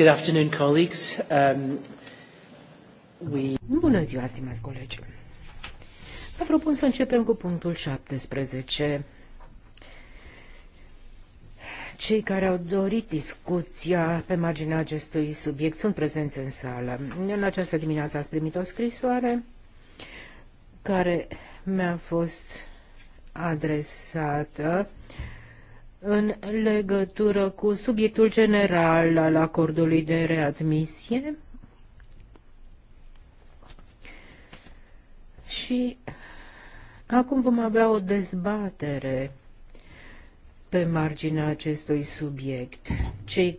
Good afternoon, colleagues. Um, we... Bună ziua, stimați colegi. Vă propun să începem cu punctul 17. Cei care au dorit discuția pe marginea acestui subiect sunt prezenți în sală. În această dimineață ați primit o scrisoare care mi-a fost adresată uh, în legătură cu subiectul general al acordului de readmisie și acum vom avea o dezbatere pe marginea acestui subiect. Cei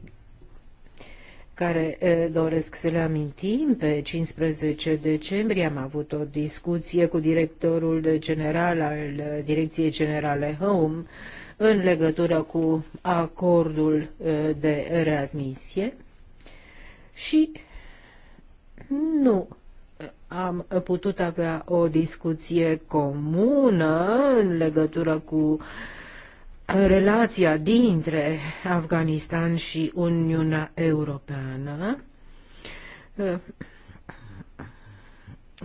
care doresc să le amintim, pe 15 decembrie am avut o discuție cu directorul general al Direcției Generale Home în legătură cu acordul de readmisie și nu am putut avea o discuție comună în legătură cu relația dintre Afganistan și Uniunea Europeană.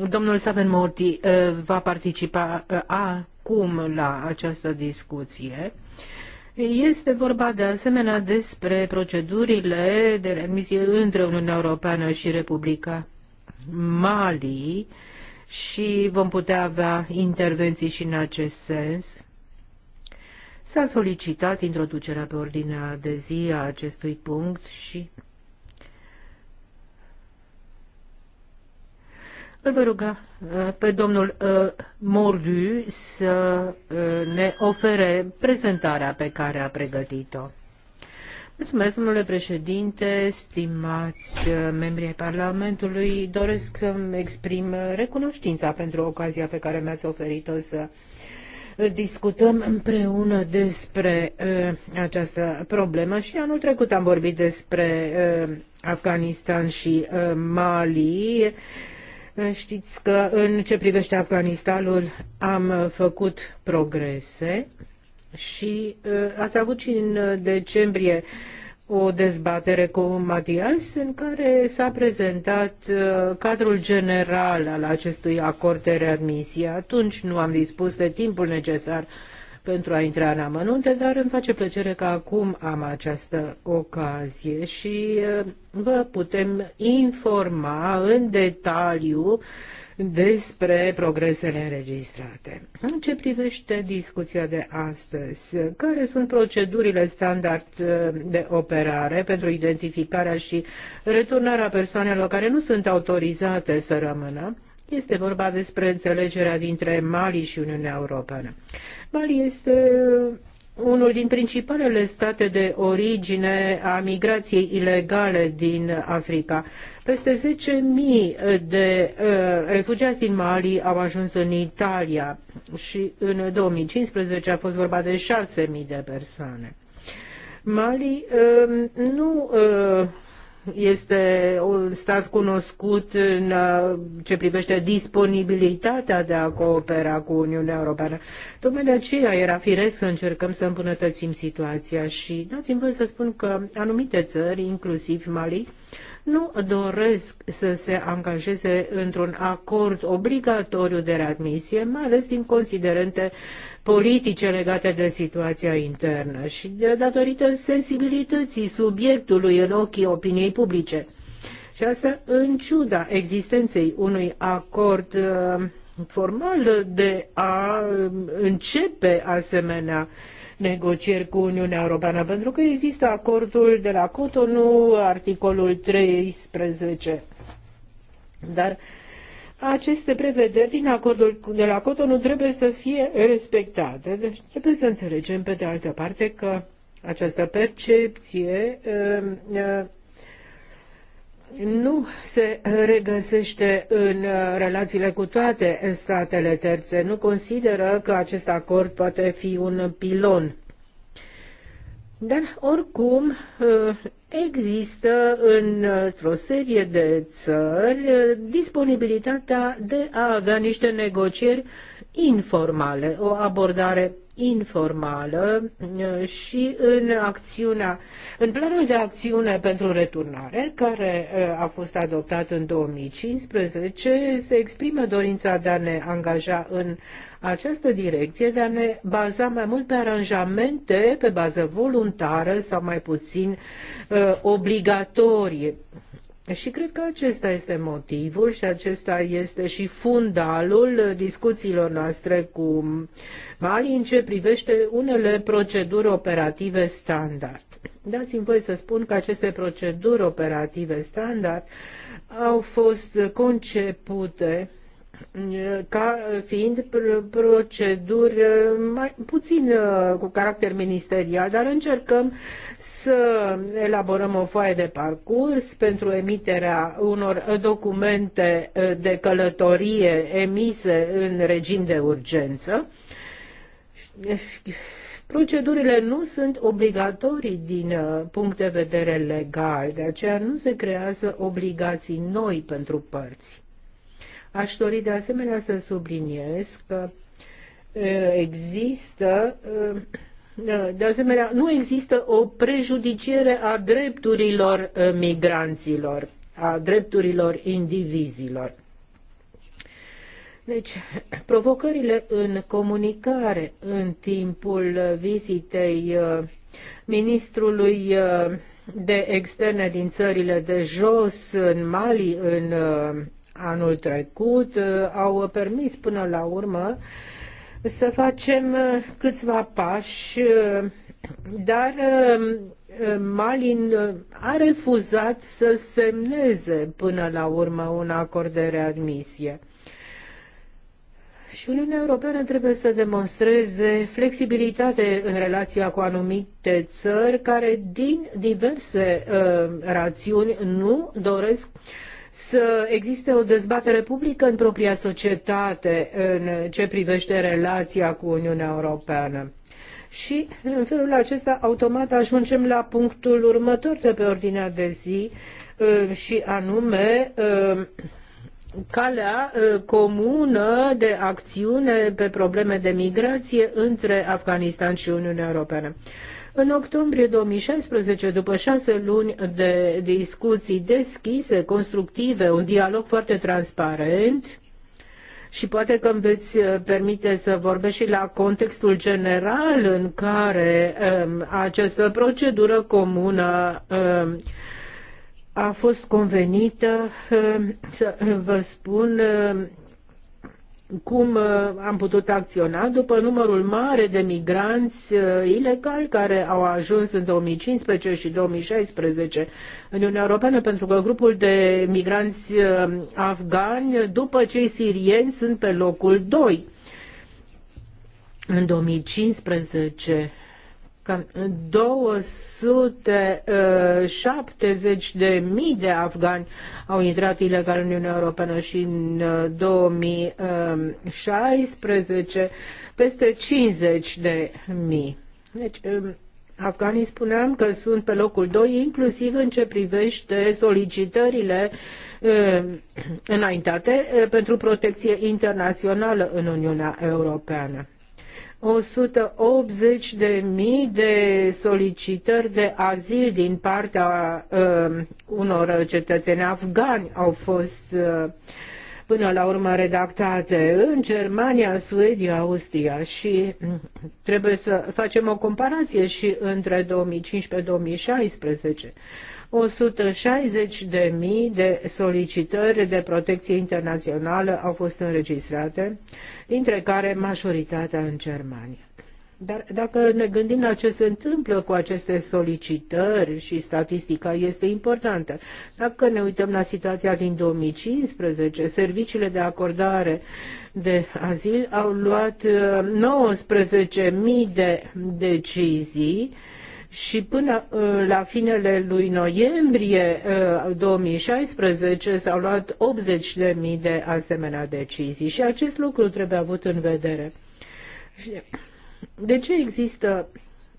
Domnul Saben Morti va participa acum la această discuție este vorba de asemenea despre procedurile de remisie între Uniunea Europeană și Republica Mali și vom putea avea intervenții și în acest sens. S-a solicitat introducerea pe ordinea de zi a acestui punct și Îl voi ruga uh, pe domnul uh, Mordu să uh, ne ofere prezentarea pe care a pregătit-o. Mulțumesc, domnule președinte, stimați membrii Parlamentului. Doresc să-mi exprim recunoștința pentru ocazia pe care mi-ați oferit-o să discutăm împreună despre uh, această problemă și anul trecut am vorbit despre uh, Afganistan și uh, Mali. Uh, Știți că în ce privește Afganistanul am făcut progrese și uh, ați avut și în uh, decembrie o dezbatere cu Matias în care s-a prezentat uh, cadrul general al acestui acord de readmisie. Atunci nu am dispus de timpul necesar pentru a intra în amănunte, dar îmi face plăcere că acum am această ocazie și vă putem informa în detaliu despre progresele înregistrate. În ce privește discuția de astăzi, care sunt procedurile standard de operare pentru identificarea și returnarea persoanelor care nu sunt autorizate să rămână? Este vorba despre înțelegerea dintre Mali și Uniunea Europeană. Mali este uh, unul din principalele state de origine a migrației ilegale din Africa. Peste 10.000 de uh, refugiați din Mali au ajuns în Italia și în 2015 a fost vorba de 6.000 de persoane. Mali uh, nu uh, este un stat cunoscut în uh, ce privește disponibilitatea de a coopera cu Uniunea Europeană. Tocmai de aceea era firesc să încercăm să îmbunătățim situația și dați-mi voi să spun că anumite țări, inclusiv Mali, nu doresc să se angajeze într-un acord obligatoriu de readmisie, mai ales din considerente politice legate de situația internă și de datorită sensibilității subiectului în ochii opiniei publice. Și asta în ciuda existenței unui acord uh, formal de a uh, începe asemenea uh, negocieri cu Uniunea Europeană, pentru că există acordul de la Cotonou, articolul 13. Dar aceste prevederi din acordul de la Cotonou trebuie să fie respectate. Deci trebuie să înțelegem, pe de altă parte, că această percepție um, uh, nu se uh, regăsește în uh, relațiile cu toate uh, statele terțe. Nu consideră că acest acord poate fi un pilon. Dar, oricum, există într-o serie de țări disponibilitatea de a avea niște negocieri informale, o abordare informală uh, și în acțiunea, în planul de acțiune pentru returnare, care uh, a fost adoptat în 2015, se exprimă dorința de a ne angaja în această direcție, de a ne baza mai mult pe aranjamente pe bază voluntară sau mai puțin uh, obligatorie și cred că acesta este motivul și acesta este și fundalul discuțiilor noastre cu Mali în ce privește unele proceduri operative standard. Dați-mi voi să spun că aceste proceduri operative standard au fost concepute ca fiind proceduri eh, mai puțin eh, cu caracter ministerial, dar încercăm să elaborăm o foaie de parcurs pentru emiterea unor documente eh, de călătorie emise în regim de urgență. Procedurile nu sunt obligatorii din punct de vedere legal, de aceea nu se creează obligații noi pentru părți. Aș dori de asemenea să subliniez că există de asemenea, nu există o prejudiciere a drepturilor migranților, a drepturilor indivizilor. Deci, provocările în comunicare în timpul vizitei ministrului de externe din țările de jos, în Mali, în anul trecut uh, au permis până la urmă să facem uh, câțiva pași, uh, dar Malin a refuzat să semneze până la urmă un acord de readmisie. Și Uniunea Europeană trebuie să demonstreze flexibilitate în relația cu anumite țări care, din diverse uh, rațiuni, nu doresc uh, să existe o dezbatere publică în propria societate în ce privește relația cu Uniunea Europeană. Și în felul acesta automat ajungem la punctul următor de pe ordinea de zi uh, și anume uh, calea uh, comună de acțiune pe probleme de migrație între Afganistan și Uniunea Europeană. În octombrie 2016, după șase luni de discuții deschise, constructive, un dialog foarte transparent, și poate că îmi veți uh, permite să vorbesc și la contextul general în care um, această procedură comună um, a fost convenită, um, să vă spun, um, cum uh, am putut acționa după numărul mare de migranți uh, ilegali care au ajuns în 2015 și 2016 în Uniunea Europeană, pentru că grupul de migranți uh, afgani, după cei sirieni, sunt pe locul 2. În 2015 270.000 270 uh, de mii de afgani au intrat ilegal în Uniunea Europeană și în 2016 uh, um, peste 50 de mii. Deci, um, afganii spuneam că sunt pe locul 2, inclusiv în ce privește solicitările um, înaintate uh, pentru protecție internațională în Uniunea Europeană. 180.000 de mii de solicitări de azil din partea uh, unor cetățeni afgani au fost uh, până la urmă redactate în Germania, Suedia, Austria și mm, trebuie să facem o comparație și între 2015-2016 160.000 de solicitări de protecție internațională au fost înregistrate, dintre care majoritatea în Germania. Dar dacă ne gândim la ce se întâmplă cu aceste solicitări și statistica este importantă, dacă ne uităm la situația din 2015, serviciile de acordare de azil au luat 19.000 uh, de decizii și până uh, la finele lui noiembrie 2016 uh, s-au luat 80.000 de asemenea decizii și acest lucru trebuie avut în vedere. De ce există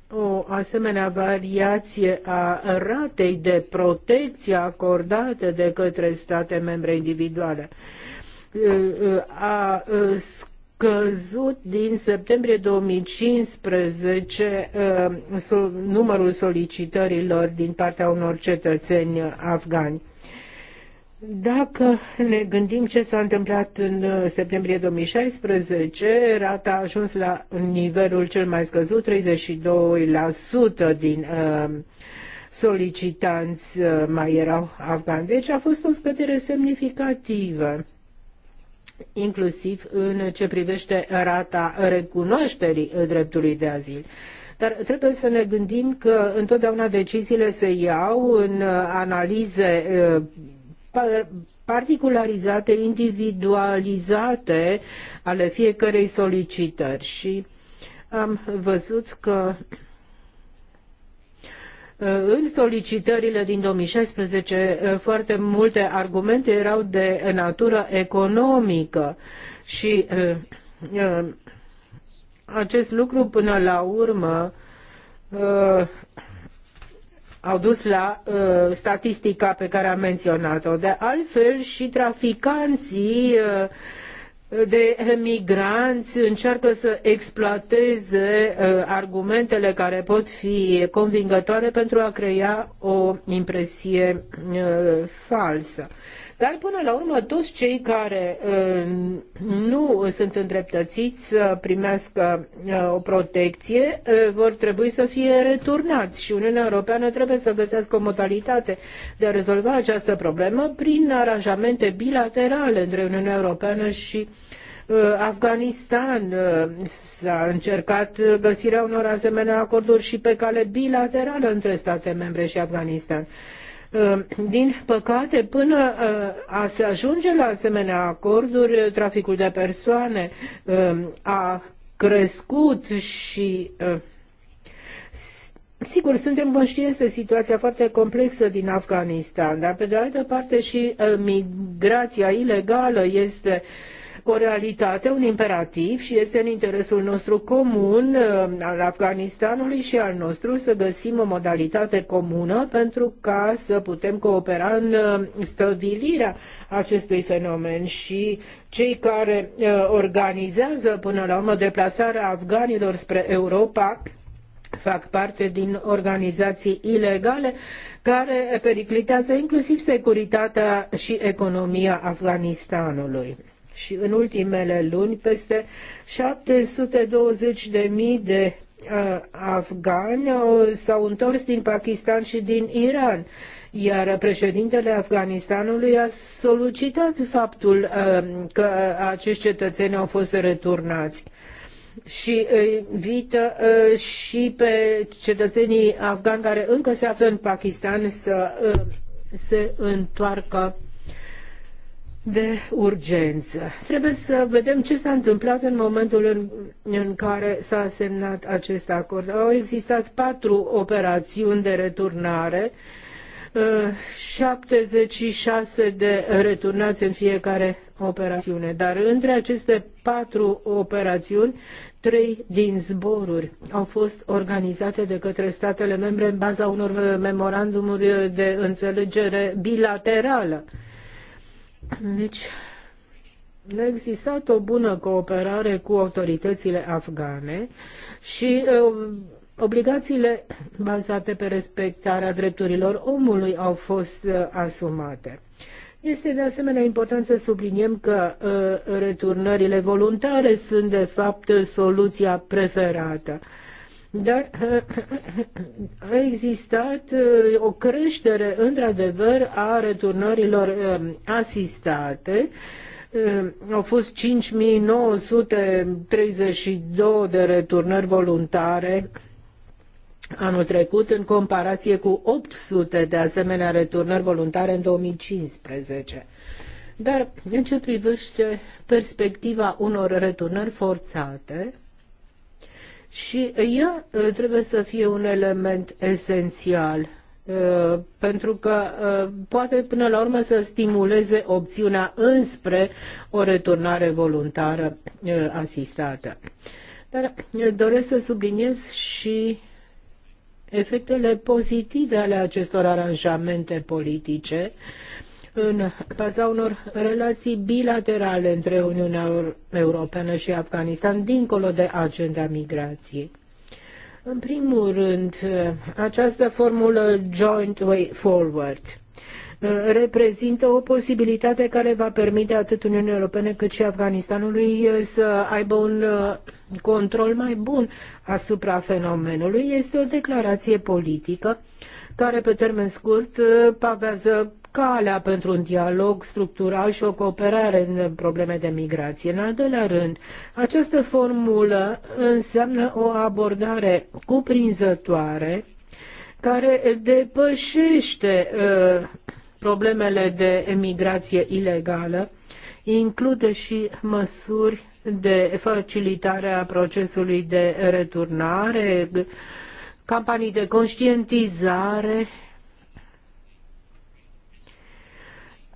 o asemenea variație a ratei de protecție acordate de către state membre individuale? Uh, a căzut din septembrie 2015 uh, numărul solicitărilor din partea unor cetățeni afgani. Dacă ne gândim ce s-a întâmplat în uh, septembrie 2016, rata a ajuns la nivelul cel mai scăzut, 32% din uh, solicitanți mai erau afgani. Deci a fost o scădere semnificativă inclusiv în ce privește rata recunoașterii dreptului de azil. Dar trebuie să ne gândim că întotdeauna deciziile se iau în analize eh, particularizate, individualizate ale fiecărei solicitări și am văzut că Uh, în solicitările din 2016 uh, foarte multe argumente erau de natură economică și uh, acest lucru până la urmă au dus la uh, statistica pe care am menționat-o. De altfel și traficanții uh, de emigranți încearcă să exploateze uh, argumentele care pot fi convingătoare pentru a crea o impresie uh, falsă. Dar până la urmă toți cei care uh, nu sunt îndreptățiți să primească uh, o protecție uh, vor trebui să fie returnați și Uniunea Europeană trebuie să găsească o modalitate de a rezolva această problemă prin aranjamente bilaterale între Uniunea Europeană și Afganistan s-a încercat găsirea unor asemenea acorduri și pe cale bilaterală între state membre și Afganistan. Uh, din păcate, până uh, a se ajunge la asemenea acorduri, traficul de persoane uh, a crescut și Sigur, suntem conștienți de situația foarte complexă din Afganistan, dar pe de altă parte și migrația ilegală este uh, o realitate, un imperativ și este în interesul nostru comun uh, al Afganistanului și al nostru să găsim o modalitate comună pentru ca să putem coopera în uh, stăvilirea acestui fenomen și cei care uh, organizează până la urmă deplasarea afganilor spre Europa fac parte din organizații ilegale care periclitează inclusiv securitatea și economia Afganistanului și în ultimele luni peste 720.000 de uh, afgani uh, s-au întors din Pakistan și din Iran, iar președintele Afganistanului a solicitat faptul uh, că acești cetățeni au fost returnați și invită uh, și pe cetățenii afgani care încă se află în Pakistan să uh, se întoarcă de urgență. Trebuie să vedem ce s-a întâmplat în momentul în, în care s-a semnat acest acord. Au existat patru operațiuni de returnare, 76 de returnați în fiecare operațiune, dar între aceste patru operațiuni, trei din zboruri au fost organizate de către statele membre în baza unor memorandumuri de înțelegere bilaterală. Deci, a existat o bună cooperare cu autoritățile afgane și uh, obligațiile bazate pe respectarea drepturilor omului au fost uh, asumate. Este de asemenea important să subliniem că uh, returnările voluntare sunt de fapt soluția preferată. Dar a existat uh, o creștere, într-adevăr, a returnărilor um, asistate um, au fost 5932 de returnări voluntare anul trecut în comparație cu 800 de asemenea returnări voluntare în 2015. Dar în ce privește perspectiva unor returnări forțate, și ea uh, trebuie să fie un element esențial uh, pentru că uh, poate până la urmă să stimuleze opțiunea înspre o returnare voluntară asistată. Dar doresc să subliniez și efectele pozitive ale acestor aranjamente politice uh, în baza unor relații bilaterale între Uniunea Europeană și Afganistan, dincolo de agenda migrației. În primul rând, această formulă Joint Way Forward uh, reprezintă o posibilitate care va permite atât Uniunii Europene cât și Afganistanului uh, să aibă un uh, control mai bun asupra fenomenului. Este o declarație politică care pe termen scurt pavează calea pentru un dialog structural și o cooperare în probleme de migrație. În al doilea rând, această formulă înseamnă o abordare cuprinzătoare care depășește uh, problemele de emigrație ilegală, include și măsuri de facilitare a procesului de returnare, campanii de conștientizare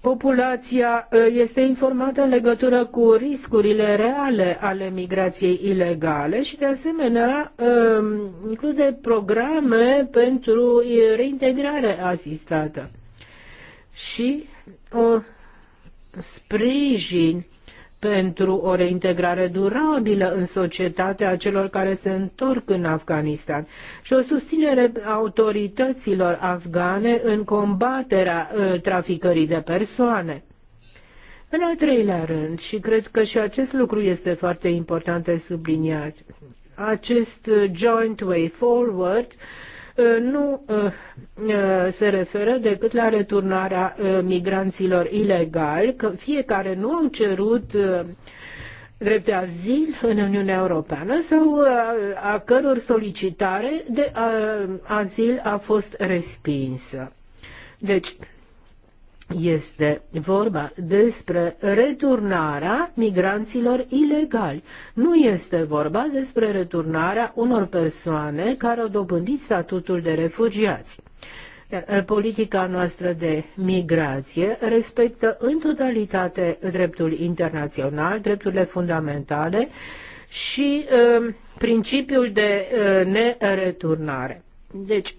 populația ă, este informată în legătură cu riscurile reale ale migrației ilegale și, de asemenea, ă, include programe pentru reintegrare asistată și o sprijin pentru o reintegrare durabilă în societate a celor care se întorc în Afganistan și o susținere autorităților afgane în combaterea uh, traficării de persoane. În al treilea rând, și cred că și acest lucru este foarte important de subliniat, acest uh, joint way forward uh, Uh, nu uh, uh, se referă decât la returnarea migranților ilegali, că fiecare nu au cerut drept de azil în Uniunea Europeană sau a căror solicitare de azil a fost respinsă. Deci, este vorba despre returnarea migranților ilegali. Nu este vorba despre returnarea unor persoane care au dobândit statutul de refugiați. Eh, politica noastră de migrație respectă în totalitate dreptul internațional, drepturile fundamentale și uh, principiul de uh, nereturnare. Deci,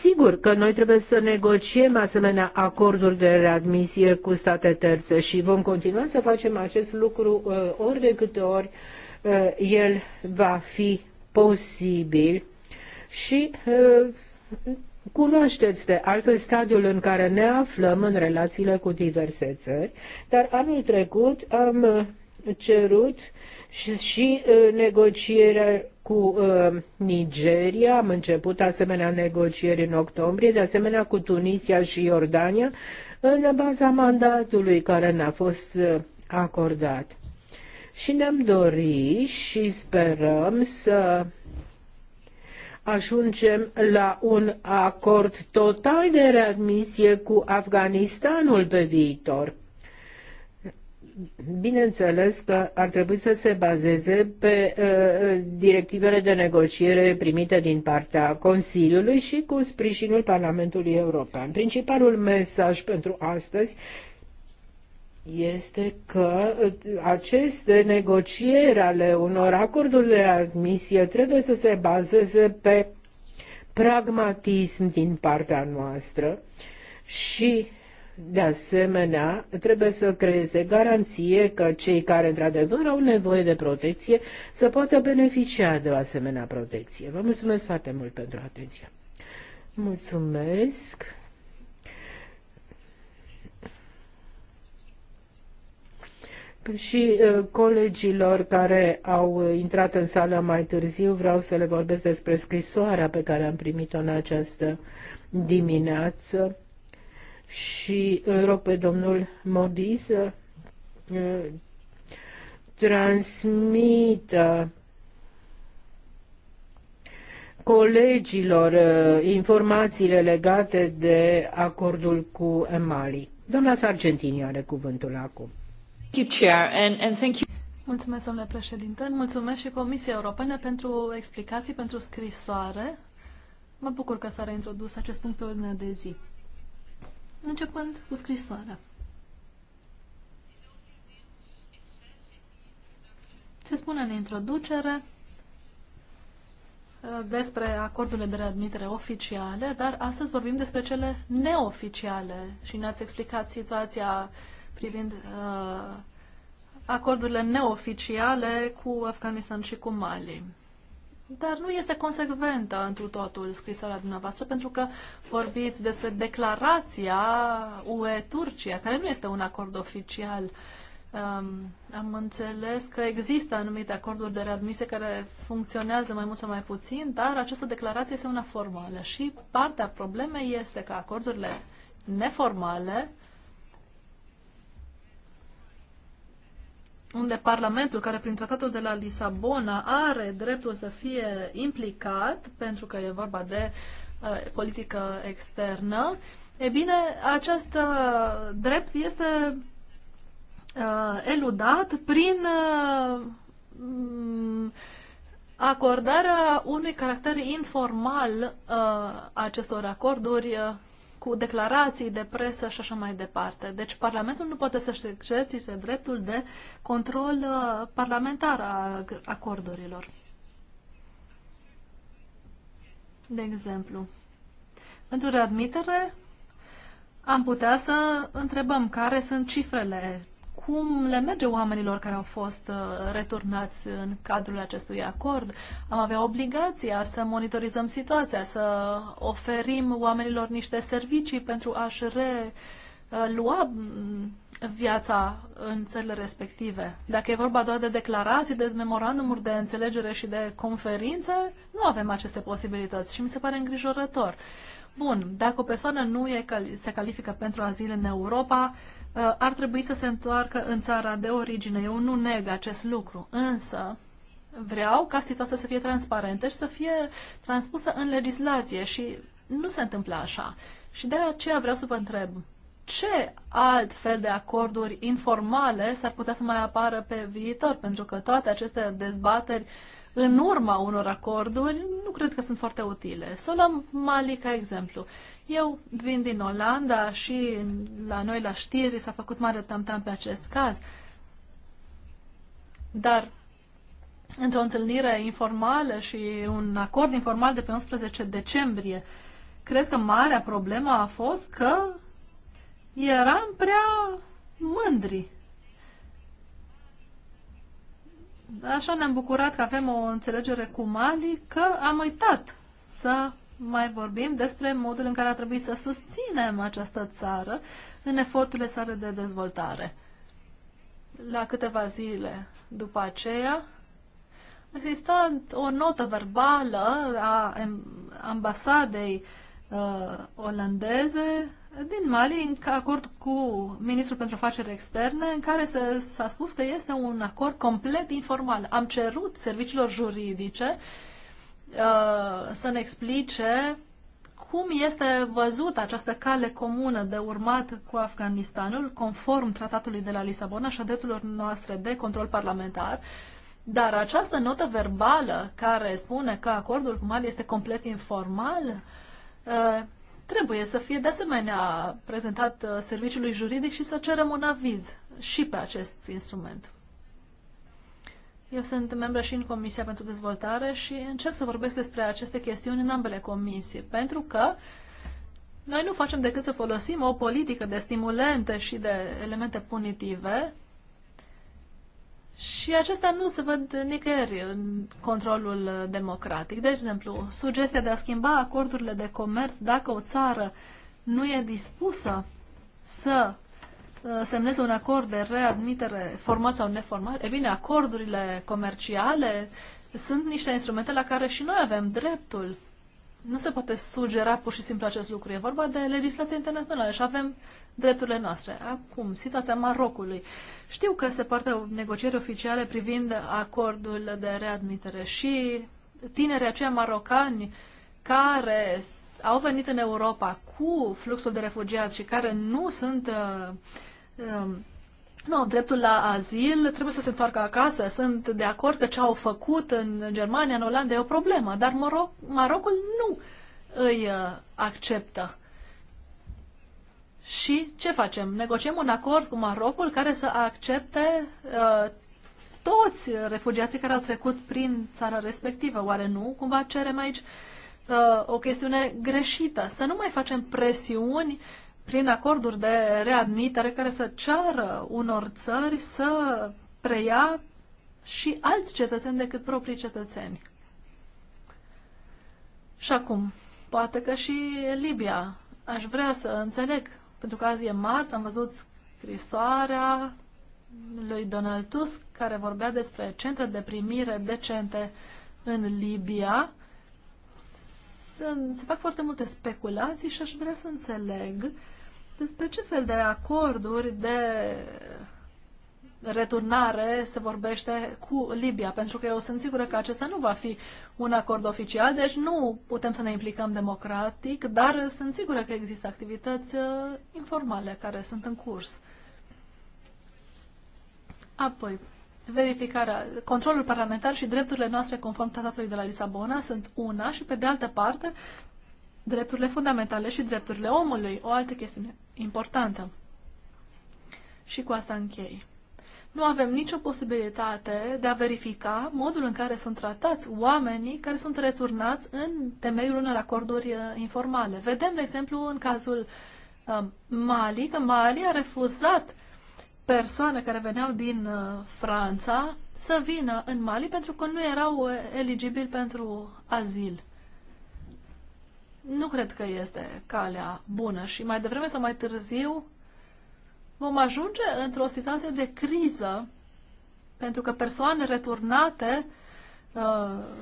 Sigur că noi trebuie să negociem asemenea acorduri de readmisie cu state terțe și vom continua să facem acest lucru uh, ori de câte ori uh, el va fi posibil și uh, Cunoașteți de altfel stadiul în care ne aflăm în relațiile cu diverse țări, dar anul trecut am cerut și, și negocierea cu uh, Nigeria am început asemenea negocieri în octombrie, de asemenea cu Tunisia și Iordania, în baza mandatului care ne-a fost uh, acordat. Și ne-am dorit și sperăm să ajungem la un acord total de readmisie cu Afganistanul pe viitor. Bineînțeles că ar trebui să se bazeze pe uh, directivele de negociere primite din partea Consiliului și cu sprijinul Parlamentului European. Principalul mesaj pentru astăzi este că uh, aceste negocieri ale unor acorduri de admisie trebuie să se bazeze pe pragmatism din partea noastră și de asemenea, trebuie să creeze garanție că cei care într-adevăr au nevoie de protecție să poată beneficia de o asemenea protecție. Vă mulțumesc foarte mult pentru atenție. Mulțumesc. Și uh, colegilor care au intrat în sală mai târziu, vreau să le vorbesc despre scrisoarea pe care am primit-o în această dimineață și rog pe domnul Modi să uh, transmită colegilor uh, informațiile legate de acordul cu Mali. Doamna Sargentini are cuvântul acum. Mulțumesc, domnule președinte. Mulțumesc și Comisiei Europene pentru explicații, pentru scrisoare. Mă bucur că s-a reintrodus acest punct pe ordinea de zi începând cu scrisoarea. Se spune în introducere uh, despre acordurile de readmitere oficiale, dar astăzi vorbim despre cele neoficiale și ne-ați explicat situația privind uh, acordurile neoficiale cu Afganistan și cu Mali dar nu este consecventă întru totul scrisoarea dumneavoastră, pentru că vorbiți despre declarația UE-Turcia, care nu este un acord oficial. Um, am înțeles că există anumite acorduri de readmisie care funcționează mai mult sau mai puțin, dar această declarație este una formală și partea problemei este că acordurile neformale unde Parlamentul, care prin tratatul de la Lisabona are dreptul să fie implicat, pentru că e vorba de uh, politică externă, e bine, acest uh, drept este uh, eludat prin uh, acordarea unui caracter informal uh, acestor acorduri uh, cu declarații de presă și așa mai departe. Deci Parlamentul nu poate să-și exercite dreptul de control uh, parlamentar a acordurilor. De exemplu, pentru readmitere am putea să întrebăm care sunt cifrele cum le merge oamenilor care au fost uh, returnați în cadrul acestui acord. Am avea obligația să monitorizăm situația, să oferim oamenilor niște servicii pentru a-și relua uh, mm, viața în țările respective. Dacă e vorba doar de declarații, de memorandumuri de înțelegere și de conferințe, nu avem aceste posibilități și mi se pare îngrijorător. Bun, dacă o persoană nu e, se califică pentru azil în Europa, uh, Uh, ar trebui să se întoarcă în țara de origine. Eu nu neg acest lucru, însă vreau ca situația să fie transparentă și să fie transpusă în legislație și nu se întâmplă așa. Și de aceea vreau să vă întreb, ce alt fel de acorduri informale s-ar putea să mai apară pe viitor? Pentru că toate aceste dezbateri în urma unor acorduri nu cred că sunt foarte utile. Să luăm Mali ca exemplu. Uh, eu vin din Olanda și la noi la știri s-a făcut mare tamtam pe acest caz. Dar într-o întâlnire informală și un acord informal de pe 11 decembrie, cred că marea problemă a fost că eram prea mândri. Așa ne-am bucurat că avem o înțelegere cu Mali, că am uitat să mai vorbim despre modul în care ar trebui să susținem această țară în eforturile sale de dezvoltare. La câteva zile după aceea, exista o notă verbală a ambasadei uh, olandeze din Mali, în acord cu ministrul pentru afaceri externe, în care s-a spus că este un acord complet informal. Am cerut serviciilor juridice uh, Uh, să ne explice cum este văzută această cale comună de urmat cu Afganistanul, conform tratatului de la Lisabona și a drepturilor noastre de control parlamentar, dar această notă verbală care spune că acordul cu Mali este complet informal, uh, trebuie să fie de asemenea prezentat uh, serviciului juridic și să cerem un aviz și pe acest instrument. Eu sunt membră și în Comisia pentru Dezvoltare și încerc să vorbesc despre aceste chestiuni în ambele comisii, pentru că noi nu facem decât să folosim o politică de stimulente și de elemente punitive și acestea nu se văd nicăieri în controlul democratic. De exemplu, sugestia de a schimba acordurile de comerț dacă o țară nu e dispusă să Uh, semneze un acord de readmitere format sau neformal, e bine, acordurile comerciale sunt niște instrumente la care și noi avem dreptul. Nu se poate sugera pur și simplu acest lucru. E vorba de legislație internațională și avem drepturile noastre. Acum, situația Marocului. Știu că se poartă negocieri oficiale privind acordul de readmitere și tinerii aceia marocani care au venit în Europa cu fluxul de refugiați și care nu sunt uh, Ehm, nu au dreptul la azil, trebuie să se întoarcă acasă. Sunt de acord că ce au făcut în Germania, în Olanda, e o problemă, dar Maroc, Marocul nu îi eh, acceptă. Și ce facem? Negociem un acord cu Marocul care să accepte uh, toți refugiații care au trecut prin țara respectivă. Oare nu? Cumva cerem aici uh, o chestiune greșită. Să nu mai facem presiuni prin acorduri de readmitere care să ceară unor țări să preia și alți cetățeni decât proprii cetățeni. Și acum, poate că și Libia. Aș vrea să înțeleg, pentru că azi e marți, am văzut scrisoarea lui Donald Tusk care vorbea despre centre de primire decente în Libia. Se, se fac foarte multe speculații și aș vrea să înțeleg despre ce fel de acorduri de returnare se vorbește cu Libia, pentru că eu sunt sigură că acesta nu va fi un acord oficial, deci nu putem să ne implicăm democratic, dar sunt sigură că există activități uh, informale care sunt în curs. Apoi, verificarea, controlul parlamentar și drepturile noastre conform tratatului de la Lisabona sunt una și, pe de altă parte, drepturile fundamentale și drepturile omului, o altă chestiune importantă. Și cu asta închei. Nu avem nicio posibilitate de a verifica modul în care sunt tratați oamenii care sunt returnați în temeiul unor acorduri uh, informale. Vedem, de exemplu, în cazul um, Mali, că Mali a refuzat persoane care veneau din uh, Franța să vină în Mali pentru că nu erau uh, eligibili pentru azil nu cred că este calea bună și mai devreme sau mai târziu vom ajunge într-o situație de criză pentru că persoane returnate uh,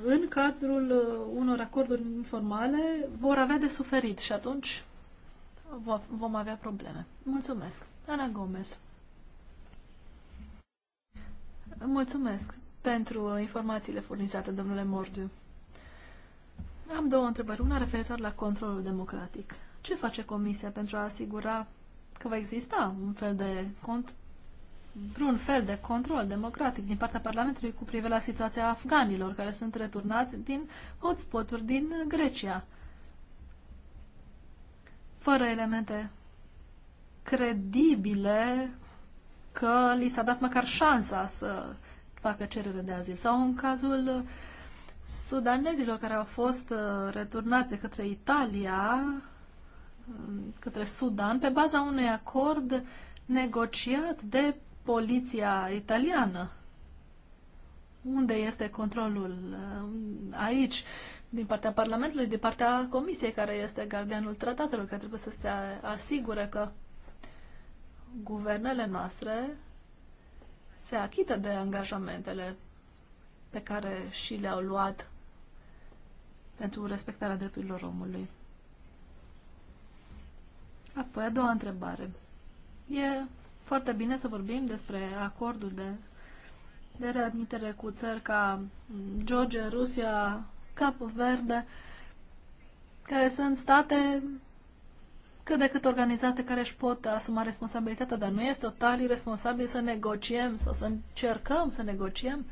în cadrul uh, unor acorduri informale vor avea de suferit și atunci vom avea probleme. Mulțumesc. Ana Gomez. Mulțumesc pentru informațiile furnizate, domnule Mordiu. Am două întrebări. Una referitor la controlul democratic. Ce face Comisia pentru a asigura că va exista un fel de cont, vreun fel de control democratic din partea Parlamentului cu privire la situația afganilor care sunt returnați din hotspot-uri din Grecia? Fără elemente credibile că li s-a dat măcar șansa să facă cerere de azil. Sau în cazul uh, sudanezilor care au fost uh, returnați către Italia, um, către Sudan, pe baza unui acord negociat de poliția italiană. Unde este controlul uh, aici? Din partea Parlamentului, din partea Comisiei, care este gardianul tratatelor, care trebuie să se asigure că guvernele noastre se achită de angajamentele pe care și le-au luat pentru respectarea drepturilor omului. Apoi, a doua întrebare. E foarte bine să vorbim despre acordul de, de readmitere cu țări ca Georgia, Rusia, Cap Verde, care sunt state cât de cât organizate care își pot asuma responsabilitatea, dar nu este total irresponsabil să negociem sau să încercăm să negociem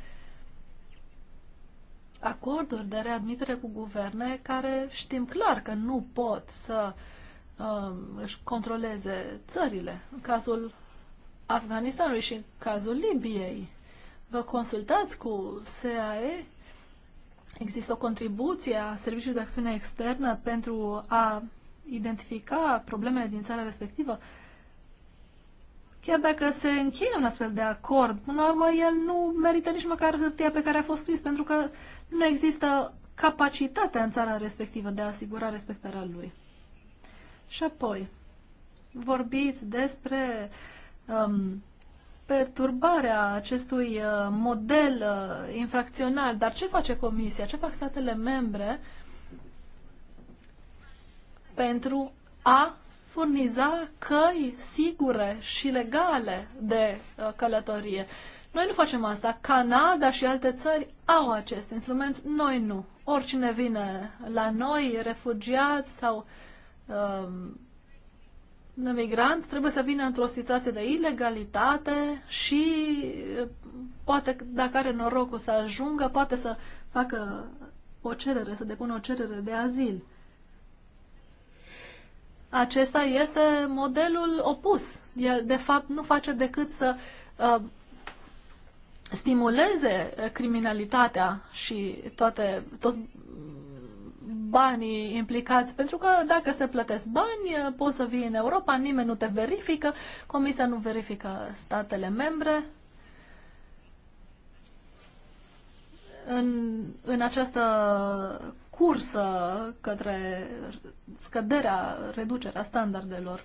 acorduri de readmitere cu guverne care știm clar că nu pot să uh, își controleze țările. În cazul Afganistanului și în cazul Libiei. Vă consultați cu SAE? Există o contribuție a Serviciului de Acțiune Externă pentru a identifica problemele din țara respectivă? Uh, Chiar dacă se încheie un astfel de acord, până la urmă el nu merită nici măcar hârtia pe care a fost scris, pentru că nu există capacitatea în țara respectivă de a asigura respectarea lui. Și apoi, vorbiți despre um, perturbarea acestui uh, model uh, infracțional, dar ce face Comisia, ce fac statele membre pentru a furniza căi sigure și legale de uh, călătorie. Noi nu facem asta. Canada și alte țări au acest instrument, noi nu. Oricine vine la noi, refugiat sau um, migrant, trebuie să vină într-o situație de ilegalitate și uh, poate, dacă are norocul să ajungă, poate să facă o cerere, să depună o cerere de azil acesta este modelul opus. El, de fapt, nu face decât să uh, stimuleze criminalitatea și toate, toți banii implicați, pentru că dacă se plătesc bani, uh, poți să vii în Europa, nimeni nu te verifică, Comisia nu verifică statele membre. În, în această cursă către scăderea, reducerea standardelor.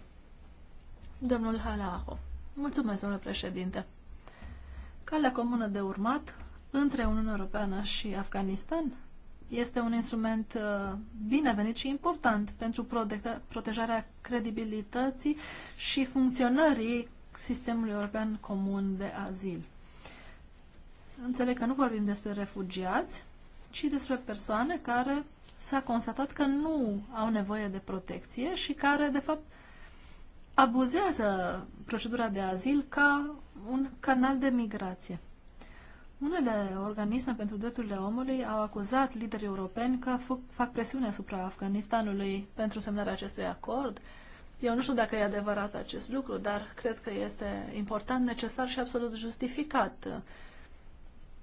Domnul Halaho. Mulțumesc, domnule președinte. Calea comună de urmat între Uniunea Europeană și Afganistan este un instrument uh, binevenit și important pentru protejarea credibilității și funcționării sistemului european comun de azil. Înțeleg că nu vorbim despre refugiați, ci despre persoane care s-a constatat că nu au nevoie de protecție și care, de fapt, abuzează procedura de azil ca un canal de migrație. Unele organisme pentru drepturile omului au acuzat liderii europeni că fac presiune asupra Afganistanului pentru semnarea acestui acord. Eu nu știu dacă e adevărat acest lucru, dar cred că este important, necesar și absolut justificat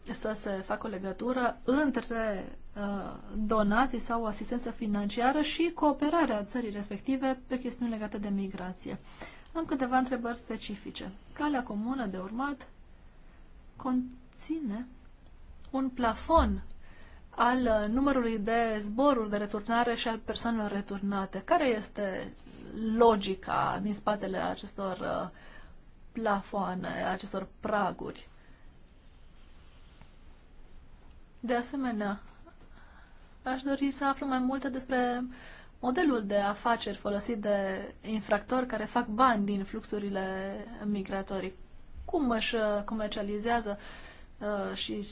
să se facă o legătură între uh, donații sau asistență financiară și cooperarea țării respective pe chestiuni legate de migrație. Am câteva întrebări specifice. Calea comună de urmat conține un plafon al numărului de zboruri de returnare și al persoanelor returnate. Care este logica din spatele acestor uh, plafoane, acestor praguri? De asemenea, aș dori să aflu mai multe despre modelul de afaceri folosit de infractori care fac bani din fluxurile migratorii. Cum își uh, comercializează uh, și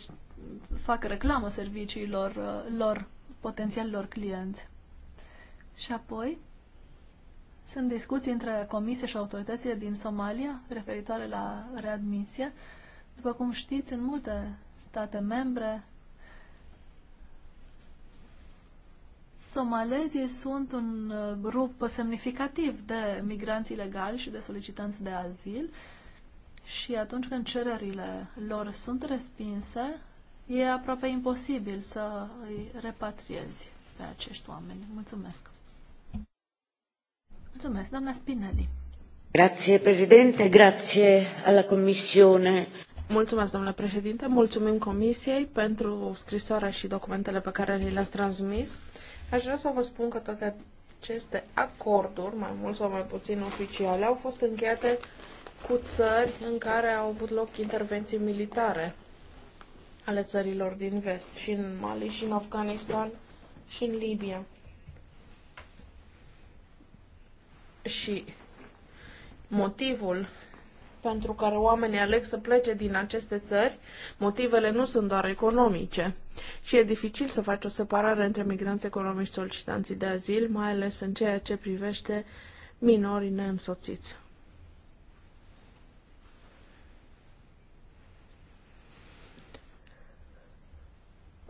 fac reclamă serviciilor uh, lor, potențialilor clienți. Și apoi, sunt discuții între comisie și autoritățile din Somalia referitoare la readmisie. După cum știți, în multe state membre, somalezii sunt un uh, grup semnificativ de migranți ilegali și de solicitanți de azil și atunci când cererile lor sunt respinse, e aproape imposibil să îi repatriezi pe acești oameni. Mulțumesc! Mulțumesc, doamna Spinelli! Grazie, președinte, grazie alla Commissione. Mulțumesc, doamna președinte, mulțumim Comisiei pentru scrisoarea și documentele pe care le-ați transmis. Aș vrea să vă spun că toate aceste acorduri, mai mult sau mai puțin oficiale, au fost încheiate cu țări în care au avut loc intervenții militare ale țărilor din vest, și în Mali, și în Afganistan, și în Libia. Și motivul pentru care oamenii aleg să plece din aceste țări, motivele nu sunt doar economice. Și e dificil să faci o separare între migranți economici și solicitanții de azil, mai ales în ceea ce privește minorii neînsoțiți.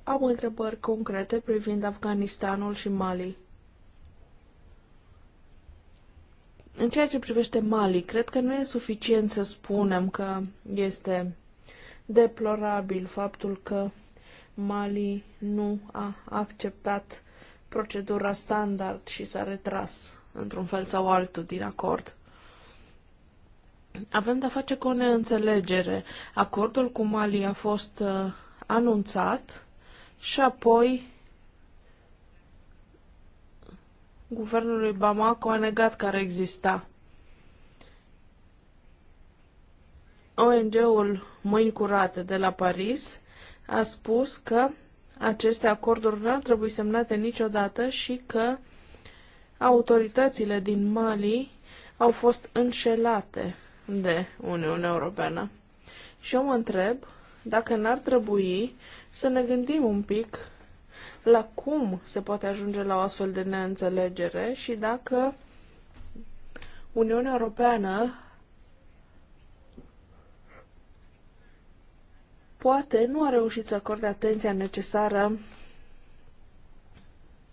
Am întrebări concrete privind Afganistanul și Mali. În ceea ce privește Mali, cred că nu e suficient să spunem că este deplorabil faptul că Mali nu a acceptat procedura standard și s-a retras într-un fel sau altul din acord. Avem de-a face cu o neînțelegere. Acordul cu Mali a fost uh, anunțat și apoi guvernului Bamako a negat că ar exista. ONG-ul Mâini Curate de la Paris a spus că aceste acorduri nu ar trebui semnate niciodată și că autoritățile din Mali au fost înșelate de Uniunea Europeană. Și eu mă întreb dacă n-ar trebui să ne gândim un pic la cum se poate ajunge la o astfel de neînțelegere și dacă Uniunea Europeană poate nu a reușit să acorde atenția necesară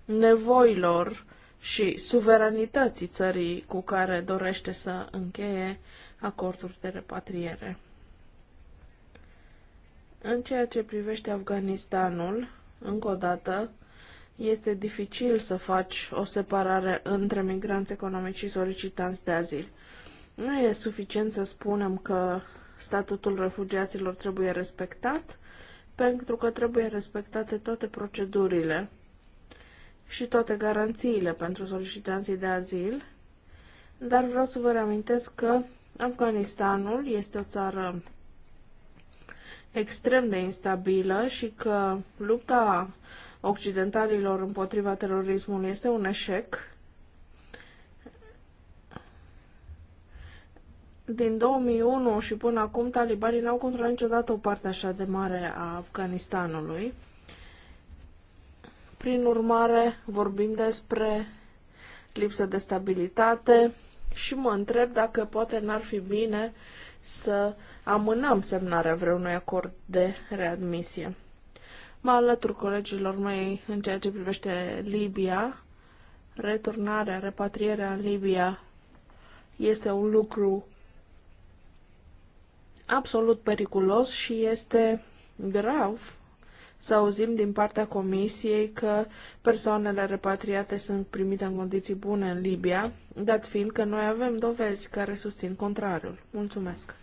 nevoilor și suveranității țării cu care dorește să încheie acorduri de repatriere. În ceea ce privește Afganistanul, încă o dată, este dificil să faci o separare între migranți economici și solicitanți de azil. Nu e suficient să spunem că statutul refugiaților trebuie respectat, pentru că trebuie respectate toate procedurile și toate garanțiile pentru solicitanții de azil, dar vreau să vă reamintesc că Afganistanul este o țară extrem de instabilă și că lupta occidentalilor împotriva terorismului este un eșec. Din 2001 și până acum, talibanii n-au controlat niciodată o parte așa de mare a Afganistanului. Prin urmare, vorbim despre lipsă de stabilitate și mă întreb dacă poate n-ar fi bine uh, să amânăm semnarea vreunui acord de readmisie. Mă alătur colegilor mei în ceea ce privește Libia. Returnarea, repatrierea în Libia este un lucru absolut periculos și este grav să auzim din partea Comisiei că persoanele repatriate sunt primite în condiții bune în Libia, dat fiind că noi avem dovezi care susțin contrariul. Mulțumesc.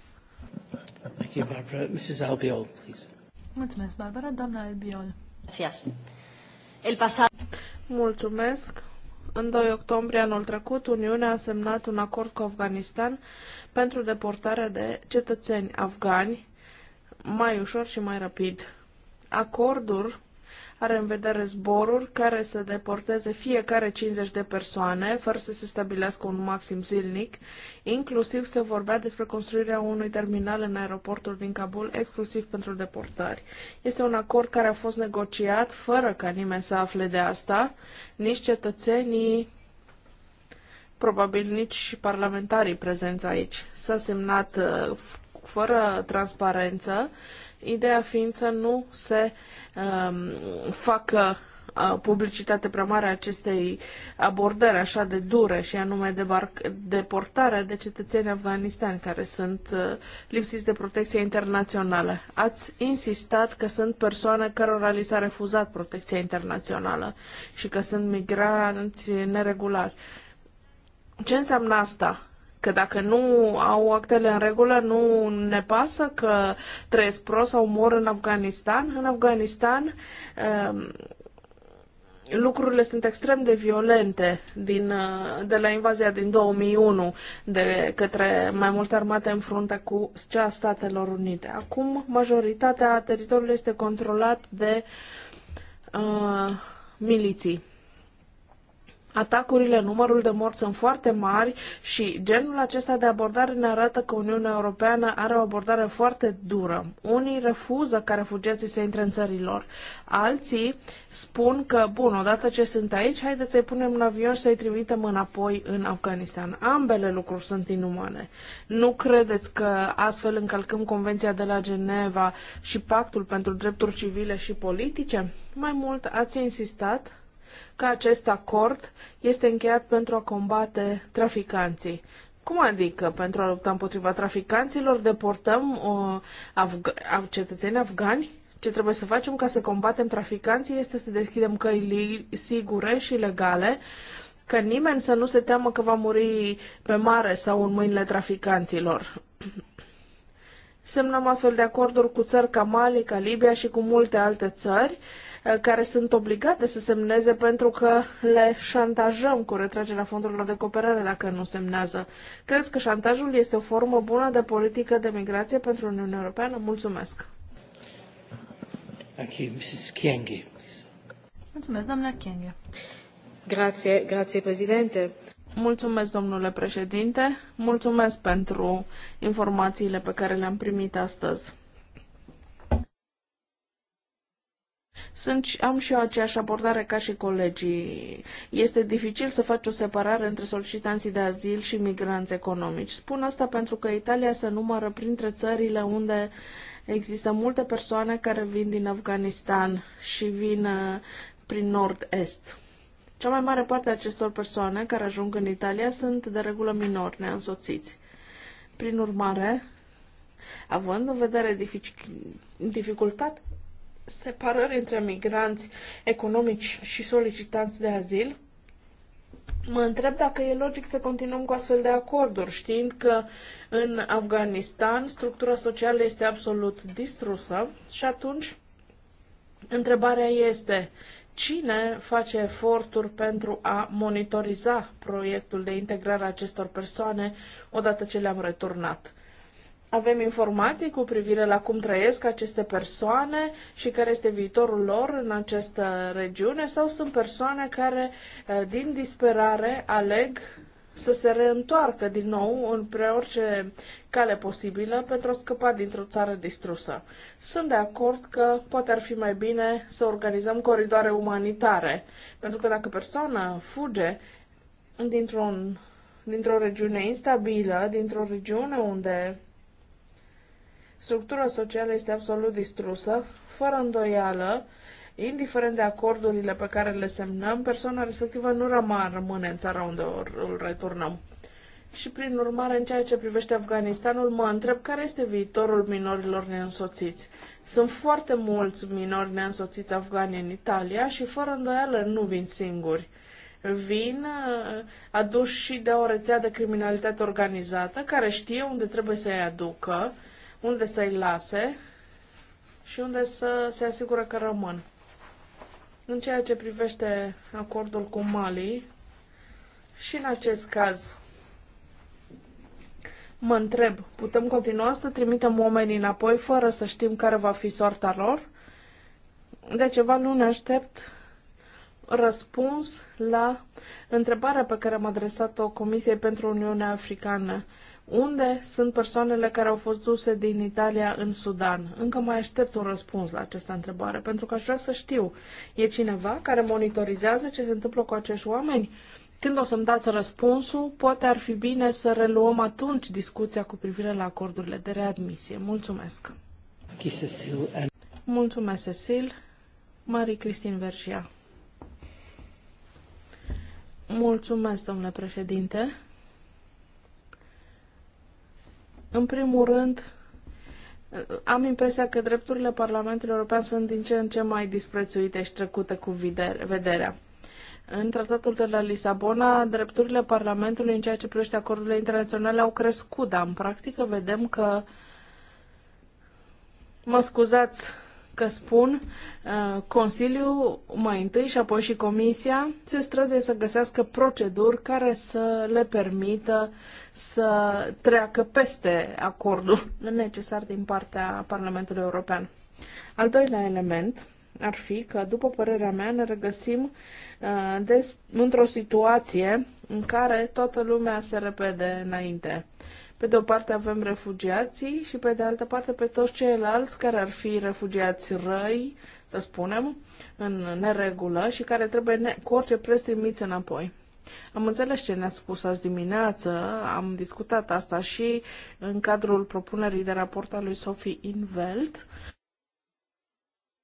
Thank you, Barbara. Mrs. Albiol, please. Mulțumesc, Barbara. Doamna Albiol. Yes. El pasat, Mulțumesc. În 2 octombrie anul trecut, Uniunea a semnat un acord cu Afganistan pentru deportarea de cetățeni afgani mai ușor și mai rapid. Acordul are în vedere zboruri care să deporteze fiecare 50 de persoane, fără să se stabilească un maxim zilnic. Inclusiv se vorbea despre construirea unui terminal în aeroportul din Kabul, exclusiv pentru deportări. Este un acord care a fost negociat fără ca nimeni să afle de asta, nici cetățenii probabil nici parlamentarii prezenți aici. S-a semnat uh, fără transparență Ideea fiind să nu se um, facă uh, publicitate prea mare a acestei abordări așa de dure și anume deportarea de cetățeni afganistani care sunt uh, lipsiți de protecție internațională. Ați insistat că sunt persoane cărora li s-a refuzat protecția internațională și că sunt migranți neregulari. Ce înseamnă asta? Că dacă nu au actele în regulă, nu ne pasă că trăiesc prost sau mor în Afganistan. În Afganistan um, lucrurile sunt extrem de violente din, uh, de la invazia din 2001 de către mai multe armate în frunte cu cea Statelor Unite. Acum majoritatea teritoriului este controlat de uh, miliții. Atacurile, numărul de morți sunt foarte mari și genul acesta de abordare ne arată că Uniunea Europeană are o abordare foarte dură. Unii refuză ca refugiații să intre în țărilor. Alții spun că, bun, odată ce sunt aici, haideți să-i punem în avion și să-i trimitem înapoi în Afganistan. Ambele lucruri sunt inumane. Nu credeți că astfel încălcăm Convenția de la Geneva și Pactul pentru Drepturi Civile și Politice? Mai mult, ați insistat că acest acord este încheiat pentru a combate traficanții. Cum adică pentru a lupta împotriva traficanților deportăm o, uh, afg- cetățeni afgani? Ce trebuie să facem ca să combatem traficanții este să deschidem căi sigure și legale, ca nimeni să nu se teamă că va muri pe mare sau în mâinile traficanților. Semnăm astfel de acorduri cu țări ca Mali, ca Libia și cu multe alte țări Eh, care sunt obligate să semneze pentru că le șantajăm cu retragerea fondurilor de cooperare dacă nu semnează. Crezi că șantajul este o formă bună de politică de migrație pentru Uniunea Europeană? Mulțumesc! Thank you, Mrs. Kienge. Mulțumesc, doamna Kienge. Grazie, grazie, președinte. Mulțumesc, domnule președinte. Mulțumesc pentru informațiile pe care le-am primit astăzi. Sunt, am și eu aceeași abordare ca și colegii. Este dificil să faci o separare între solicitanții de azil și migranți economici. Spun asta pentru că Italia se numără printre țările unde există multe persoane care vin din Afganistan și vin uh, prin nord-est. Cea mai mare parte a acestor persoane care ajung în Italia sunt de regulă minori neînsoțiți. Prin urmare, având în vedere dific- dificultatea separări între migranți economici și solicitanți de azil, Mă întreb dacă e logic să continuăm cu astfel de acorduri, știind că în Afganistan structura socială este absolut distrusă și atunci întrebarea este cine face eforturi pentru a monitoriza proiectul de integrare a acestor persoane odată ce le-am returnat. Avem informații cu privire la cum trăiesc aceste persoane și care este viitorul lor în această regiune sau sunt persoane care, eh, din disperare, aleg să se reîntoarcă din nou în pre orice cale posibilă pentru a scăpa dintr-o țară distrusă. Sunt de acord că poate ar fi mai bine să organizăm coridoare umanitare, pentru că dacă persoana fuge dintr o dintr-o regiune instabilă, dintr-o regiune unde Structura socială este absolut distrusă, fără îndoială, indiferent de acordurile pe care le semnăm, persoana respectivă nu rămâne, în țara unde îl returnăm. Și prin urmare, în ceea ce privește Afganistanul, mă întreb care este viitorul minorilor neînsoțiți. Sunt foarte mulți minori neînsoțiți afgani în Italia și fără îndoială nu vin singuri. Vin uh, aduși și de o rețea de criminalitate organizată care știe unde trebuie să-i aducă, unde să-i lase și unde să se asigură că rămân. În ceea ce privește acordul cu Mali, și în acest caz mă întreb, putem continua să trimitem oamenii înapoi fără să știm care va fi soarta lor? De ceva ne aștept răspuns la întrebarea pe care am adresat-o Comisiei pentru Uniunea Africană unde sunt persoanele care au fost duse din Italia în Sudan? Încă mai aștept un răspuns la această întrebare, pentru că aș vrea să știu. E cineva care monitorizează ce se întâmplă cu acești oameni? Când o să-mi dați răspunsul, poate ar fi bine să reluăm atunci discuția cu privire la acordurile de readmisie. Mulțumesc! Mulțumesc, Cecil! Marie Cristin Vergia Mulțumesc, domnule președinte! În primul rând, am impresia că drepturile Parlamentului European sunt din ce în ce mai disprețuite și trecute cu vederea. În tratatul de la Lisabona, drepturile Parlamentului în ceea ce privește acordurile internaționale au crescut, dar în practică vedem că, mă scuzați că spun uh, Consiliul mai întâi și apoi și Comisia se străduie să găsească proceduri care să le permită să treacă peste acordul necesar din partea Parlamentului European. Al doilea element ar fi că, după părerea mea, ne regăsim uh, într-o situație în care toată lumea se repede înainte. Pe de o parte avem refugiații și pe de altă parte pe toți ceilalți care ar fi refugiați răi, să spunem, în neregulă și care trebuie ne- cu orice preț trimiți înapoi. Am înțeles ce ne-a spus azi dimineață, am discutat asta și în cadrul propunerii de raport al lui Sophie Invelt.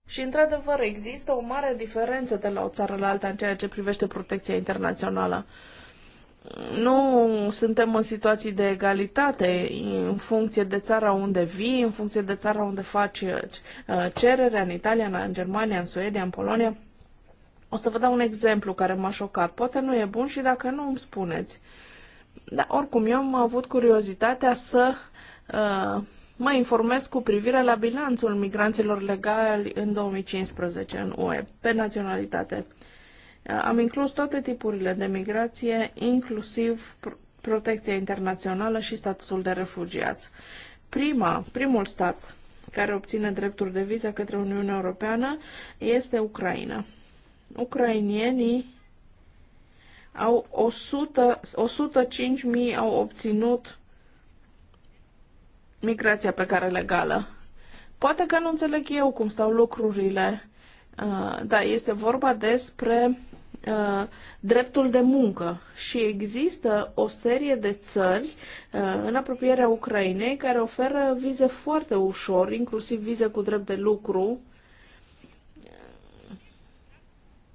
Și, într-adevăr, există o mare diferență de la o țară la alta în ceea ce privește protecția internațională nu suntem în situații de egalitate în funcție de țara unde vii, în funcție de țara unde faci uh, uh, cererea, în Italia, în Germania, în Suedia, în Polonia. O să vă dau un exemplu care m-a șocat. Poate nu e bun și dacă nu îmi spuneți. Dar oricum eu am avut curiozitatea să uh, mă informez cu privire la bilanțul migranților legali în 2015 în UE, pe naționalitate. Uh, am inclus toate tipurile de migrație, inclusiv protecția internațională și statutul de refugiați. Prima, primul stat care obține drepturi de viză către Uniunea Europeană este Ucraina. Ucrainienii au 100, 105.000 au obținut migrația pe care legală. Poate că nu înțeleg eu cum stau lucrurile, uh, dar este vorba despre Uh, dreptul de muncă și există o serie de țări uh, în apropierea Ucrainei care oferă vize foarte ușor, inclusiv vize cu drept de lucru.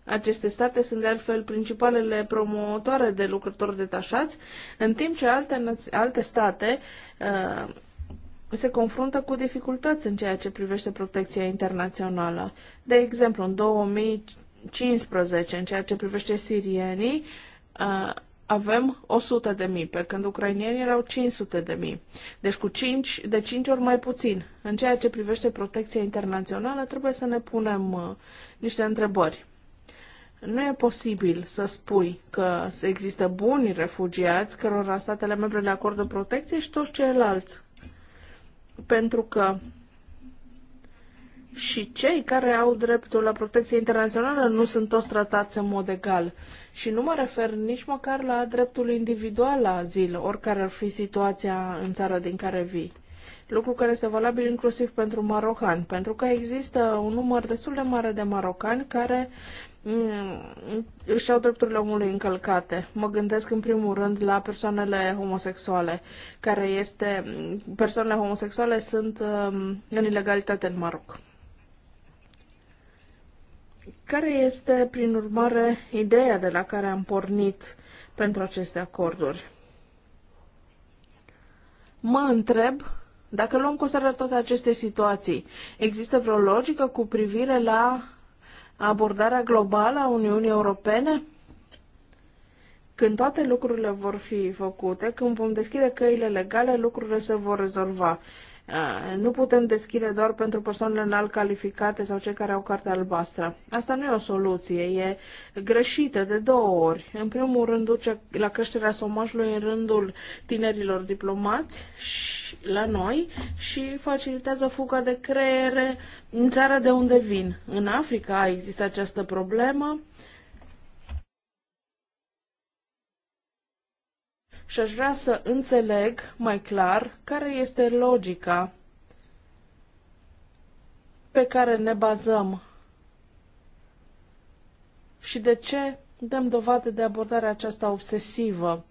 Aceste state sunt de altfel principalele promotoare de lucrători detașați, în timp ce alte, alte state uh, se confruntă cu dificultăți în ceea ce privește protecția internațională. De exemplu, în 2000 15 în ceea ce privește sirienii, avem 100 de mii, pe când ucrainienii erau 500 de mii. Deci cu 5, de 5 ori mai puțin. În ceea ce privește protecția internațională, trebuie să ne punem niște întrebări. Nu e posibil să spui că există buni refugiați cărora statele membre le acordă protecție și toți ceilalți. Pentru că și cei care au dreptul la protecție internațională nu sunt toți tratați în mod egal. Și nu mă refer nici măcar la dreptul individual la azil, oricare ar fi situația în țara din care vii. Lucru care este valabil inclusiv pentru marocani, pentru că există un număr destul de mare de marocani care mm, își au drepturile omului încălcate. Mă gândesc în primul rând la persoanele homosexuale, care este... Persoanele homosexuale sunt mm, în ilegalitate în Maroc. Care este, prin urmare, ideea de la care am pornit pentru aceste acorduri? Mă întreb dacă luăm seara toate aceste situații, există vreo logică cu privire la abordarea globală a Uniunii Europene? Când toate lucrurile vor fi făcute, când vom deschide căile legale, lucrurile se vor rezolva. Ah, nu putem deschide doar pentru persoanele înalt calificate sau cei care au carte albastră. Asta nu e o soluție, e greșită de două ori. În primul rând duce la creșterea somajului în rândul tinerilor diplomați și la noi și facilitează fuga de creiere în țara de unde vin. În Africa există această problemă și aș vrea să înțeleg mai clar care este logica pe care ne bazăm și de ce dăm dovadă de abordarea aceasta obsesivă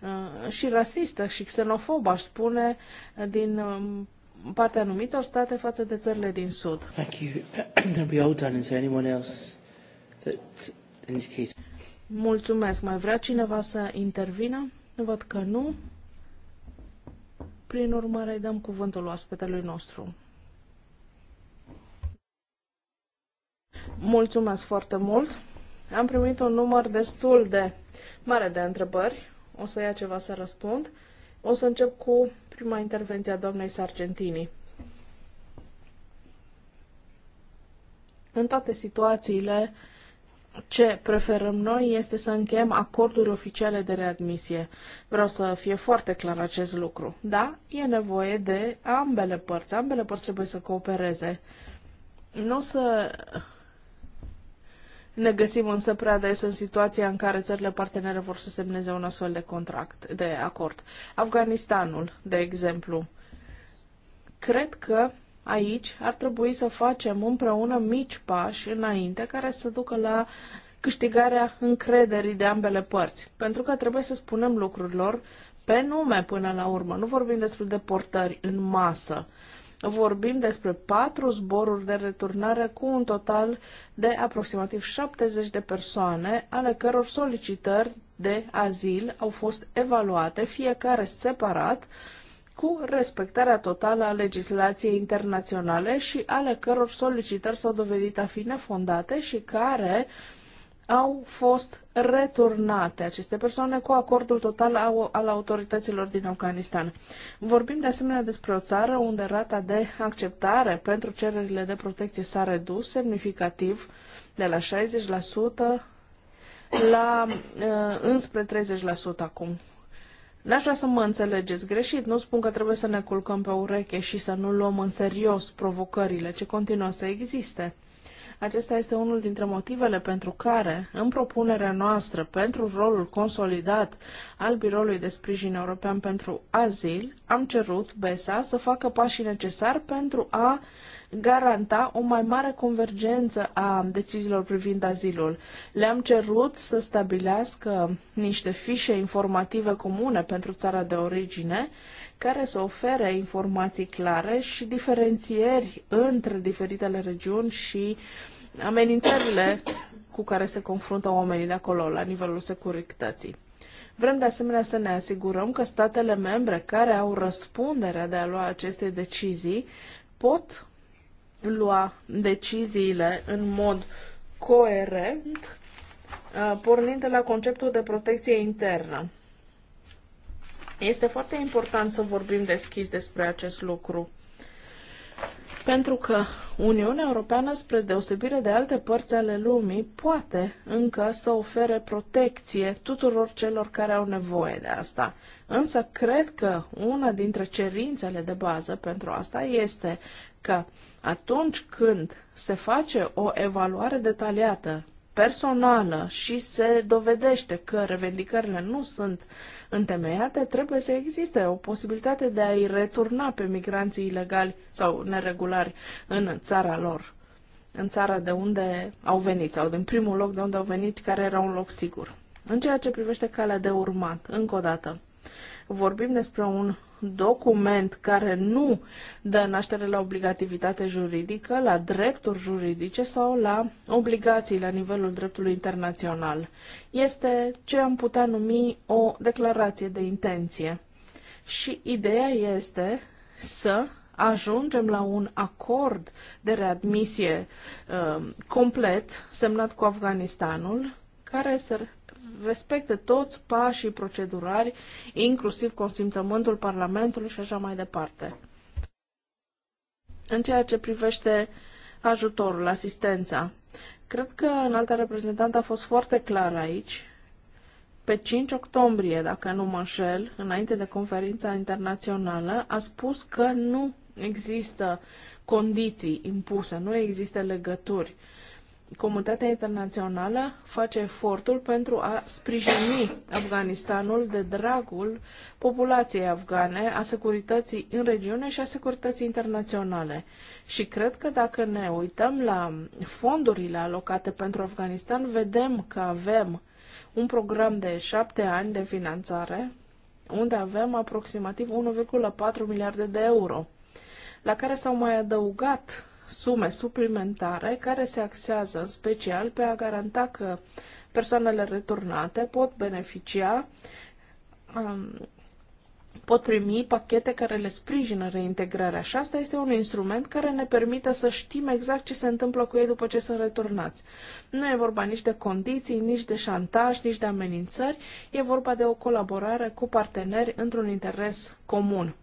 uh, și rasistă și xenofobă, aș spune, din um, partea anumitor state față de țările din Sud. Thank you. Are all done? Is there anyone else that indicates? Mulțumesc. Mai vrea cineva să intervină? Văd că nu. Prin urmare, dăm cuvântul oaspetelui nostru. Mulțumesc foarte mult! Am primit un număr destul de mare de întrebări. O să ia ceva să răspund. O să încep cu prima intervenție a doamnei Sargentini. În toate situațiile, ce preferăm noi este să încheiem acorduri oficiale de readmisie. Vreau să fie foarte clar acest lucru. Da, e nevoie de ambele părți. Ambele părți trebuie să coopereze. Nu o să ne găsim însă prea des în situația în care țările partenere vor să semneze un astfel de contract, de acord. Afganistanul, de exemplu. Cred că Aici ar trebui să facem împreună mici pași înainte care să ducă la câștigarea încrederii de ambele părți. Pentru că trebuie să spunem lucrurilor pe nume până la urmă. Nu vorbim despre deportări în masă. Vorbim despre patru zboruri de returnare cu un total de aproximativ 70 de persoane, ale căror solicitări de azil au fost evaluate, fiecare separat, cu respectarea totală a legislației internaționale și ale căror solicitări s-au dovedit a fi nefondate și care au fost returnate aceste persoane cu acordul total al autorităților din Afganistan. Vorbim de asemenea despre o țară unde rata de acceptare pentru cererile de protecție s-a redus semnificativ de la 60% la uh, înspre 30% acum. N-aș vrea să mă înțelegeți greșit, nu spun că trebuie să ne culcăm pe ureche și să nu luăm în serios provocările ce continuă să existe. Acesta este unul dintre motivele pentru care, în propunerea noastră pentru rolul consolidat al Biroului de Sprijin European pentru Azil, am cerut BESA să facă pașii necesari pentru a garanta o mai mare convergență a deciziilor privind azilul. Le-am cerut să stabilească niște fișe informative comune pentru țara de origine, care să ofere informații clare și diferențieri între diferitele regiuni și amenințările cu care se confruntă oamenii de acolo la nivelul securității. Vrem de asemenea să ne asigurăm că statele membre care au răspunderea de a lua aceste decizii pot lua deciziile în mod coerent, uh, pornind de la conceptul de protecție internă. Este foarte important să vorbim deschis despre acest lucru. Pentru că Uniunea Europeană, spre deosebire de alte părți ale lumii, poate încă să ofere protecție tuturor celor care au nevoie de asta. Însă cred că una dintre cerințele de bază pentru asta este că atunci când se face o evaluare detaliată, personală și se dovedește că revendicările nu sunt întemeiate, trebuie să existe o posibilitate de a-i returna pe migranții ilegali sau neregulari în țara lor, în țara de unde au venit sau din primul loc de unde au venit, care era un loc sigur. În ceea ce privește calea de urmat, încă o dată, vorbim despre un document care nu dă naștere la obligativitate juridică, la drepturi juridice sau la obligații la nivelul dreptului internațional. Este ce am putea numi o declarație de intenție. Și ideea este să ajungem la un acord de readmisie uh, complet semnat cu Afganistanul, care să respecte toți pașii procedurali, inclusiv consimțământul Parlamentului și așa mai departe. În ceea ce privește ajutorul, asistența, cred că alta reprezentantă a fost foarte clar aici. Pe 5 octombrie, dacă nu mă înșel, înainte de conferința internațională, a spus că nu există condiții impuse, nu există legături comunitatea internațională face efortul pentru a sprijini Afganistanul de dragul populației afgane, a securității în regiune și a securității internaționale. Și cred că dacă ne uităm la fondurile alocate pentru Afganistan, vedem că avem un program de șapte ani de finanțare, unde avem aproximativ 1,4 miliarde de euro, la care s-au mai adăugat sume suplimentare care se axează în special pe a garanta că persoanele returnate pot beneficia, um, pot primi pachete care le sprijină reintegrarea. Și asta este un instrument care ne permite să știm exact ce se întâmplă cu ei după ce sunt returnați. Nu e vorba nici de condiții, nici de șantaj, nici de amenințări, e vorba de o colaborare cu parteneri într-un interes comun.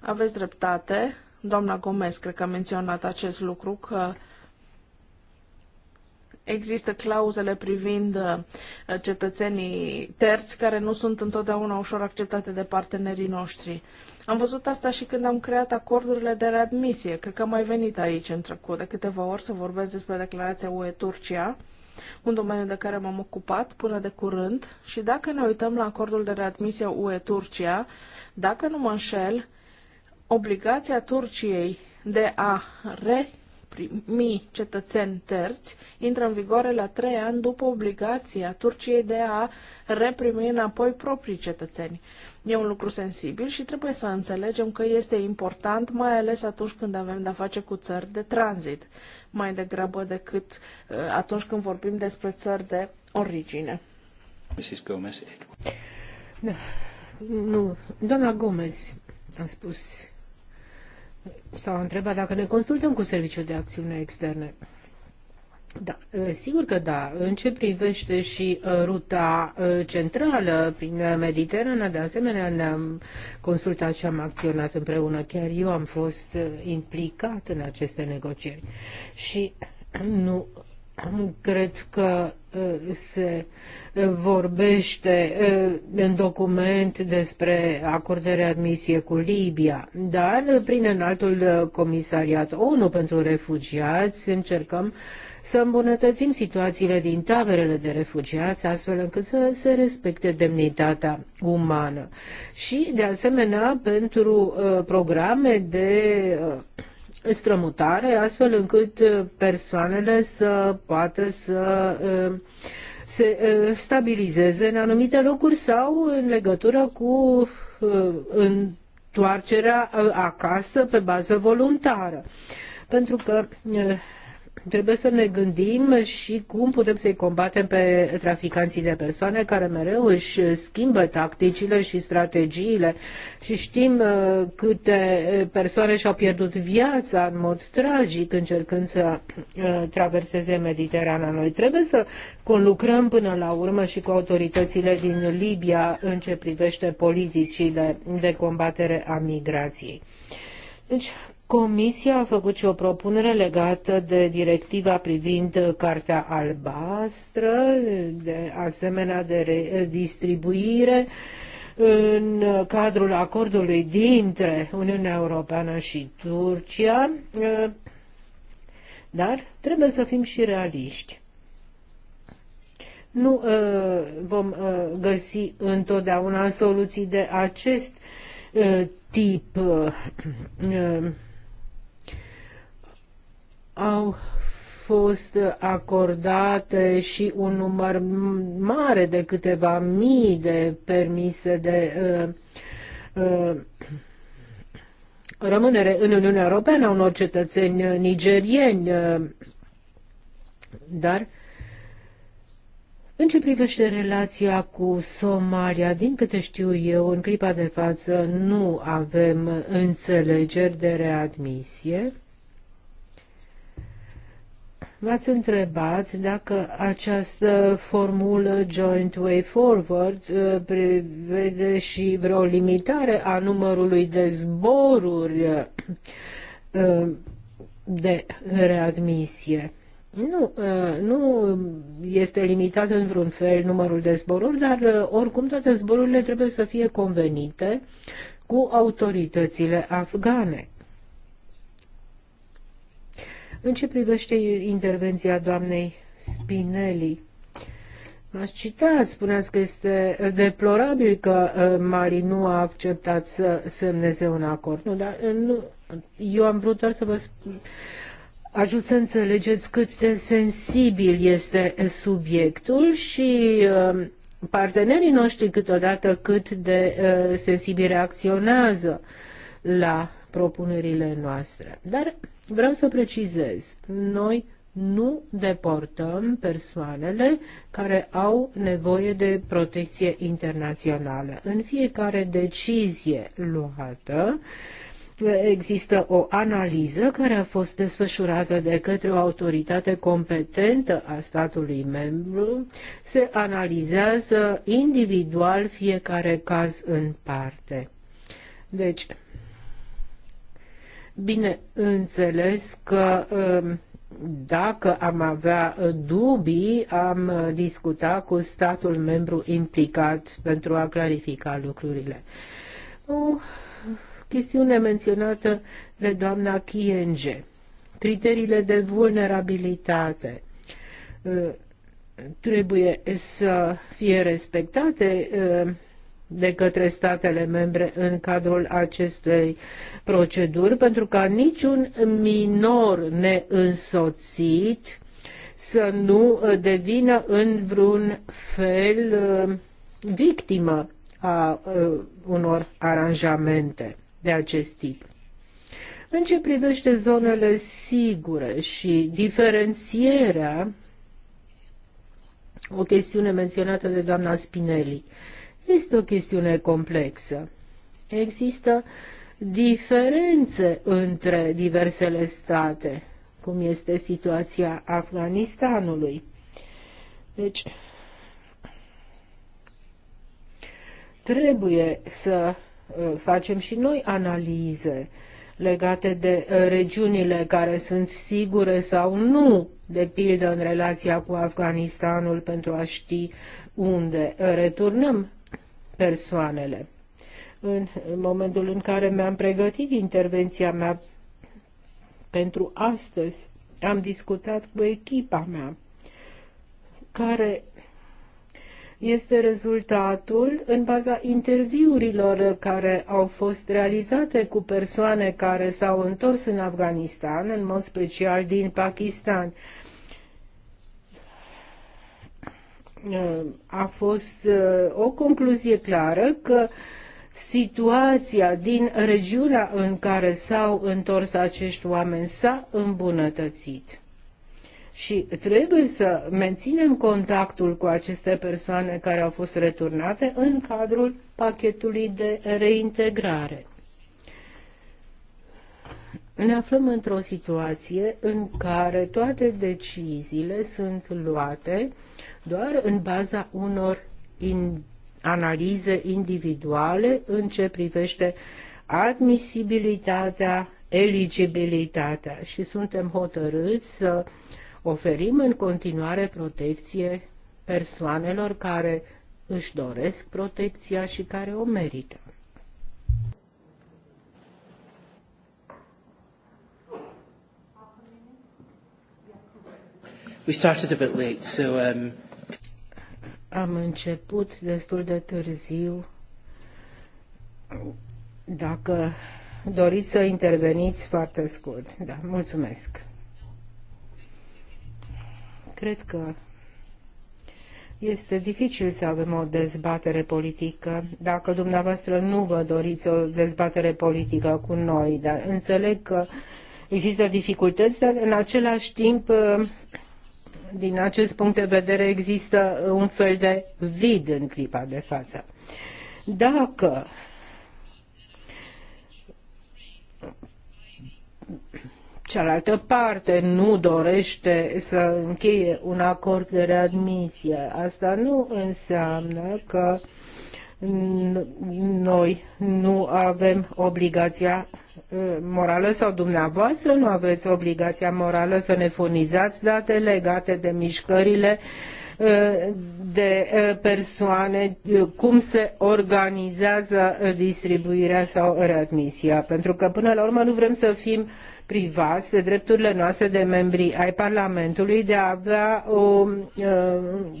Aveți dreptate, Doamna Gomez, cred că a menționat acest lucru, că există clauzele privind uh, cetățenii terți care nu sunt întotdeauna ușor acceptate de partenerii noștri. Am văzut asta și când am creat acordurile de readmisie. Cred că am mai venit aici în trecut de câteva ori să vorbesc despre declarația UE-Turcia, un domeniu de care m-am ocupat până de curând. Și dacă ne uităm la acordul de readmisie UE-Turcia, dacă nu mă înșel, obligația Turciei de a reprimi cetățeni terți intră în vigoare la trei ani după obligația Turciei de a reprimi înapoi proprii cetățeni. E un lucru sensibil și trebuie să înțelegem că este important, mai ales atunci când avem de-a face cu țări de tranzit, mai degrabă decât uh, atunci când vorbim despre țări de origine. Mrs. Gomez. Da. Nu, doamna Gomez a spus s-a întrebat dacă ne consultăm cu Serviciul de Acțiune Externe. Da, sigur că da. În ce privește și ruta centrală prin Mediterana, de asemenea ne-am consultat și am acționat împreună. Chiar eu am fost implicat în aceste negocieri. Și nu Cred că se vorbește în document despre acord de readmisie cu Libia, dar prin înaltul comisariat ONU pentru refugiați încercăm să îmbunătățim situațiile din taberele de refugiați, astfel încât să se respecte demnitatea umană. Și, de asemenea, pentru uh, programe de uh, strămutare, astfel încât uh, persoanele să poată să uh, se uh, stabilizeze în anumite locuri sau în legătură cu întoarcerea acasă pe bază voluntară. Pentru că Trebuie să ne gândim și cum putem să-i combatem pe traficanții de persoane care mereu își schimbă tacticile și strategiile și știm uh, câte persoane și-au pierdut viața în mod tragic încercând să uh, traverseze Mediterana. Noi trebuie să conlucrăm până la urmă și cu autoritățile din Libia în ce privește politicile de combatere a migrației. Deci Comisia a făcut și o propunere legată de directiva privind Cartea Albastră, de asemenea de redistribuire în cadrul acordului dintre Uniunea Europeană și Turcia, dar trebuie să fim și realiști. Nu uh, vom uh, găsi întotdeauna soluții de acest uh, tip au fost acordate și un număr mare de câteva mii de permise de uh, uh, rămânere în Uniunea Europeană a unor cetățeni nigerieni, uh, dar în ce privește relația cu Somalia, din câte știu eu, în clipa de față nu avem înțelegeri de readmisie. V-ați întrebat dacă această formulă Joint Way Forward uh, prevede și vreo limitare a numărului de zboruri uh, de readmisie. Nu, uh, nu este limitat în vreun fel numărul de zboruri, dar oricum toate zborurile trebuie să fie convenite cu autoritățile afgane. În ce privește intervenția doamnei Spinelli, M-ați citat, spuneați că este deplorabil că uh, Mari nu a acceptat să semneze un acord. Nu, dar uh, nu, eu am vrut doar să vă ajut să înțelegeți cât de sensibil este subiectul și uh, partenerii noștri câteodată cât de sensibil reacționează la propunerile noastre. Dar Vreau să precizez, noi nu deportăm persoanele care au nevoie de protecție internațională. În fiecare decizie luată există o analiză care a fost desfășurată de către o autoritate competentă a statului membru. Se analizează individual fiecare caz în parte. Deci, Bineînțeles că um, dacă am avea dubii, am discuta cu statul membru implicat pentru a clarifica lucrurile. O chestiune menționată de doamna Chienge. Criteriile de vulnerabilitate uh, trebuie să fie respectate uh, de către statele membre în cadrul acestei proceduri, pentru ca niciun minor neînsoțit să nu uh, devină în vreun fel uh, victimă a uh, unor aranjamente de acest tip. În ce privește zonele sigure și diferențierea, o chestiune menționată de doamna Spinelli, uh, este o chestiune complexă. Există diferențe între diversele state, cum este situația Afganistanului. Deci, trebuie să uh, facem și noi analize legate de uh, regiunile care sunt sigure sau nu, de pildă în relația cu Afganistanul, pentru a ști unde returnăm persoanele. În momentul în care mi-am pregătit intervenția mea pentru astăzi, am discutat cu echipa mea, care este rezultatul în baza interviurilor care au fost realizate cu persoane care s-au întors în Afganistan, în mod special din Pakistan. Uh, a fost uh, o concluzie clară că situația din regiunea în care s-au întors acești oameni s-a îmbunătățit. Și trebuie să menținem contactul cu aceste persoane care au fost returnate în cadrul pachetului de reintegrare. Ne aflăm într-o situație în care toate deciziile sunt luate doar în baza unor in, analize individuale în ce privește admisibilitatea, eligibilitatea și suntem hotărâți să oferim în continuare protecție persoanelor care își doresc protecția și care o merită. We started a bit late, so... Um... Am început destul de târziu. Dacă doriți să interveniți foarte scurt. Da, mulțumesc. Cred că este dificil să avem o dezbatere politică dacă dumneavoastră nu vă doriți o dezbatere politică cu noi, dar înțeleg că există dificultăți, dar în același timp din acest punct de vedere există un fel de vid în clipa de față. Dacă cealaltă parte nu dorește să încheie un acord de readmisie, asta nu înseamnă că noi nu avem obligația morală sau dumneavoastră nu aveți obligația morală să ne furnizați date legate de mișcările uh, de uh, persoane, uh, cum se organizează distribuirea sau readmisia. Pentru că până la urmă nu vrem să fim privați de drepturile noastre de membri ai Parlamentului de a avea un uh,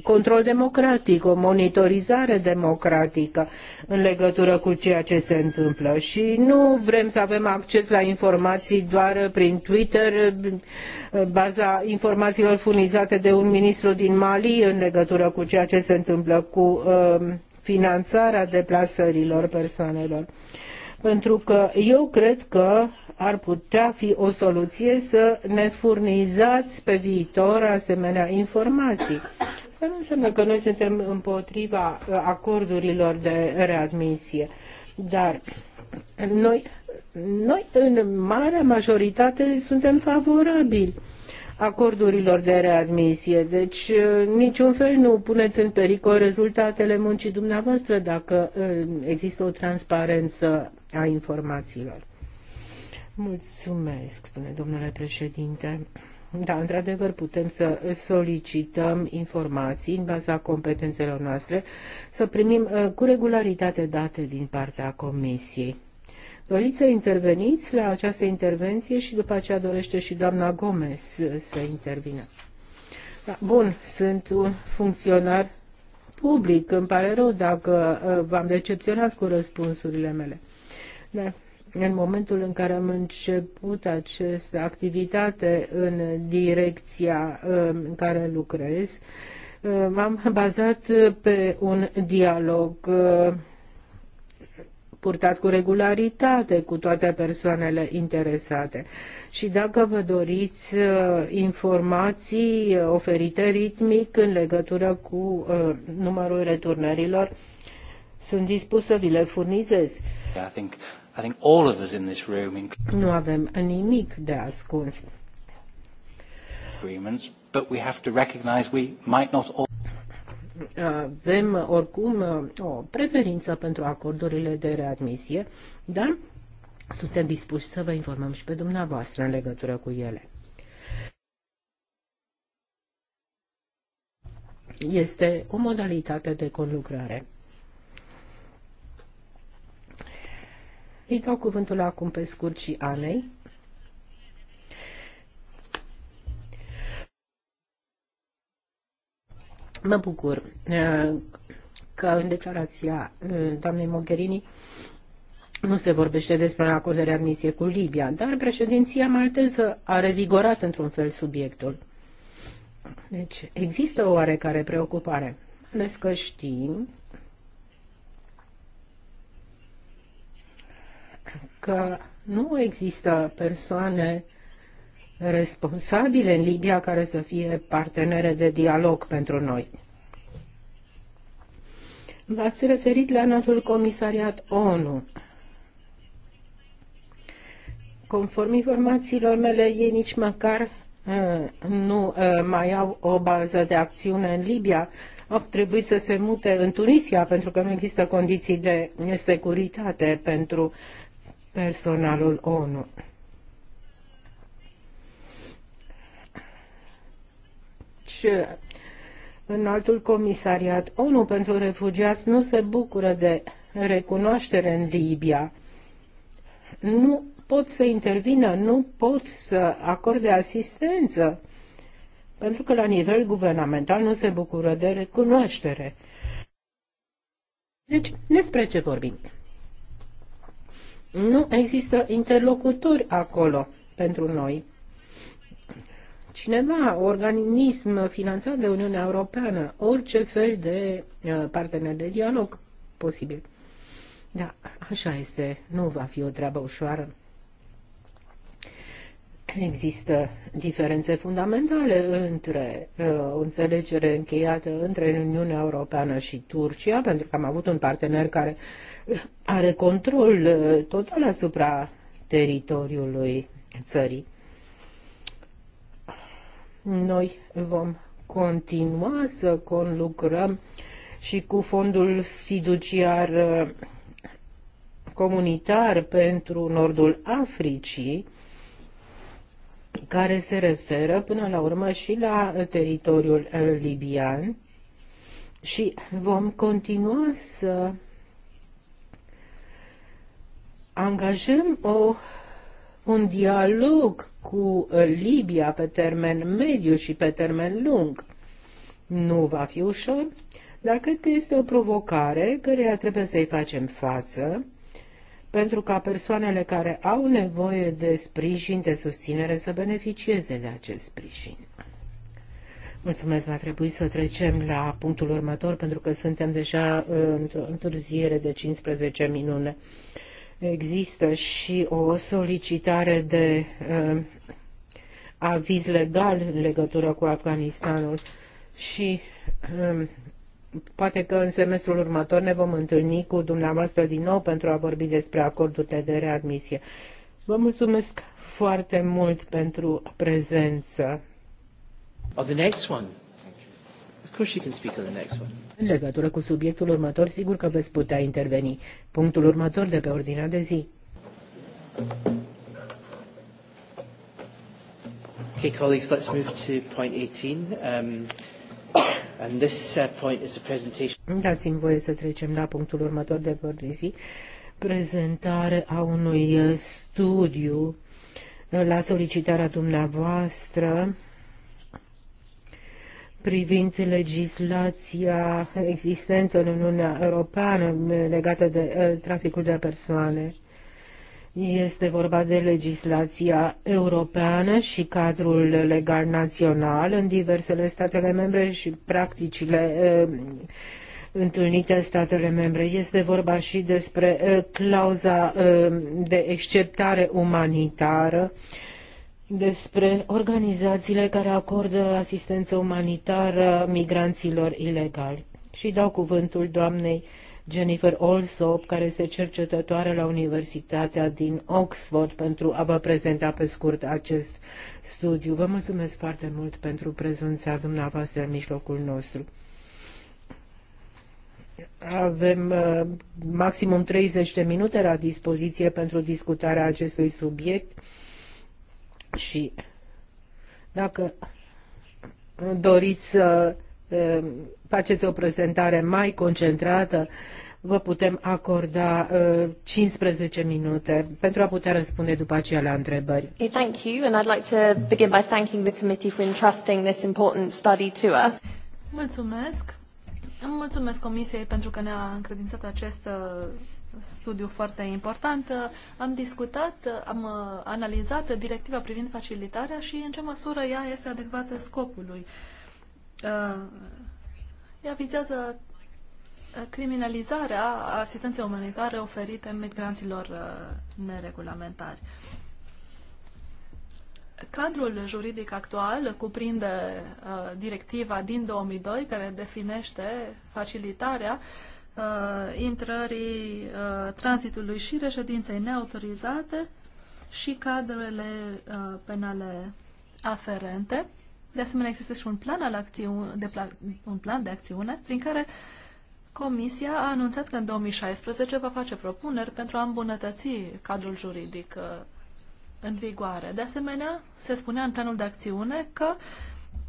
control democratic, o monitorizare democratică în legătură cu ceea ce se întâmplă. Și nu vrem să avem acces la informații doar prin Twitter, uh, baza informațiilor furnizate de un ministru din Mali în legătură cu ceea ce se întâmplă cu uh, finanțarea deplasărilor persoanelor pentru că eu cred că ar putea fi o soluție să ne furnizați pe viitor asemenea informații. Asta nu înseamnă că noi suntem împotriva uh, acordurilor de readmisie, dar noi, noi în marea majoritate suntem favorabili acordurilor de readmisie. Deci, uh, niciun fel nu puneți în pericol rezultatele muncii dumneavoastră dacă uh, există o transparență a informațiilor. Mulțumesc, spune domnule președinte. Da, într-adevăr, putem să solicităm informații în baza competențelor noastre, să primim uh, cu regularitate date din partea Comisiei. Doriți să interveniți la această intervenție și după aceea dorește și doamna Gomez să intervină. Da, bun, sunt un funcționar public, îmi pare rău dacă uh, v-am decepționat cu răspunsurile mele. Da în momentul în care am început această activitate în direcția um, în care lucrez, um, m-am bazat pe un dialog uh, purtat cu regularitate cu toate persoanele interesate. Și dacă vă doriți uh, informații uh, oferite ritmic în legătură cu numărul returnărilor, sunt dispus să vi le furnizez. I think I think all of us in this room, nu avem nimic de ascuns. Agreements, but we have to recognize we might not all avem oricum uh, o preferință pentru acordurile de readmisie, dar suntem dispuși să vă informăm și pe dumneavoastră în legătură cu ele. Este o modalitate de conlucrare. Îi dau cuvântul acum pe scurt și Anei. Mă bucur uh, că în declarația uh, doamnei Mogherini nu se vorbește despre un acord de readmisie cu Libia, dar președinția malteză a revigorat într-un fel subiectul. Deci există o oarecare preocupare, ales că știm că nu există persoane responsabile în Libia care să fie partenere de dialog pentru noi. V-ați referit la înaltul comisariat ONU. Conform informațiilor mele, ei nici măcar uh, nu uh, mai au o bază de acțiune în Libia. Au trebuit să se mute în Tunisia pentru că nu există condiții de securitate pentru uh, personalul ONU. Ce? în altul comisariat ONU pentru refugiați nu se bucură de recunoaștere în Libia. Nu pot să intervină, nu pot să acorde asistență, pentru că la nivel guvernamental nu se bucură de recunoaștere. Deci, despre ce vorbim? Nu există interlocutori acolo pentru noi. Cineva, organism finanțat de Uniunea Europeană, orice fel de uh, partener de dialog posibil. Da, așa este. Nu va fi o treabă ușoară. Există diferențe fundamentale între uh, o înțelegere încheiată între Uniunea Europeană și Turcia, pentru că am avut un partener care uh, are control uh, total asupra teritoriului țării. Noi vom continua să conlucrăm și cu fondul fiduciar uh, comunitar pentru Nordul Africii, care se referă până la urmă și la teritoriul libian și vom continua să angajăm o, un dialog cu Libia pe termen mediu și pe termen lung. Nu va fi ușor, dar cred că este o provocare care trebuie să-i facem față, pentru ca persoanele care au nevoie de sprijin, de susținere, să beneficieze de acest sprijin. Mulțumesc, va trebui să trecem la punctul următor, pentru că suntem deja într-o întârziere de 15 minute. Există și o solicitare de uh, aviz legal în legătură cu Afganistanul și uh, poate că în semestrul următor ne vom întâlni cu dumneavoastră din nou pentru a vorbi despre acordurile de readmisie. Vă mulțumesc foarte mult pentru prezență. Oh, the next one course you can speak on the next one. În legătură cu subiectul următor, sigur că veți putea interveni. Punctul următor de pe ordinea de zi. Okay, colleagues, let's move to point 18. Um, and this uh, point is a presentation. Dați-mi voie să trecem la punctul următor de pe ordinea de zi. Prezentare a unui uh, studiu uh, la solicitarea dumneavoastră privind legislația existentă în Uniunea Europeană eh, legată de eh, traficul de persoane. Este vorba de legislația europeană și cadrul legal național în diversele statele membre și practicile eh, întâlnite statele membre. Este vorba și despre clauza de exceptare umanitară despre organizațiile care acordă asistență umanitară migranților ilegali. Și dau cuvântul doamnei Jennifer Olsop, care este cercetătoare la Universitatea din Oxford, pentru a vă prezenta pe scurt acest studiu. Vă mulțumesc foarte mult pentru prezența dumneavoastră în mijlocul nostru. Avem uh, maximum 30 de minute la dispoziție pentru discutarea acestui subiect și dacă doriți să faceți o prezentare mai concentrată, vă putem acorda 15 minute pentru a putea răspunde după aceea la întrebări. Thank you and I'd like to begin by thanking the committee for entrusting this important study to us. Mulțumesc. Mulțumesc Comisiei pentru că ne-a încredințat acest studiu foarte important. Am discutat, am analizat directiva privind facilitarea și în ce măsură ea este adecvată scopului. Uh, ea vizează criminalizarea asistenței umanitare oferite migranților uh, neregulamentari. Cadrul juridic actual cuprinde uh, directiva din 2002 care definește facilitarea uh, uh, intrării, uh, tranzitului și reședinței neautorizate și cadrele uh, penale aferente. De asemenea, există și un plan, al acțiu- de pla- un plan de acțiune prin care Comisia a anunțat că în 2016 va face propuneri pentru a îmbunătăți cadrul juridic uh, în vigoare. De asemenea, se spunea în planul de acțiune că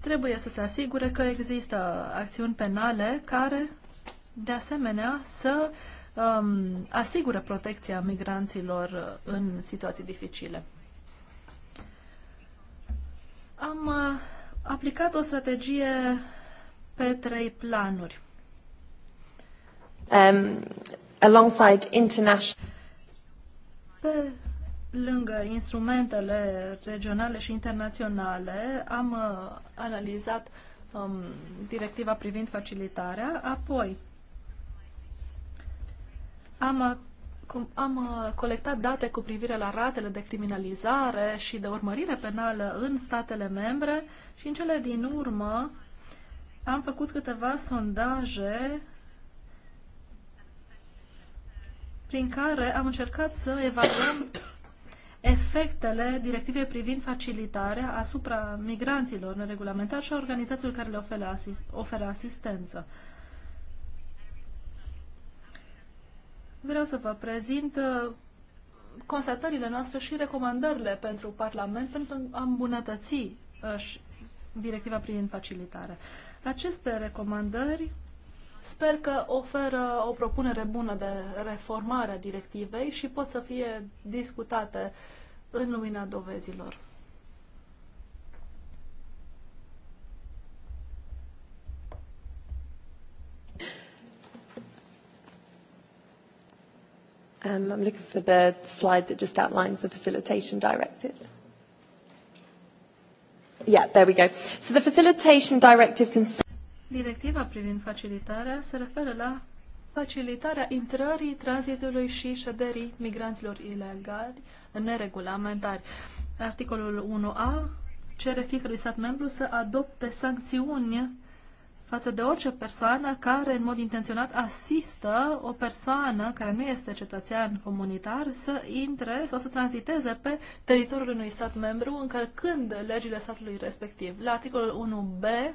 trebuie să se asigure că există acțiuni penale care de asemenea, să um, asigură protecția migranților în situații dificile. Am uh, aplicat o strategie pe trei planuri. Um, alongside international... Pe lângă instrumentele regionale și internaționale, am uh, analizat um, directiva privind facilitarea, apoi am, uh, am uh, colectat date cu privire la ratele de criminalizare și de urmărire penală în statele membre și în cele din urmă am făcut câteva sondaje prin care am încercat să evaluăm efectele directivei privind facilitarea asupra migranților neregulamentari și a organizațiilor care le oferă, asist- oferă asistență. vreau să vă prezint uh, constatările noastre și recomandările pentru Parlament pentru a îmbunătăți uh, directiva prin facilitare. Aceste recomandări sper că oferă o propunere bună de reformare a directivei și pot să fie discutate în lumina dovezilor. Um, I'm looking for the slide that just outlines the facilitation directive. Yeah, there we go. So the facilitation directive can... Directiva privind facilitarea se referă la facilitarea intrării, tranzitului și șederii migranților ilegali neregulamentari. Articolul 1a cere fiecărui stat membru să adopte sancțiuni față de orice persoană care în mod intenționat asistă o persoană care nu este cetățean comunitar să intre sau să tranziteze pe teritoriul unui stat membru încălcând legile statului respectiv. La articolul 1b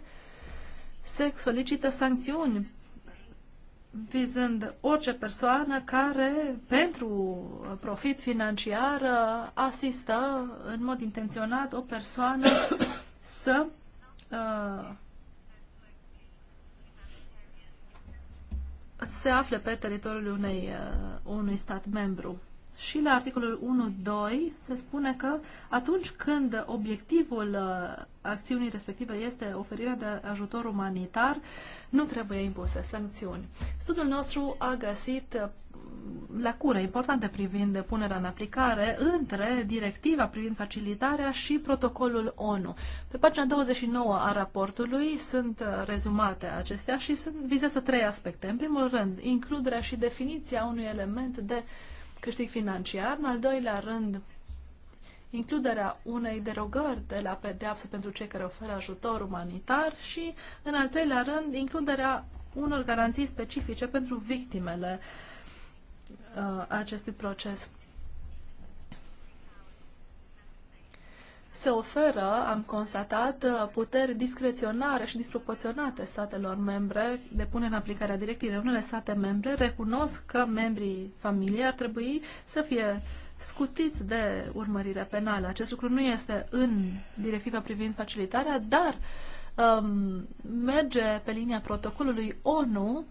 se solicită sancțiuni vizând orice persoană care, pentru profit financiar, asistă în mod intenționat o persoană să uh, se află pe teritoriul unei, uh, unui stat membru. Și la articolul 1.2 se spune că atunci când obiectivul uh, acțiunii respective este oferirea de ajutor umanitar, nu trebuie impuse sancțiuni. Studiul nostru a găsit lacune importante privind depunerea în aplicare între directiva privind facilitarea și protocolul ONU. Pe pagina 29 a raportului sunt uh, rezumate acestea și sunt, vizează trei aspecte. În primul rând, includerea și definiția unui element de câștig financiar. În al doilea rând, includerea unei derogări de la pedeapsă pentru cei care oferă ajutor umanitar și, în al treilea rând, includerea unor garanții specifice pentru victimele uh, Uh, acestui proces. se oferă, am constatat, uh, puteri discreționare și disproporționate statelor membre de pune în aplicare a directivei. Unele state membre recunosc că membrii familiei ar trebui să fie scutiți de urmărire penală. Acest lucru nu este în directiva privind facilitarea, dar um, merge pe linia protocolului ONU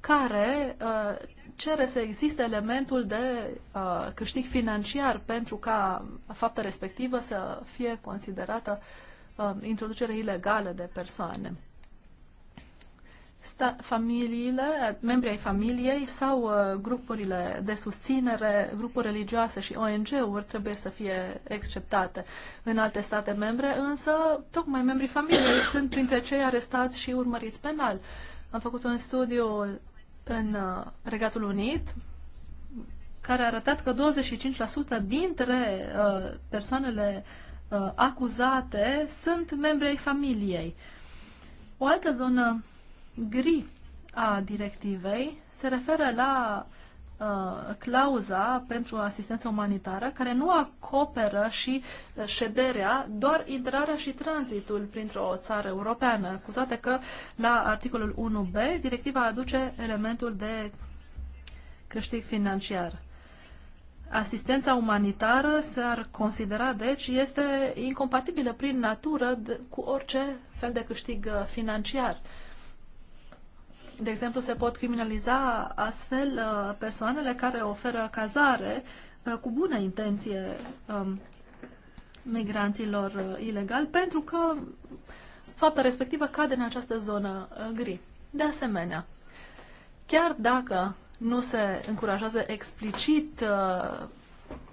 care uh, cere să existe elementul de uh, câștig financiar pentru ca fapta respectivă să fie considerată uh, introducere ilegală de persoane. Sta- familiile, membrii ai familiei sau uh, grupurile de susținere, grupuri religioase și ONG-uri trebuie să fie exceptate. În alte state membre, însă, tocmai membrii familiei sunt printre cei arestați și urmăriți penal. Am făcut un studiu în uh, Regatul Unit care a arătat că 25% dintre uh, persoanele uh, acuzate sunt membri ai familiei. O altă zonă gri a directivei se referă la uh, Uh, clauza pentru asistență umanitară care nu acoperă și uh, șederea, doar intrarea și tranzitul printr-o țară europeană, cu toate că la articolul 1b directiva aduce elementul de câștig financiar. Asistența umanitară s-ar considera, deci, este incompatibilă prin natură cu orice fel de câștig uh, financiar. Uh, de exemplu, se pot criminaliza astfel uh, persoanele care oferă cazare uh, cu bună intenție um, migranților uh, ilegali, pentru că fapta respectivă cade în această zonă gri. De asemenea, chiar dacă nu se încurajează explicit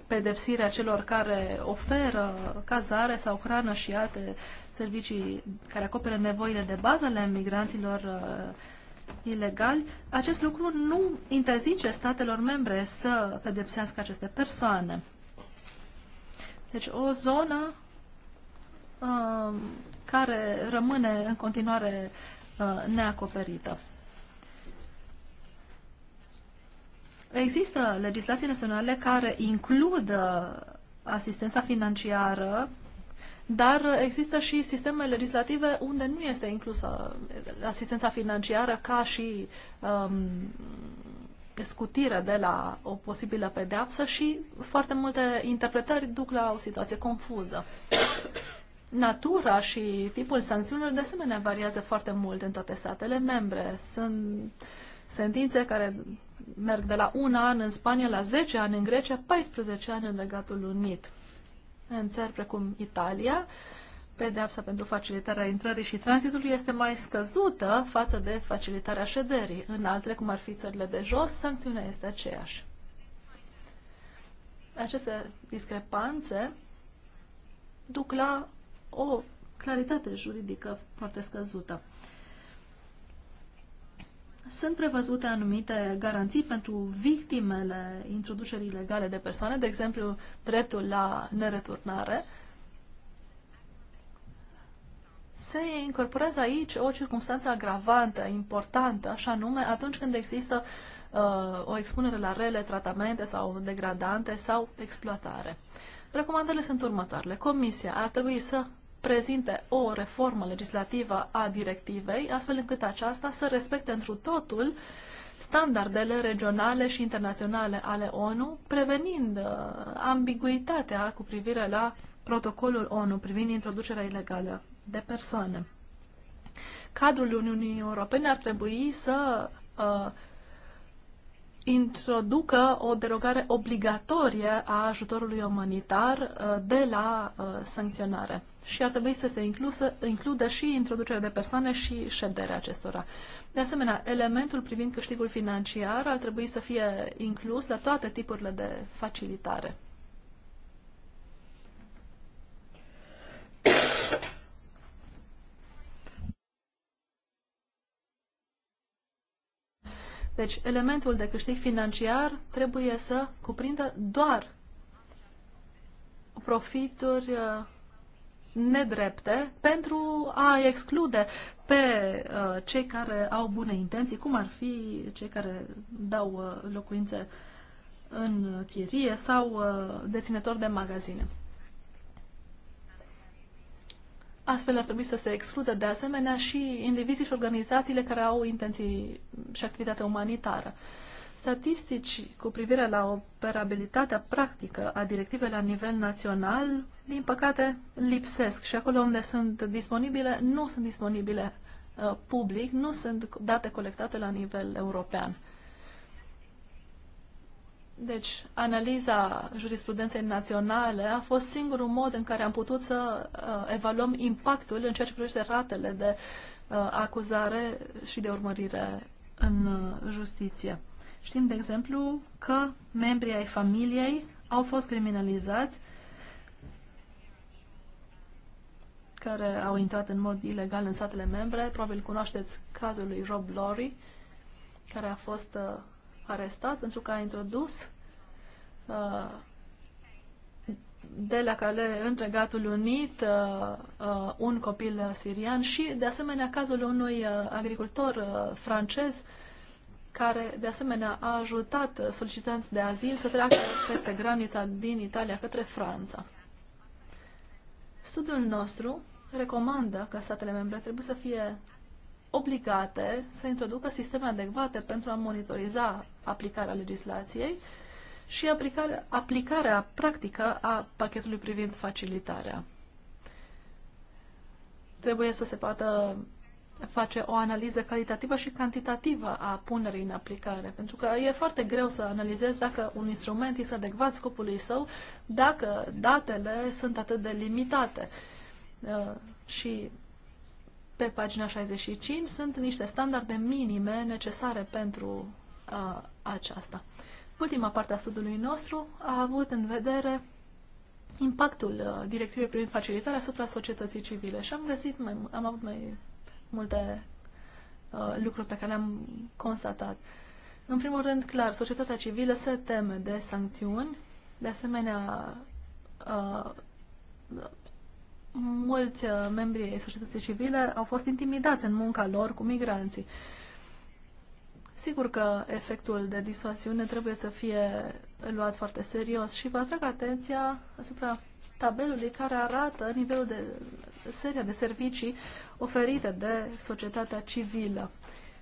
pedepsirea celor care oferă cazare sau hrană și alte servicii care acoperă nevoile de bază ale migranților ilegali, acest lucru nu interzice statelor membre să pedepsească aceste persoane. Deci o zonă uh, care rămâne în continuare uh, neacoperită. Există legislații naționale care includ uh, asistența financiară dar există și sisteme legislative unde nu este inclusă asistența financiară ca și um, scutire de la o posibilă pedeapsă și foarte multe interpretări duc la o situație confuză. Natura și tipul sancțiunilor de asemenea variază foarte mult în toate statele membre. Sunt sentințe care merg de la un an în Spania la 10 ani în Grecia, 14 ani în Regatul Unit în țări precum Italia, pedeapsa pentru facilitarea intrării și tranzitului este mai scăzută față de facilitarea șederii. În altele, cum ar fi țările de jos, sancțiunea este aceeași. Aceste discrepanțe duc la o claritate juridică foarte scăzută. Sunt prevăzute anumite garanții pentru victimele introducerii ilegale de persoane, de exemplu, dreptul la nereturnare. Se incorporează aici o circunstanță agravantă, importantă, așa nume, atunci când există uh, o expunere la rele, tratamente sau degradante sau exploatare. Recomandările sunt următoarele. Comisia ar trebui să prezinte o reformă legislativă a directivei, astfel încât aceasta să respecte întru totul standardele regionale și internaționale ale ONU, prevenind uh, ambiguitatea cu privire la protocolul ONU privind introducerea ilegală de persoane. Cadrul Uniunii Europene ar trebui să uh, introducă o derogare obligatorie a ajutorului umanitar uh, de la uh, sancționare și ar trebui să se inclusă, includă și introducerea de persoane și șederea acestora. De asemenea, elementul privind câștigul financiar ar trebui să fie inclus la toate tipurile de facilitare. Deci, elementul de câștig financiar trebuie să cuprindă doar profituri uh, nedrepte pentru a exclude pe uh, cei care au bune intenții, cum ar fi cei care dau uh, locuințe în chirie sau uh, deținători de magazine. Astfel ar trebui să se excludă de asemenea și indivizii și organizațiile care au intenții și activitate umanitară. Uh, statistici cu privire la operabilitatea practică a directivei la nivel național, din păcate, lipsesc și acolo unde sunt disponibile, nu sunt disponibile uh, public, nu sunt date colectate la nivel european. Deci, analiza jurisprudenței naționale a fost singurul mod în care am putut să uh, evaluăm impactul în ceea ce privește ratele de uh, acuzare și de urmărire în uh, justiție. Știm, de exemplu, că membrii ai familiei au fost criminalizați care au intrat în mod ilegal în statele membre. Probabil cunoașteți cazul lui Rob Lori, care a fost uh, arestat pentru că a introdus uh, de la cale în Regatul Unit uh, uh, un copil sirian și, de asemenea, cazul unui uh, agricultor uh, francez uh, care de asemenea a ajutat solicitanți de azil să treacă peste granița din Italia către Franța. Studiul nostru recomandă că statele membre trebuie să fie obligate să introducă sisteme adecvate pentru a monitoriza aplicarea legislației și aplicarea, aplicarea practică a pachetului privind facilitarea. Trebuie să se poată face o analiză calitativă și cantitativă a punerii în aplicare. Pentru că e foarte greu să analizezi dacă un instrument este adecvat scopului său, dacă datele sunt atât de limitate. Uh, și pe pagina 65 sunt niște standarde minime necesare pentru uh, aceasta. Ultima parte a studiului nostru a avut în vedere impactul uh, directivei privind facilitarea asupra societății civile și am găsit, mai, am avut mai multe uh, lucruri pe care le-am constatat. În primul rând, clar, societatea civilă se teme de sancțiuni, de asemenea, uh, mulți uh, membri ai societății civile au fost intimidați în munca lor cu migranții. Sigur că efectul de disuasiune trebuie să fie luat foarte serios și vă atrag atenția asupra tabelului care arată nivelul de seria de servicii oferite de societatea civilă.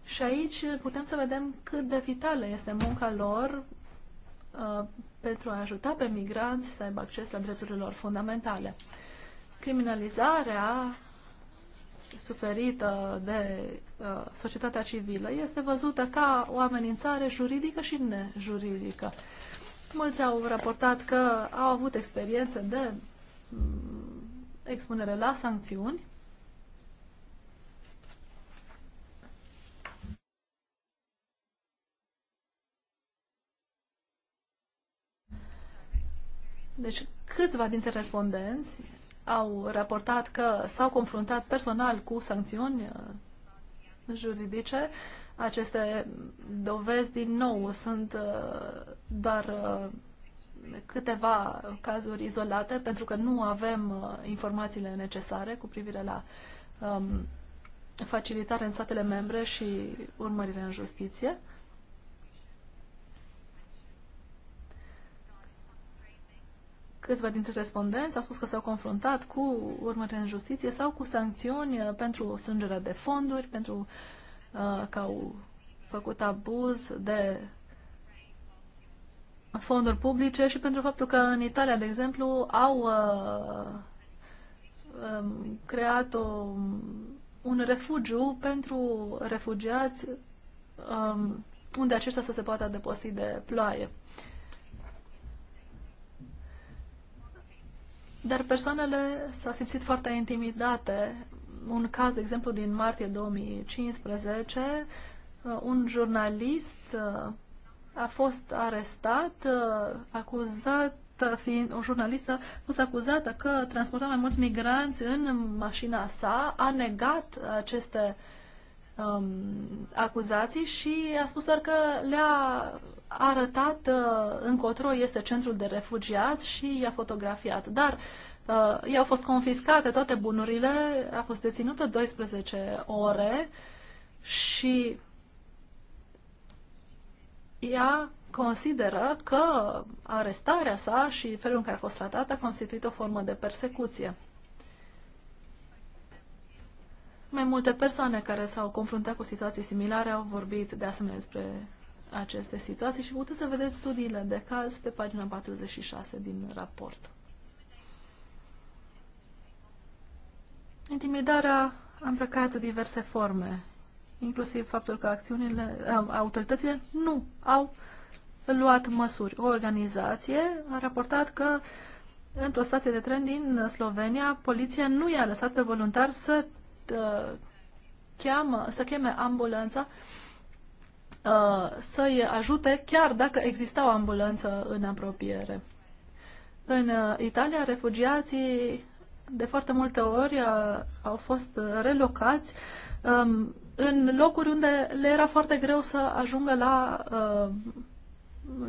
Și aici putem să vedem cât de vitală este munca lor uh, pentru a ajuta pe migranți să aibă acces la drepturile lor fundamentale. Criminalizarea suferită de uh, societatea civilă este văzută ca o amenințare juridică și nejuridică. Mulți au raportat că au avut experiențe de mm, expunere la sancțiuni. Deci câțiva dintre respondenți au raportat că s-au confruntat personal cu sancțiuni uh, juridice. Aceste dovezi, din nou, sunt uh, doar uh, câteva cazuri izolate pentru că nu avem uh, informațiile necesare cu privire la um, facilitare în statele membre și urmărire în justiție. Câțiva dintre respondenți au spus că s-au confruntat cu urmări în justiție sau cu sancțiuni uh, pentru strângerea de fonduri, pentru uh, că au făcut abuz de fonduri publice și pentru faptul că în Italia, de exemplu, au uh, um, creat o, un refugiu pentru refugiați um, unde aceștia să se poată adăposti de ploaie. Dar persoanele s-au simțit foarte intimidate. Un caz, de exemplu, din martie 2015, uh, un jurnalist uh, a fost arestat, uh, acuzat uh, fiind o jurnalistă, a fost acuzată că transporta mai mulți migranți în mașina sa, a negat aceste um, acuzații și a spus doar că le-a arătat uh, încotro este centrul de refugiați și i-a fotografiat. Dar uh, i-au fost confiscate toate bunurile, a fost deținută 12 ore și ea consideră că arestarea sa și felul în care a fost tratată a constituit o formă de persecuție. Mai multe persoane care s-au confruntat cu situații similare au vorbit de asemenea despre aceste situații și puteți să vedeți studiile de caz pe pagina 46 din raport. Intimidarea a îmbrăcat diverse forme inclusiv faptul că acțiunile, autoritățile nu au luat măsuri. O organizație a raportat că într-o stație de tren din Slovenia, poliția nu i-a lăsat pe voluntar să, uh, cheamă, să cheme ambulanța uh, să-i ajute, chiar dacă exista o ambulanță în apropiere. În uh, Italia, refugiații de foarte multe ori uh, au fost relocați um, în locuri unde le era foarte greu să ajungă la uh,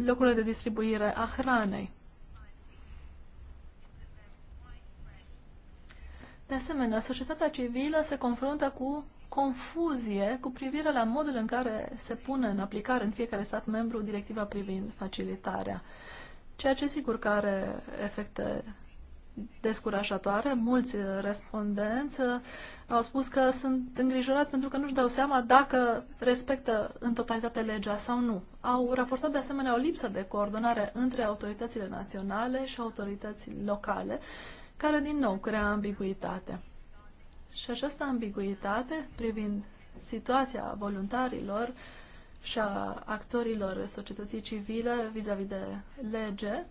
locurile de distribuire a hranei. De asemenea, societatea civilă se confruntă cu confuzie cu privire la modul în care se pune în aplicare în fiecare stat membru directiva privind facilitarea, ceea ce sigur că are efecte descurajatoare. Mulți uh, respondenți uh, au spus că sunt îngrijorați pentru că nu-și dau seama dacă respectă în totalitate legea sau nu. Au raportat de asemenea o lipsă de coordonare între autoritățile naționale și autoritățile locale, care din nou crea ambiguitate. Și această ambiguitate privind situația voluntarilor și a actorilor societății civile vis-a-vis -vis de lege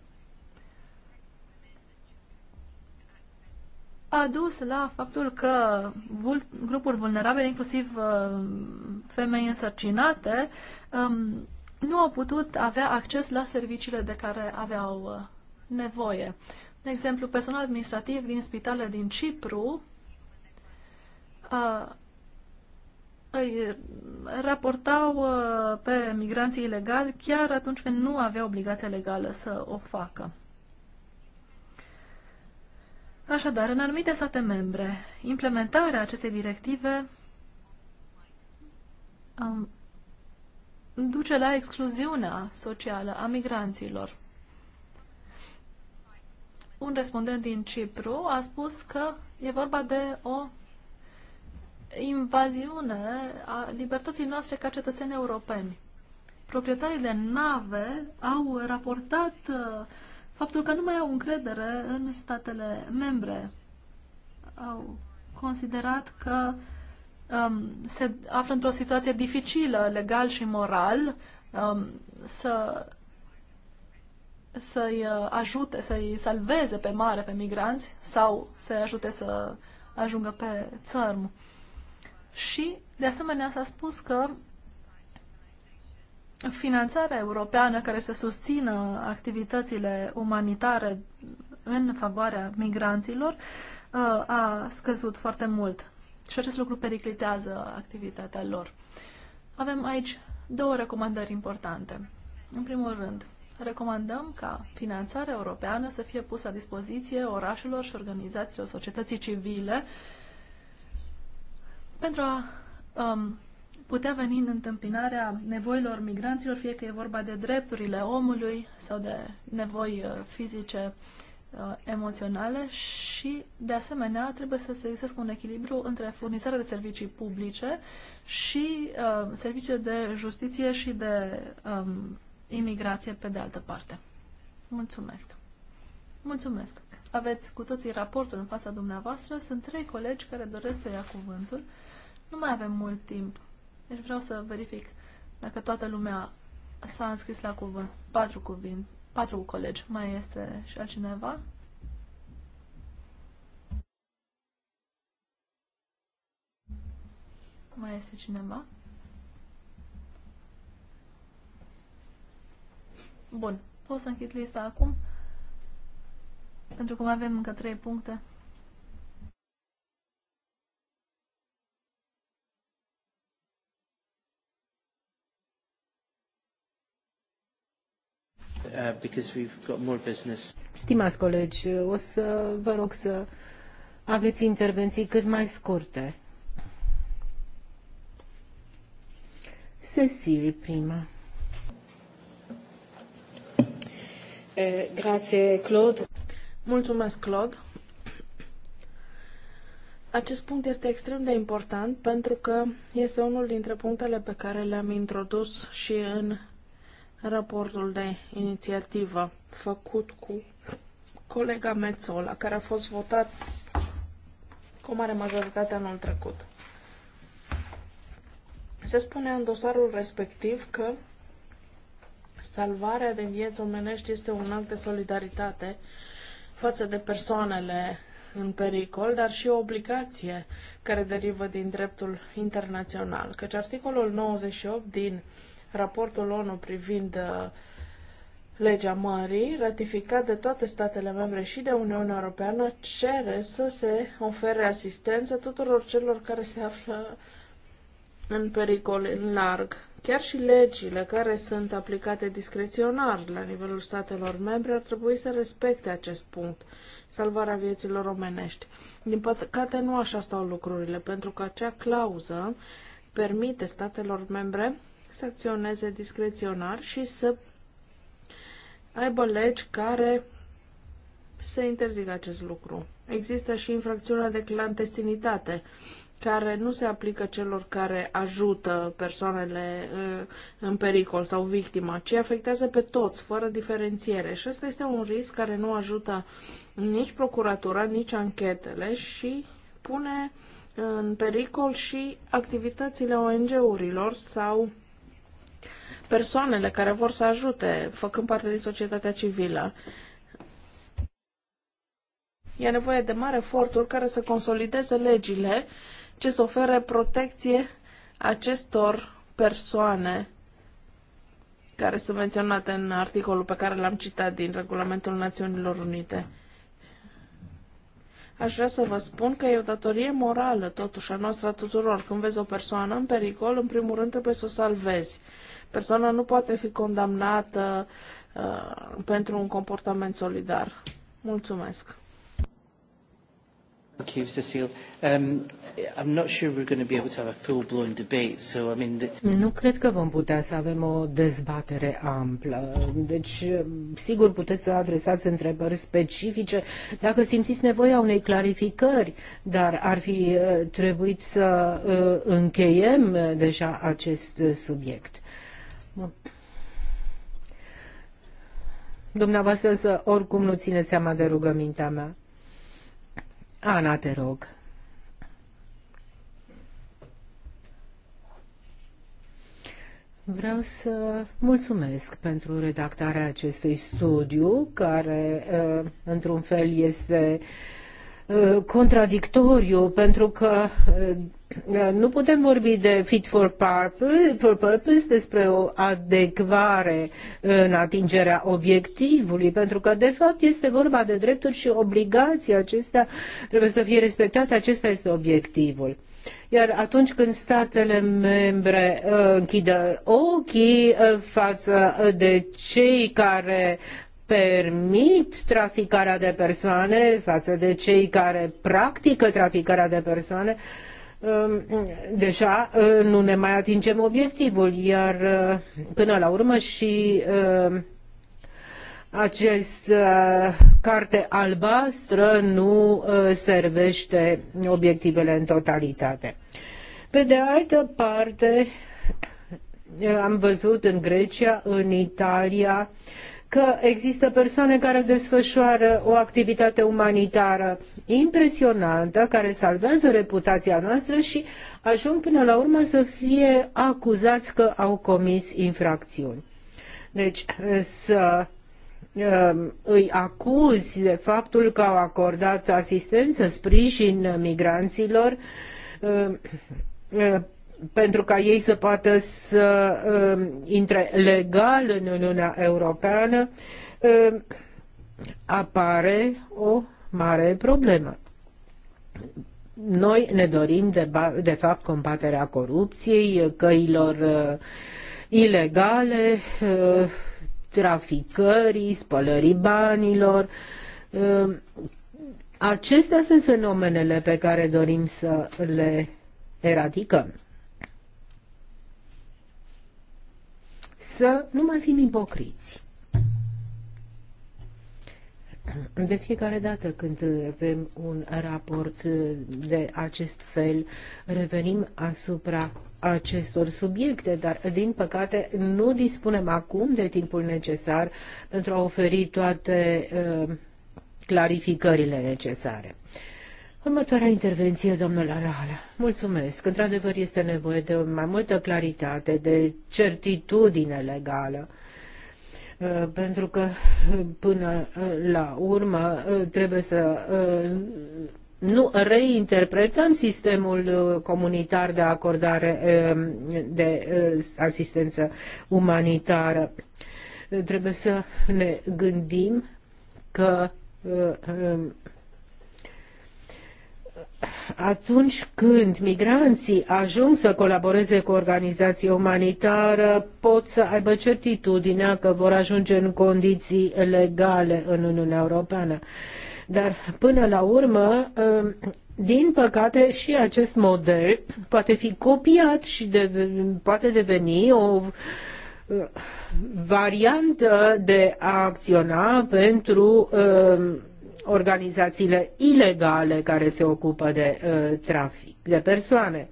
a dus la faptul că vul, grupuri vulnerabile, inclusiv uh, femei însărcinate, um, nu au putut avea acces la serviciile de care aveau uh, nevoie. De exemplu, personal administrativ din spitale din Cipru uh, îi raportau uh, pe migranții ilegali chiar atunci când nu avea obligația legală să o facă. Așadar, în anumite state membre, implementarea acestei directive um, duce la excluziunea socială a migranților. Un respondent din Cipru a spus că e vorba de o invaziune a libertății noastre ca cetățeni europeni. Proprietarii de nave au raportat uh, faptul că nu mai au încredere în statele membre. Au considerat că um, se află într-o situație dificilă, legal și moral, um, să să-i uh, ajute, să-i salveze pe mare pe migranți sau să-i ajute să ajungă pe țărm. Și, de asemenea, s-a spus că Finanțarea europeană care să susțină activitățile umanitare în favoarea migranților uh, a scăzut foarte mult și acest lucru periclitează activitatea lor. Avem aici două recomandări importante. În primul rând, recomandăm ca finanțarea europeană să fie pusă la dispoziție orașelor și organizațiilor societății civile pentru a um, putea veni în întâmpinarea nevoilor migranților, fie că e vorba de drepturile omului sau de nevoi uh, fizice, uh, emoționale și, de asemenea, trebuie să se găsească un echilibru între furnizarea de servicii publice și uh, servicii de justiție și de um, imigrație pe de altă parte. Mulțumesc! Mulțumesc! Aveți cu toții raportul în fața dumneavoastră. Sunt trei colegi care doresc să ia cuvântul. Nu mai avem mult timp deci vreau să verific dacă toată lumea s-a înscris la cuvânt. Patru cuvinte, patru colegi. Mai este și altcineva? Mai este cineva? Bun. Pot să închid lista acum? Pentru că mai avem încă trei puncte. Uh, because we've got more business. Stimați colegi, o să vă rog să aveți intervenții cât mai scurte. Cecil prima. Eh, grazie, Claude. Mulțumesc, Claude. Acest punct este extrem de important pentru că este unul dintre punctele pe care le-am introdus și în raportul de inițiativă făcut cu colega Mețola, care a fost votat cu o mare majoritate anul trecut. Se spune în dosarul respectiv că salvarea de vieți omenești este un act de solidaritate față de persoanele în pericol, dar și o obligație care derivă din dreptul internațional, căci articolul 98 din raportul ONU privind uh, legea mării, ratificat de toate statele membre și de Uniunea Europeană, cere să se ofere asistență tuturor celor care se află în pericol în larg. Chiar și legile care sunt aplicate discreționar la nivelul statelor membre ar trebui să respecte acest punct, salvarea vieților omenești. Din păcate, nu așa stau lucrurile, pentru că acea clauză permite statelor membre să acționeze discreționar și să aibă legi care să interzică acest lucru. Există și infracțiunea de clandestinitate, care nu se aplică celor care ajută persoanele uh, în pericol sau victima, ci afectează pe toți, fără diferențiere. Și asta este un risc care nu ajută nici procuratura, nici anchetele și pune uh, în pericol și activitățile ONG-urilor sau persoanele care vor să ajute, făcând parte din societatea civilă. E nevoie de mari eforturi care să consolideze legile ce să ofere protecție acestor persoane care sunt menționate în articolul pe care l-am citat din Regulamentul Națiunilor Unite. Aș vrea să vă spun că e o datorie morală, totuși, a noastră a tuturor. Când vezi o persoană în pericol, în primul rând trebuie să o salvezi persoana nu poate fi condamnată uh, pentru un comportament solidar. Mulțumesc. Thank you, Cecile. Um, I'm not sure we're going to be able to have a full-blown debate, so I mean... The... Nu cred că vom putea să avem o dezbatere amplă. Deci, sigur, puteți să adresați întrebări specifice dacă simțiți nevoia unei clarificări, dar ar fi uh, trebuit să uh, încheiem uh, deja acest subiect. Dumneavoastră să oricum nu țineți seama de rugămintea mea. Ana, te rog. Vreau să mulțumesc pentru redactarea acestui studiu, care, ă, într-un fel, este ă, contradictoriu, pentru că ă, Eh, nu putem vorbi de fit for purpose, for purpose despre o adecvare eh, în atingerea obiectivului, pentru că de fapt este vorba de drepturi și obligații acestea trebuie să fie respectate, acesta este obiectivul. Iar atunci când statele membre eh, închidă ochii față de cei care permit traficarea de persoane, față de cei care practică traficarea de persoane, Ehm, deja ehm, nu ne mai atingem obiectivul, iar ehm, până la urmă și acest carte albastră nu servește obiectivele în totalitate. Pe de altă parte, am văzut în Grecia, în Italia, că există persoane care desfășoară o activitate umanitară impresionantă, care salvează reputația noastră și ajung până la urmă să fie acuzați că au comis infracțiuni. Deci să um, îi acuzi de faptul că au acordat asistență, sprijin migranților, um, uh, pentru ca ei să poată să um, intre legal în Uniunea Europeană, um, apare o mare problemă. Noi ne dorim, de, de fapt, combaterea corupției, căilor uh, ilegale, uh, traficării, spălării banilor. Uh, acestea sunt fenomenele pe care dorim să le eradicăm. să nu mai fim ipocriți. De fiecare dată când avem un raport de acest fel, revenim asupra acestor subiecte, dar din păcate nu dispunem acum de timpul necesar pentru a oferi toate uh, clarificările necesare. Uh, Următoarea intervenție, domnul Arahala. Mulțumesc. Într-adevăr, este nevoie de mai multă claritate, de certitudine legală uh, pentru că până uh, la urmă uh, trebuie să nu reinterpretăm sistemul comunitar de acordare de asistență umanitară. Trebuie să ne gândim că atunci când migranții ajung să colaboreze cu organizații umanitară, pot să aibă certitudinea că vor ajunge în condiții legale în Uniunea Europeană. Dar până la urmă, um, din păcate, și acest model poate fi copiat și de, poate deveni o uh, variantă de a acționa pentru uh, organizațiile ilegale care se ocupă de uh, trafic de persoane.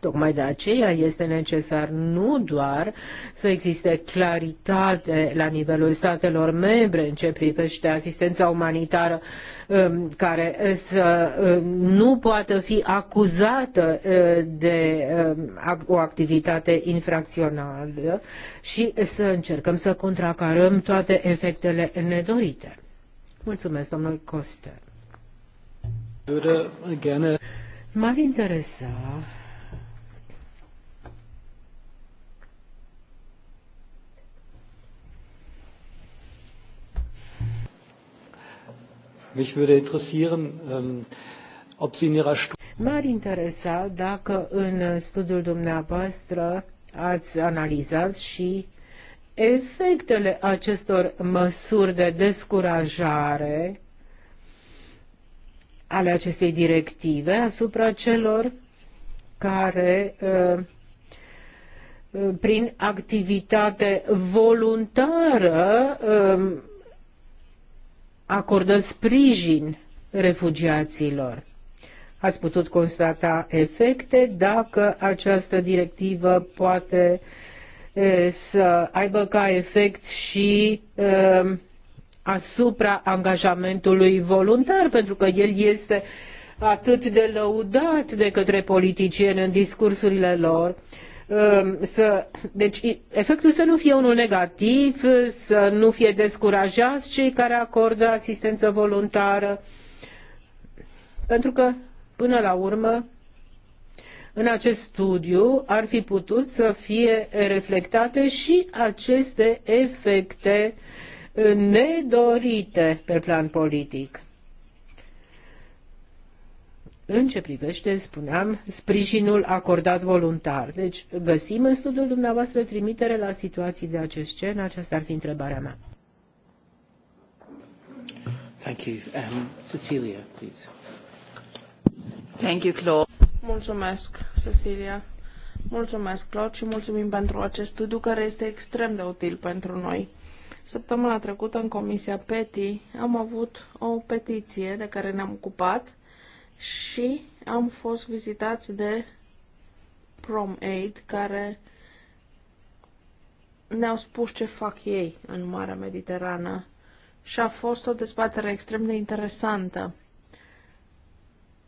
Tocmai de aceea este necesar nu doar să existe claritate la nivelul statelor membre în ce privește asistența umanitară um, care uh, să uh, nu poată fi acuzată uh, de um, o activitate infracțională și să încercăm să contracarăm toate efectele nedorite. Mulțumesc, domnul Coster. M-ar interesa Mich würde interessieren, ähm, ob Sie in Ihrer M-ar interesa dacă în studiul dumneavoastră ați analizat și efectele acestor măsuri de descurajare ale acestei directive asupra celor care uh, uh, prin activitate voluntară um, acordă sprijin refugiaților. Ați putut constata efecte dacă această directivă poate uh, să aibă ca efect și asupra angajamentului voluntar, pentru că el este atât de lăudat de către politicieni în discursurile lor. Să, deci efectul să nu fie unul negativ, să nu fie descurajați cei care acordă asistență voluntară, pentru că până la urmă în acest studiu ar fi putut să fie reflectate și aceste efecte nedorite pe plan politic. În ce privește, spuneam, sprijinul acordat voluntar. Deci găsim în studiul dumneavoastră trimitere la situații de acest gen? Aceasta ar fi întrebarea mea. Thank you. Um, Cecilia, please. Thank you, Claude. Mulțumesc, Cecilia. Mulțumesc, Claude, și mulțumim pentru acest studiu care este extrem de util pentru noi. Săptămâna trecută în Comisia PETI am avut o petiție de care ne-am ocupat și am fost vizitați de PromAid care ne-au spus ce fac ei în Marea Mediterană. Și a fost o dezbatere extrem de interesantă.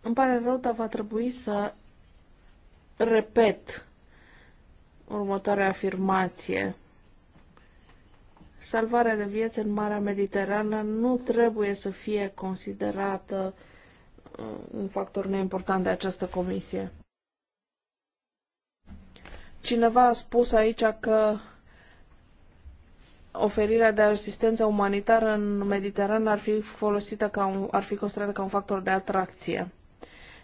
Îmi pare rău, dar va trebui să repet următoarea afirmație. Salvarea de vieți în Marea Mediterană nu trebuie să fie considerată uh, un factor neimportant de această comisie. Cineva a spus aici că oferirea de asistență umanitară în Mediterană ar fi folosită ca un, ar fi considerată ca un factor de atracție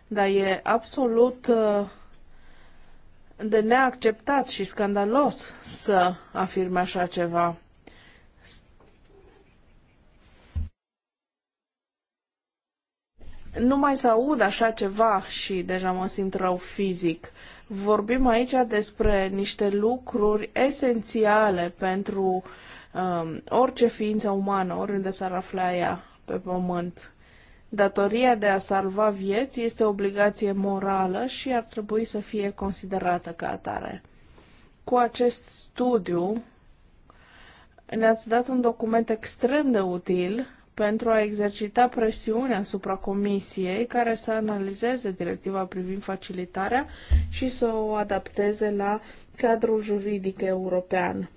dar e absolut uh, de neacceptat și scandalos să afirme așa ceva. Nu mai să aud așa ceva și deja mă simt rău fizic. Vorbim aici despre niște lucruri esențiale pentru um, orice ființă umană, oriunde s-ar afla ea pe pământ. Datoria de a salva vieți este o obligație morală și ar trebui să fie considerată ca atare. Cu acest studiu ne-ați dat un document extrem de util pentru a exercita presiunea asupra Comisiei care să analizeze directiva privind facilitarea și să o adapteze la cadrul juridic european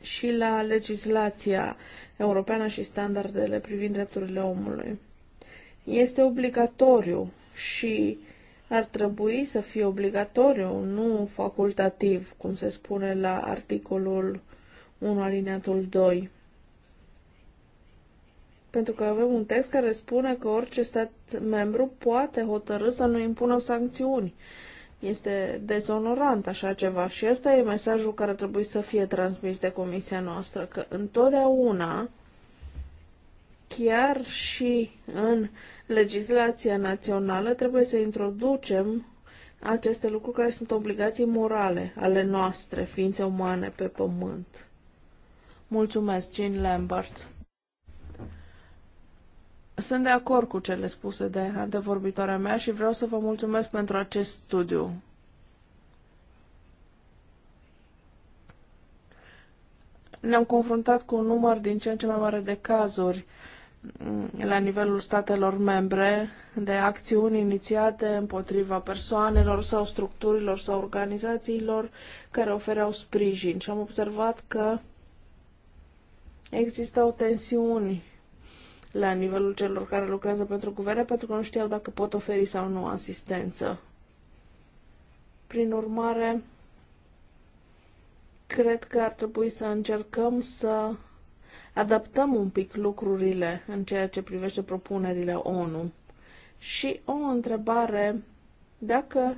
și la legislația europeană și standardele privind drepturile omului. Este obligatoriu și ar trebui să fie obligatoriu, nu facultativ, cum se spune la articolul 1 alineatul 2. Pentru că avem un text care spune că orice stat membru poate hotărâ să nu impună sancțiuni este dezonorant așa ceva și ăsta e mesajul care trebuie să fie transmis de comisia noastră, că întotdeauna, chiar și în legislația națională, trebuie să introducem aceste lucruri care sunt obligații morale ale noastre, ființe umane pe pământ. Mulțumesc, Jean Lambert. Sunt de acord cu cele spuse de antevorbitoarea mea și vreau să vă mulțumesc pentru acest studiu. Ne-am confruntat cu un număr din ce în ce mai mare de cazuri la nivelul statelor membre de acțiuni inițiate împotriva persoanelor sau structurilor sau organizațiilor care ofereau sprijin și am observat că există o tensiuni la nivelul celor care lucrează pentru guvern pentru că nu știau dacă pot oferi sau nu asistență. Prin urmare, cred că ar trebui să încercăm să adaptăm un pic lucrurile în ceea ce privește propunerile ONU. Și o întrebare, dacă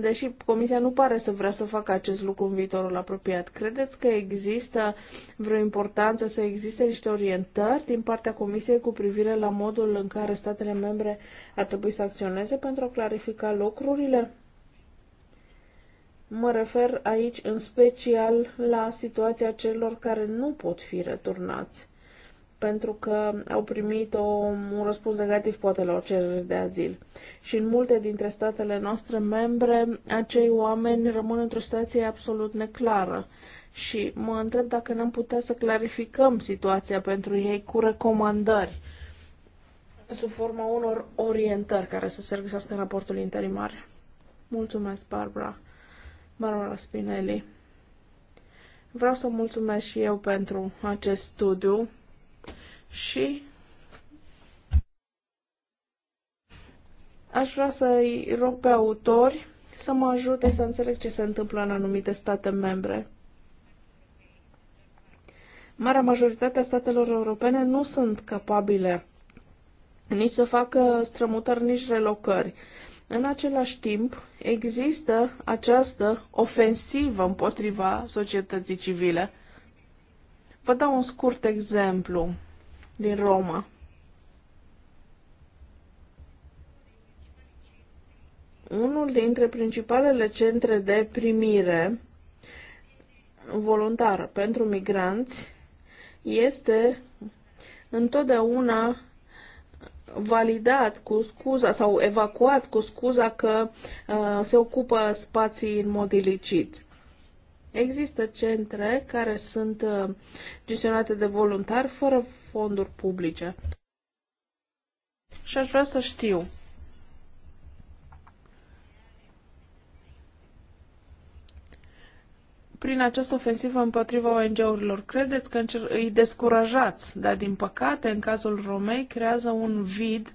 deși Comisia nu pare să vrea să facă acest lucru în viitorul apropiat. Credeți că există vreo importanță să existe niște orientări din partea Comisiei cu privire la modul în care statele membre ar trebui să acționeze pentru a clarifica lucrurile? Mă refer aici în special la situația celor care nu pot fi returnați pentru că au primit o, un răspuns negativ poate la o cerere de azil. Și în multe dintre statele noastre membre, acei oameni rămân într-o situație absolut neclară. Și mă întreb dacă n-am putea să clarificăm situația pentru ei cu recomandări sub forma unor orientări care să se în raportul interimar. Mulțumesc, Barbara. Barbara Spinelli. Vreau să mulțumesc și eu pentru acest studiu și aș vrea să-i rog pe autori să mă ajute să înțeleg ce se întâmplă în anumite state membre. Marea majoritate a statelor europene nu sunt capabile nici să facă strămutări, nici relocări. În același timp, există această ofensivă împotriva societății civile. Vă dau un scurt exemplu din Roma. Unul dintre principalele centre de primire voluntară pentru migranți este întotdeauna validat cu scuza sau evacuat cu scuza că uh, se ocupă spații în mod ilicit. Există centre care sunt uh, gestionate de voluntari fără fonduri publice. Și aș vrea să știu prin această ofensivă împotriva ONG-urilor, credeți că îi descurajați, dar din păcate, în cazul Romei, creează un vid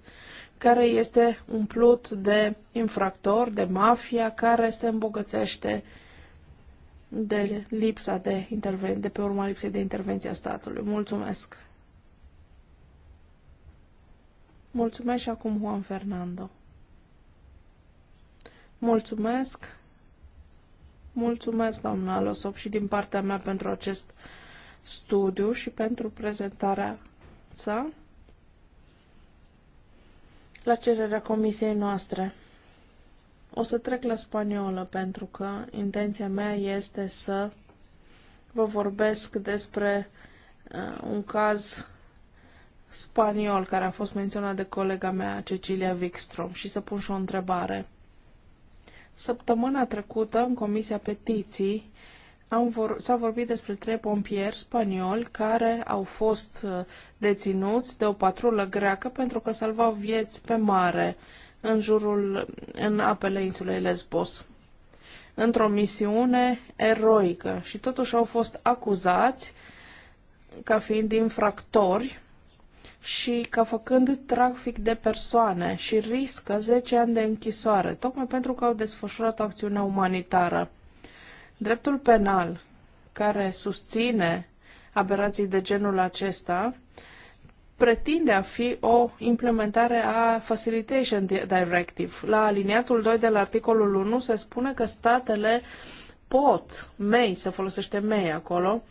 care este umplut de infractori, de mafia, care se îmbogățește de lipsa de intervenție, de pe urma lipsei de intervenție a statului. Mulțumesc! Mulțumesc și acum Juan Fernando. Mulțumesc! Mulțumesc, doamna Alosop, și din partea mea pentru acest studiu și pentru prezentarea sa la cererea comisiei noastre. O să trec la spaniolă pentru că intenția mea este să vă vorbesc despre uh, un caz spaniol care a fost menționat de colega mea, Cecilia Wikstrom, și să pun și o întrebare. Săptămâna trecută, în Comisia Petiții, am vor, s-a vorbit despre trei pompieri spanioli care au fost uh, deținuți de o patrulă greacă pentru că salvau vieți pe mare. Uh, în jurul, în apele insulei Lesbos, într-o misiune eroică și totuși au fost acuzați ca fiind infractori și ca făcând trafic de persoane și riscă 10 ani de închisoare, tocmai pentru că au desfășurat o acțiune umanitară. Dreptul penal care susține aberații de genul acesta pretinde a fi o implementare a Facilitation Directive. La aliniatul 2 de la articolul 1 se spune că statele pot, mei, se folosește mei acolo,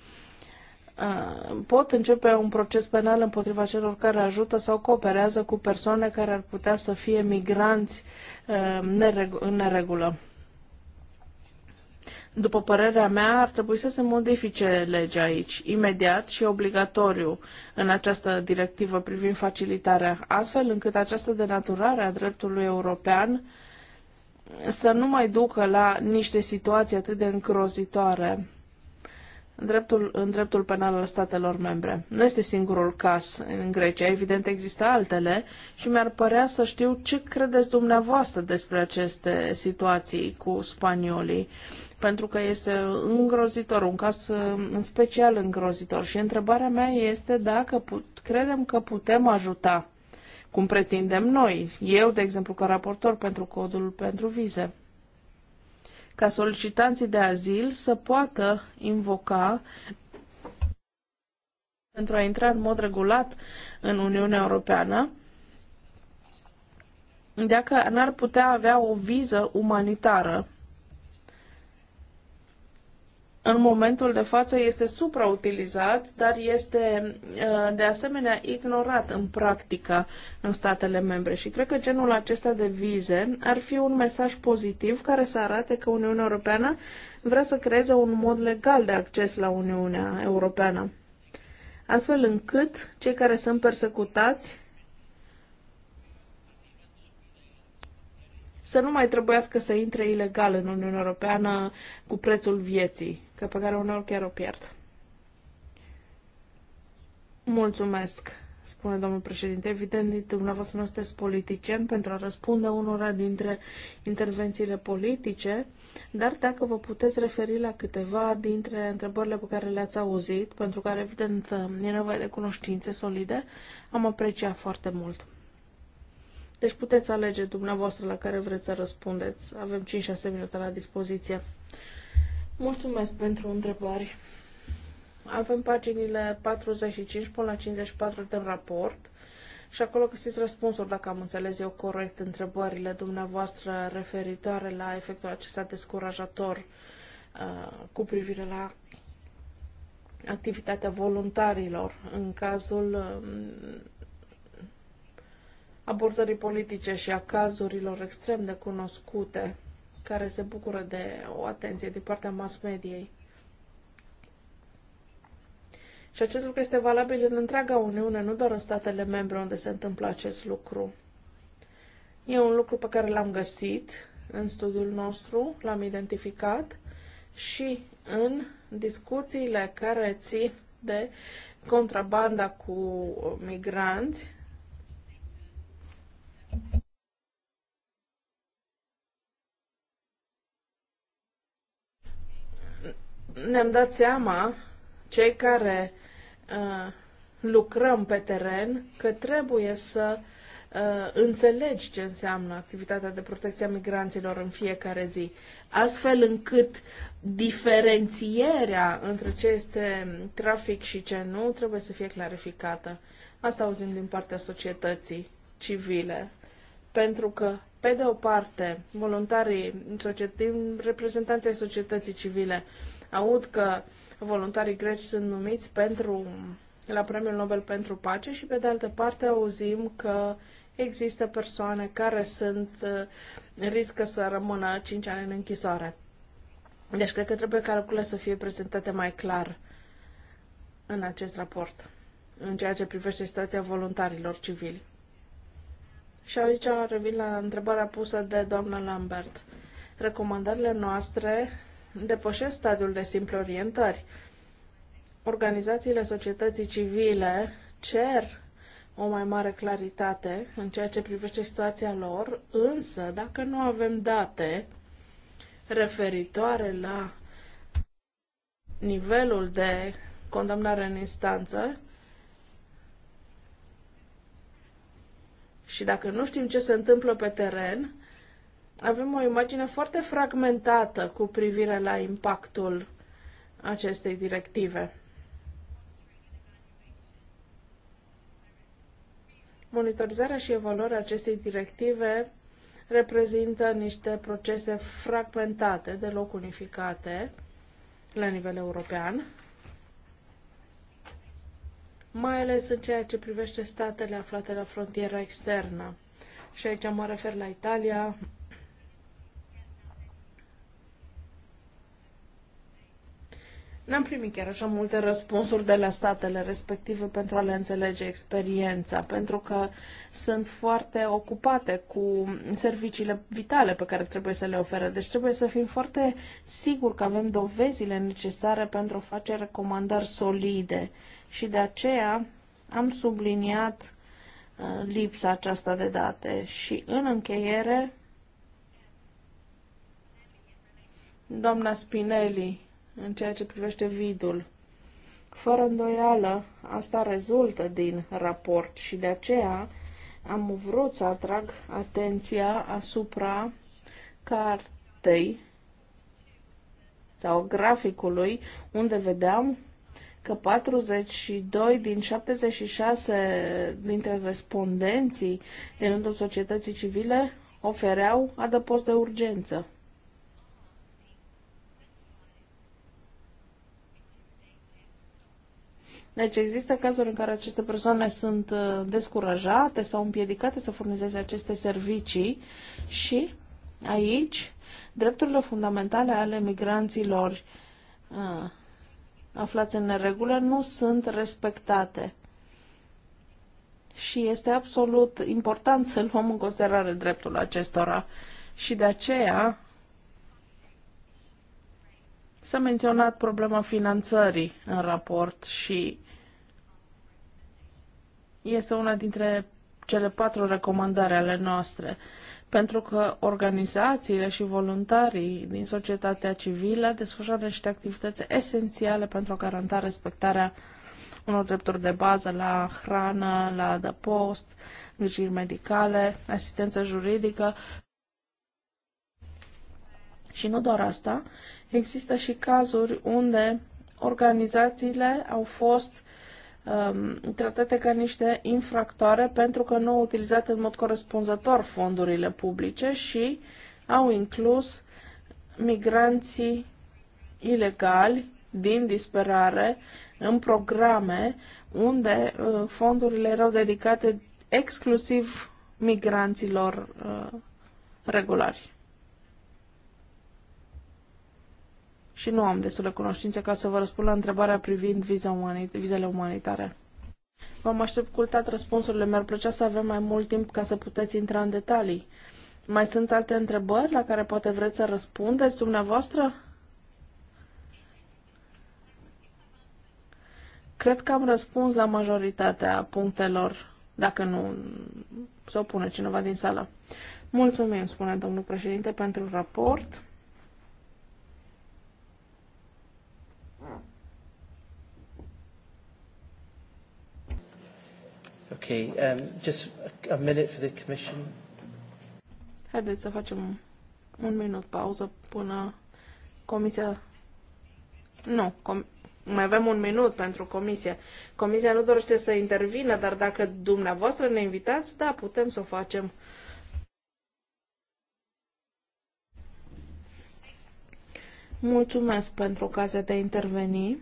uh, pot începe un proces penal împotriva celor care ajută sau cooperează cu persoane care ar putea să fie migranți uh, în neregulă după părerea mea, ar trebui să se modifice legea aici, imediat și obligatoriu în această directivă privind facilitarea, astfel încât această denaturare a dreptului european să nu mai ducă la niște situații atât de încrozitoare în dreptul, în dreptul penal al statelor membre. Nu este singurul caz în Grecia, evident există altele și mi-ar părea să știu ce credeți dumneavoastră despre aceste situații cu spaniolii pentru că este îngrozitor, un caz uh, în special îngrozitor. Și întrebarea mea este dacă put- credem că putem ajuta, cum pretindem noi, eu, de exemplu, ca raportor pentru codul pentru vize, ca solicitanții de azil să poată invoca pentru a intra în mod regulat în Uniunea Europeană, dacă n-ar putea avea o viză umanitară în momentul de față este suprautilizat, dar este uh, de asemenea ignorat în practică în statele membre. Și cred că genul acesta de vize ar fi un mesaj pozitiv care să arate că Uniunea Europeană vrea să creeze un mod legal de acces la Uniunea Europeană, astfel încât cei care sunt persecutați să nu mai trebuiască să intre ilegal în Uniunea Europeană cu prețul vieții că pe care uneori chiar o pierd. Mulțumesc, spune domnul președinte. Evident, dumneavoastră nu sunteți politician pentru a răspunde unora dintre intervențiile politice, dar dacă vă puteți referi la câteva dintre întrebările pe care le-ați auzit, pentru care, evident, e nevoie de cunoștințe solide, am apreciat foarte mult. Deci puteți alege dumneavoastră la care vreți să răspundeți. Avem 5-6 minute la dispoziție. Mulțumesc pentru întrebări. Avem paginile 45 până la 54 de raport și acolo găsiți răspunsuri, dacă am înțeles eu corect, întrebările dumneavoastră referitoare la efectul acesta descurajator uh, cu privire la activitatea voluntarilor în cazul uh, abordării politice și a cazurilor extrem de cunoscute care se bucură de o atenție din partea mass mediei. Și acest lucru este valabil în întreaga Uniune, nu doar în statele membre unde se întâmplă acest lucru. E un lucru pe care l-am găsit în studiul nostru, l-am identificat și în discuțiile care țin de contrabanda cu migranți, ne-am dat seama, cei care uh, lucrăm pe teren, că trebuie să uh, înțelegi ce înseamnă activitatea de protecție a migranților în fiecare zi, astfel încât diferențierea între ce este trafic și ce nu trebuie să fie clarificată. Asta auzim din partea societății civile, pentru că pe de o parte, voluntarii, reprezentanții societății civile Aud că voluntarii greci sunt numiți pentru, la Premiul Nobel pentru Pace și, pe de altă parte, auzim că există persoane care sunt, uh, riscă să rămână 5 ani în închisoare. Deci cred că trebuie ca lucrurile să fie prezentate mai clar în acest raport, în ceea ce privește situația voluntarilor civili. Și aici revin la întrebarea pusă de doamna Lambert. Recomandările noastre depășesc stadiul de simple orientări. Organizațiile societății civile cer o mai mare claritate în ceea ce privește situația lor, însă dacă nu avem date referitoare la nivelul de condamnare în instanță, și dacă nu știm ce se întâmplă pe teren, avem o imagine foarte fragmentată cu privire la impactul acestei directive. Monitorizarea și evaluarea acestei directive reprezintă niște procese fragmentate, deloc unificate, la nivel european, mai ales în ceea ce privește statele aflate la frontiera externă. Și aici mă refer la Italia, N-am primit chiar așa multe răspunsuri de la statele respective pentru a le înțelege experiența, pentru că sunt foarte ocupate cu serviciile vitale pe care trebuie să le oferă. Deci trebuie să fim foarte siguri că avem dovezile necesare pentru a face recomandări solide. Și de aceea am subliniat uh, lipsa aceasta de date. Și în încheiere, doamna Spinelli în ceea ce privește vidul. Fără îndoială, asta rezultă din raport și de aceea am vrut să atrag atenția asupra cartei sau graficului unde vedeam că 42 din 76 dintre respondenții din rândul societății civile ofereau adăpost de urgență. Deci există cazuri în care aceste persoane sunt uh, descurajate sau împiedicate să furnizeze aceste servicii și aici drepturile fundamentale ale migranților uh, aflați în neregulă nu sunt respectate. Și este absolut important să luăm în considerare dreptul acestora. Și de aceea S-a menționat problema finanțării în raport și este una dintre cele patru recomandări ale noastre, pentru că organizațiile și voluntarii din societatea civilă desfășoară niște activități esențiale pentru a garanta respectarea unor drepturi de bază la hrană, la adăpost, îngrijiri medicale, asistență juridică. Și nu doar asta, există și cazuri unde organizațiile au fost um, tratate ca niște infractoare pentru că nu au utilizat în mod corespunzător fondurile publice și au inclus migranții ilegali din disperare în programe unde uh, fondurile erau dedicate exclusiv migranților uh, regulari. și nu am destule cunoștințe ca să vă răspund la întrebarea privind viza umanit- vizele umanitare. V-am așteptat răspunsurile, mi-ar plăcea să avem mai mult timp ca să puteți intra în detalii. Mai sunt alte întrebări la care poate vreți să răspundeți dumneavoastră? Cred că am răspuns la majoritatea punctelor, dacă nu se opune cineva din sală. Mulțumim, spune domnul președinte, pentru raport. Okay, um, just a minute for the commission. Haideți să facem un minut pauză până comisia... Nu, com... mai avem un minut pentru comisie. Comisia nu dorește să intervină, dar dacă dumneavoastră ne invitați, da, putem să o facem. Mulțumesc pentru ocazia de a interveni.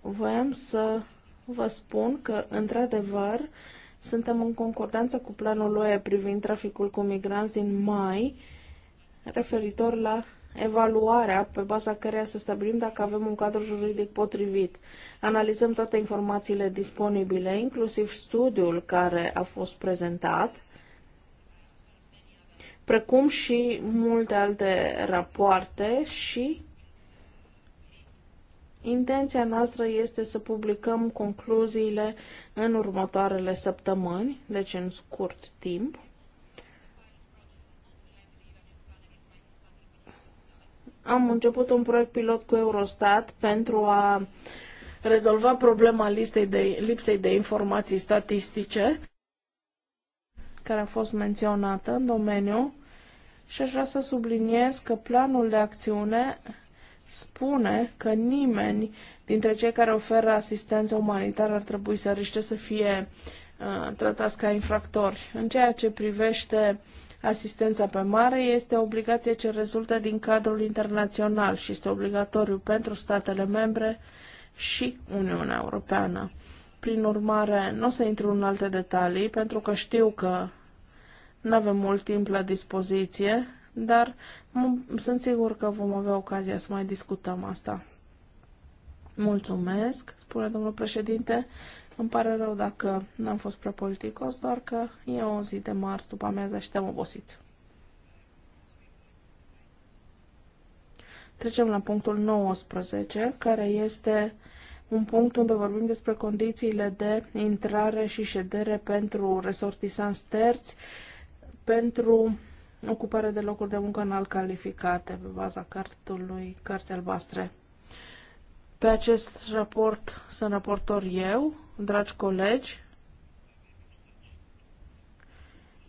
Voiam să vă spun că, într-adevăr, suntem în concordanță cu planul UE privind traficul cu migranți din mai, referitor la evaluarea pe baza căreia să stabilim dacă avem un cadru juridic potrivit. Analizăm toate informațiile disponibile, inclusiv studiul care a fost prezentat, precum și multe alte rapoarte și Intenția noastră este să publicăm concluziile în următoarele săptămâni, deci în scurt timp. Am început un proiect pilot cu Eurostat pentru a rezolva problema listei de, lipsei de informații statistice care a fost menționată în domeniu și aș vrea să subliniez că planul de acțiune spune că nimeni dintre cei care oferă asistență umanitară ar trebui să riște să fie uh, tratați ca infractori. În ceea ce privește asistența pe mare, este o obligație ce rezultă din cadrul internațional și este obligatoriu pentru statele membre și Uniunea Europeană. Prin urmare, nu o să intru în alte detalii, pentru că știu că nu avem mult timp la dispoziție, dar sunt sigur că vom avea ocazia să mai discutăm asta. Mulțumesc, spune domnul președinte. Îmi pare rău dacă n-am fost prea politicos, doar că e o zi de marți după amiază și te-am obosit. Trecem la punctul 19, care este un punct unde vorbim despre condițiile de intrare și ședere pentru resortisanți terți, pentru ocupare de locuri de muncă înalt calificate pe baza cartului Cărți albastre. Pe acest raport sunt raportor eu, dragi colegi.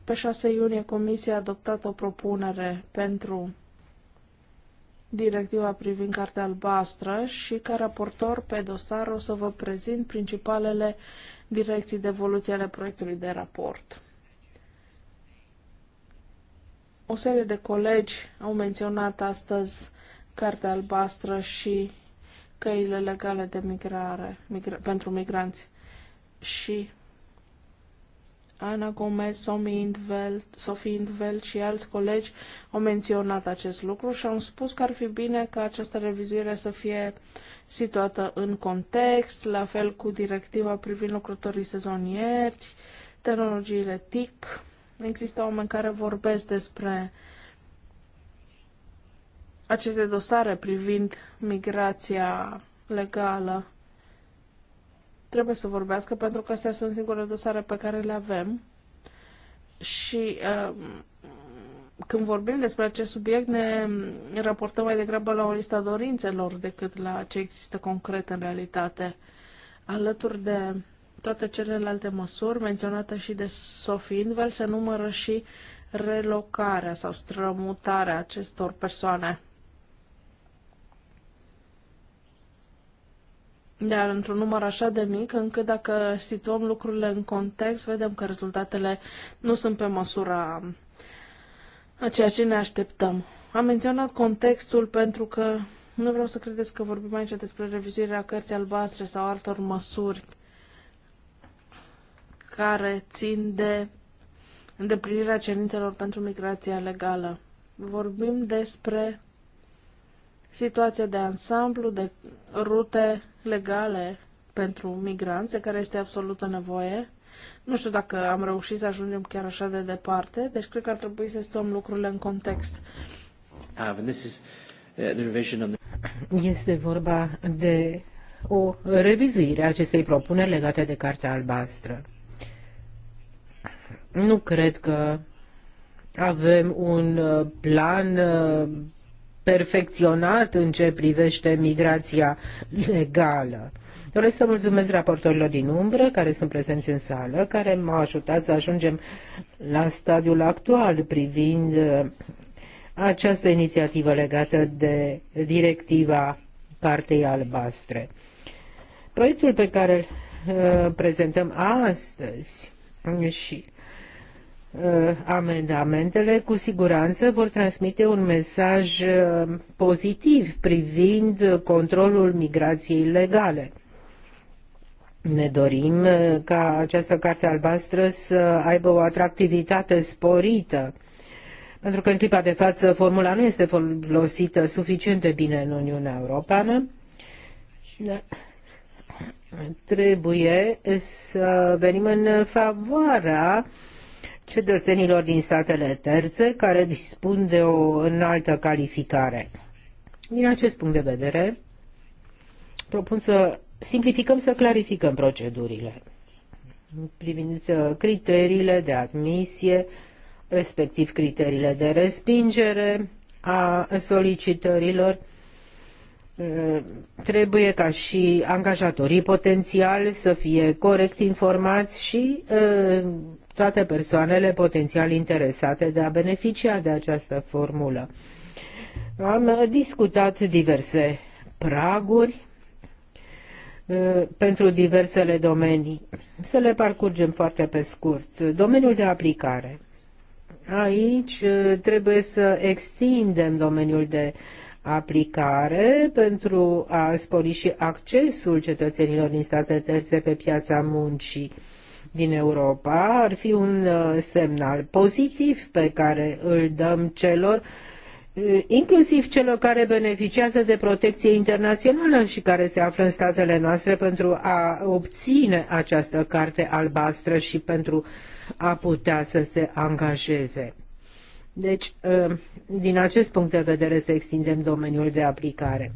Pe 6 iunie Comisia a adoptat o propunere pentru directiva privind cartea albastră și ca raportor pe dosar o să vă prezint principalele direcții de evoluție ale proiectului de raport. O serie de colegi au menționat astăzi Cartea Albastră și căile legale de migrare migra- pentru migranți. Și Ana Gomez, Somi Indvel, Sophie Indvel și alți colegi au menționat acest lucru și au spus că ar fi bine ca această revizuire să fie situată în context, la fel cu directiva privind lucrătorii sezonieri, tehnologiile TIC, Există oameni care vorbesc despre aceste dosare privind migrația legală. Trebuie să vorbească pentru că astea sunt singurele dosare pe care le avem. Și uh, când vorbim despre acest subiect, ne raportăm mai degrabă la o lista dorințelor decât la ce există concret în realitate. Alături de toate celelalte măsuri menționate și de Sophie Invel se numără și relocarea sau strămutarea acestor persoane. Dar într-un număr așa de mic, încât dacă situăm lucrurile în context, vedem că rezultatele nu sunt pe măsura a ceea ce ne așteptăm. Am menționat contextul pentru că nu vreau să credeți că vorbim aici despre revizuirea cărții albastre sau altor măsuri care țin de îndeplinirea cerințelor pentru migrația legală. Vorbim despre situația de ansamblu, de rute legale pentru migranți, de care este absolută nevoie. Nu știu dacă am reușit să ajungem chiar așa de departe, deci cred că ar trebui să stăm lucrurile în context. Ah, uh, este vorba de o revizuire a acestei propuneri legate de Cartea Albastră. Nu cred că avem un uh, plan uh, perfecționat în ce privește migrația legală. Doresc să mulțumesc raportorilor din umbră care sunt prezenți în sală, care m-au ajutat să ajungem la stadiul actual privind uh, această inițiativă legată de directiva Cartei Albastre. Proiectul pe care îl prezentăm astăzi și Uh, amendamentele cu siguranță vor transmite un mesaj uh, pozitiv privind controlul migrației legale. Ne dorim uh, ca această carte albastră să aibă o atractivitate sporită, pentru că în clipa de față formula nu este folosită suficient de bine în Uniunea Europeană. Da. trebuie să venim în favoarea cetățenilor din statele terțe care dispun de o înaltă calificare. Din acest punct de vedere, propun să simplificăm, să clarificăm procedurile privind uh, criteriile de admisie, respectiv criteriile de respingere a solicitărilor. Uh, trebuie ca și angajatorii potențiali să fie corect informați și uh, toate persoanele potențial interesate de a beneficia de această formulă. Am uh, discutat diverse praguri uh, pentru diversele domenii. Să le parcurgem foarte pe scurt. Domeniul de aplicare. Aici uh, trebuie să extindem domeniul de aplicare pentru a spori și accesul cetățenilor din state terțe pe piața muncii din Europa ar fi un uh, semnal pozitiv pe care îl dăm celor uh, inclusiv celor care beneficiază de protecție internațională și care se află în statele noastre pentru a obține această carte albastră și pentru a putea să se angajeze. Deci, uh, din acest punct de vedere, să extindem domeniul de aplicare.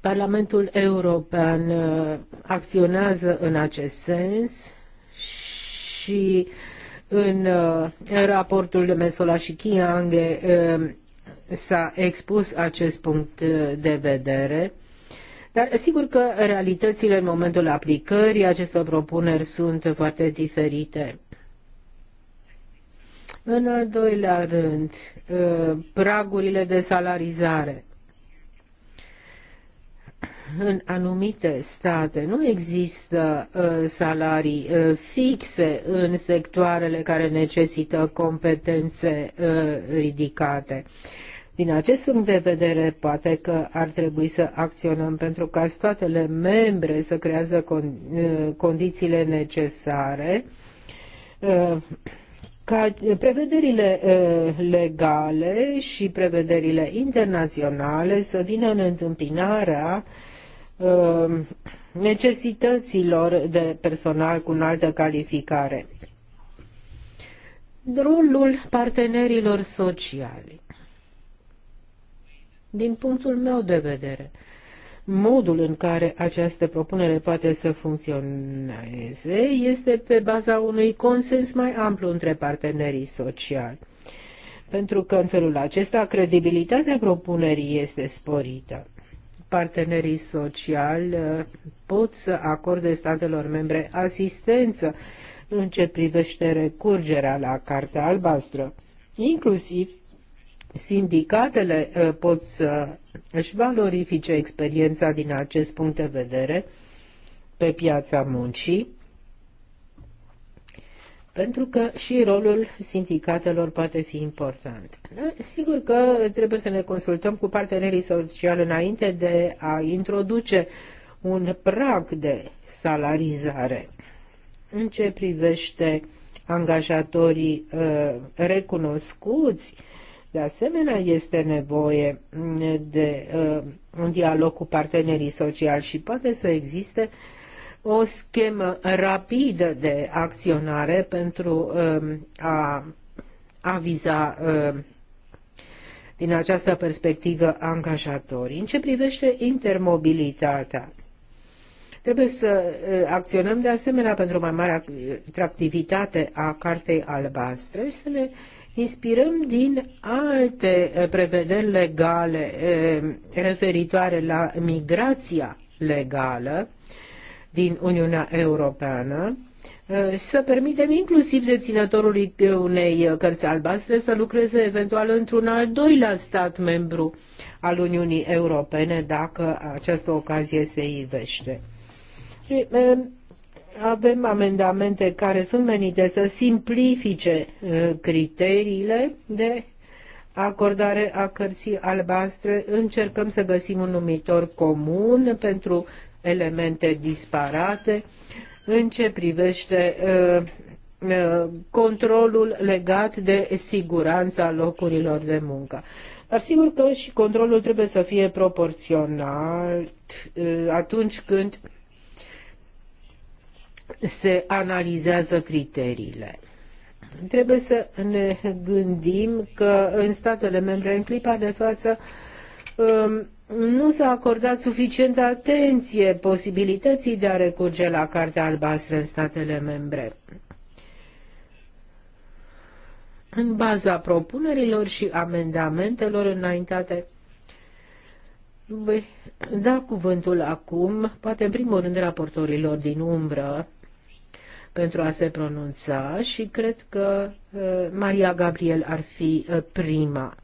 Parlamentul European uh, acționează în acest sens și în uh, raportul de Mesola și Chianghe uh, s-a expus acest punct de vedere. Dar sigur că realitățile în momentul aplicării acestor propuneri sunt foarte diferite. În al doilea rând, pragurile de salarizare în anumite state nu există uh, salarii uh, fixe în sectoarele care necesită competențe uh, ridicate. Din acest punct de vedere, poate că ar trebui să acționăm pentru ca statele membre să creează con- condițiile necesare ca prevederile legale și prevederile internaționale să vină în întâmpinarea Um, necesităților de personal cu înaltă calificare. Rolul partenerilor sociali. Din punctul meu de vedere, modul în care această propunere poate să funcționeze este pe baza unui consens mai amplu între partenerii sociali. Pentru că în felul acesta credibilitatea propunerii este sporită partenerii sociali uh, pot să acorde statelor membre asistență în ce privește recurgerea la Cartea Albastră. Inclusiv sindicatele uh, pot să își valorifice experiența din acest punct de vedere pe piața muncii pentru că și rolul sindicatelor poate fi important. Sigur că trebuie să ne consultăm cu partenerii sociali înainte de a introduce un prag de salarizare. În ce privește angajatorii uh, recunoscuți, de asemenea, este nevoie de uh, un dialog cu partenerii sociali și poate să existe uh, o schemă rapidă de acționare pentru um, a aviza um, din această perspectivă angajatorii. În ce privește intermobilitatea, Trebuie să uh, acționăm de asemenea pentru o mai mare atractivitate a cartei albastre și să ne inspirăm din alte uh, prevederi legale uh, referitoare la migrația legală din Uniunea Europeană și uh, să permitem inclusiv deținătorului unei cărți albastre să lucreze eventual într-un al doilea stat membru al Uniunii Europene dacă această ocazie se ivește. Și, uh, avem amendamente care sunt menite să simplifice uh, criteriile de acordare a cărții albastre. Încercăm să găsim un numitor comun pentru elemente disparate în ce privește uh, uh, controlul legat de siguranța locurilor de muncă. Dar sigur că și controlul trebuie să fie proporțional uh, atunci când se analizează criteriile. Trebuie să ne gândim că în statele membre, în clipa de față, um, nu s-a acordat suficientă atenție posibilității de a recurge la Cartea Albastră în statele membre. În baza propunerilor și amendamentelor înaintate, voi da cuvântul acum, poate în primul rând raportorilor din umbră, pentru a se pronunța și cred că uh, Maria Gabriel ar fi uh, prima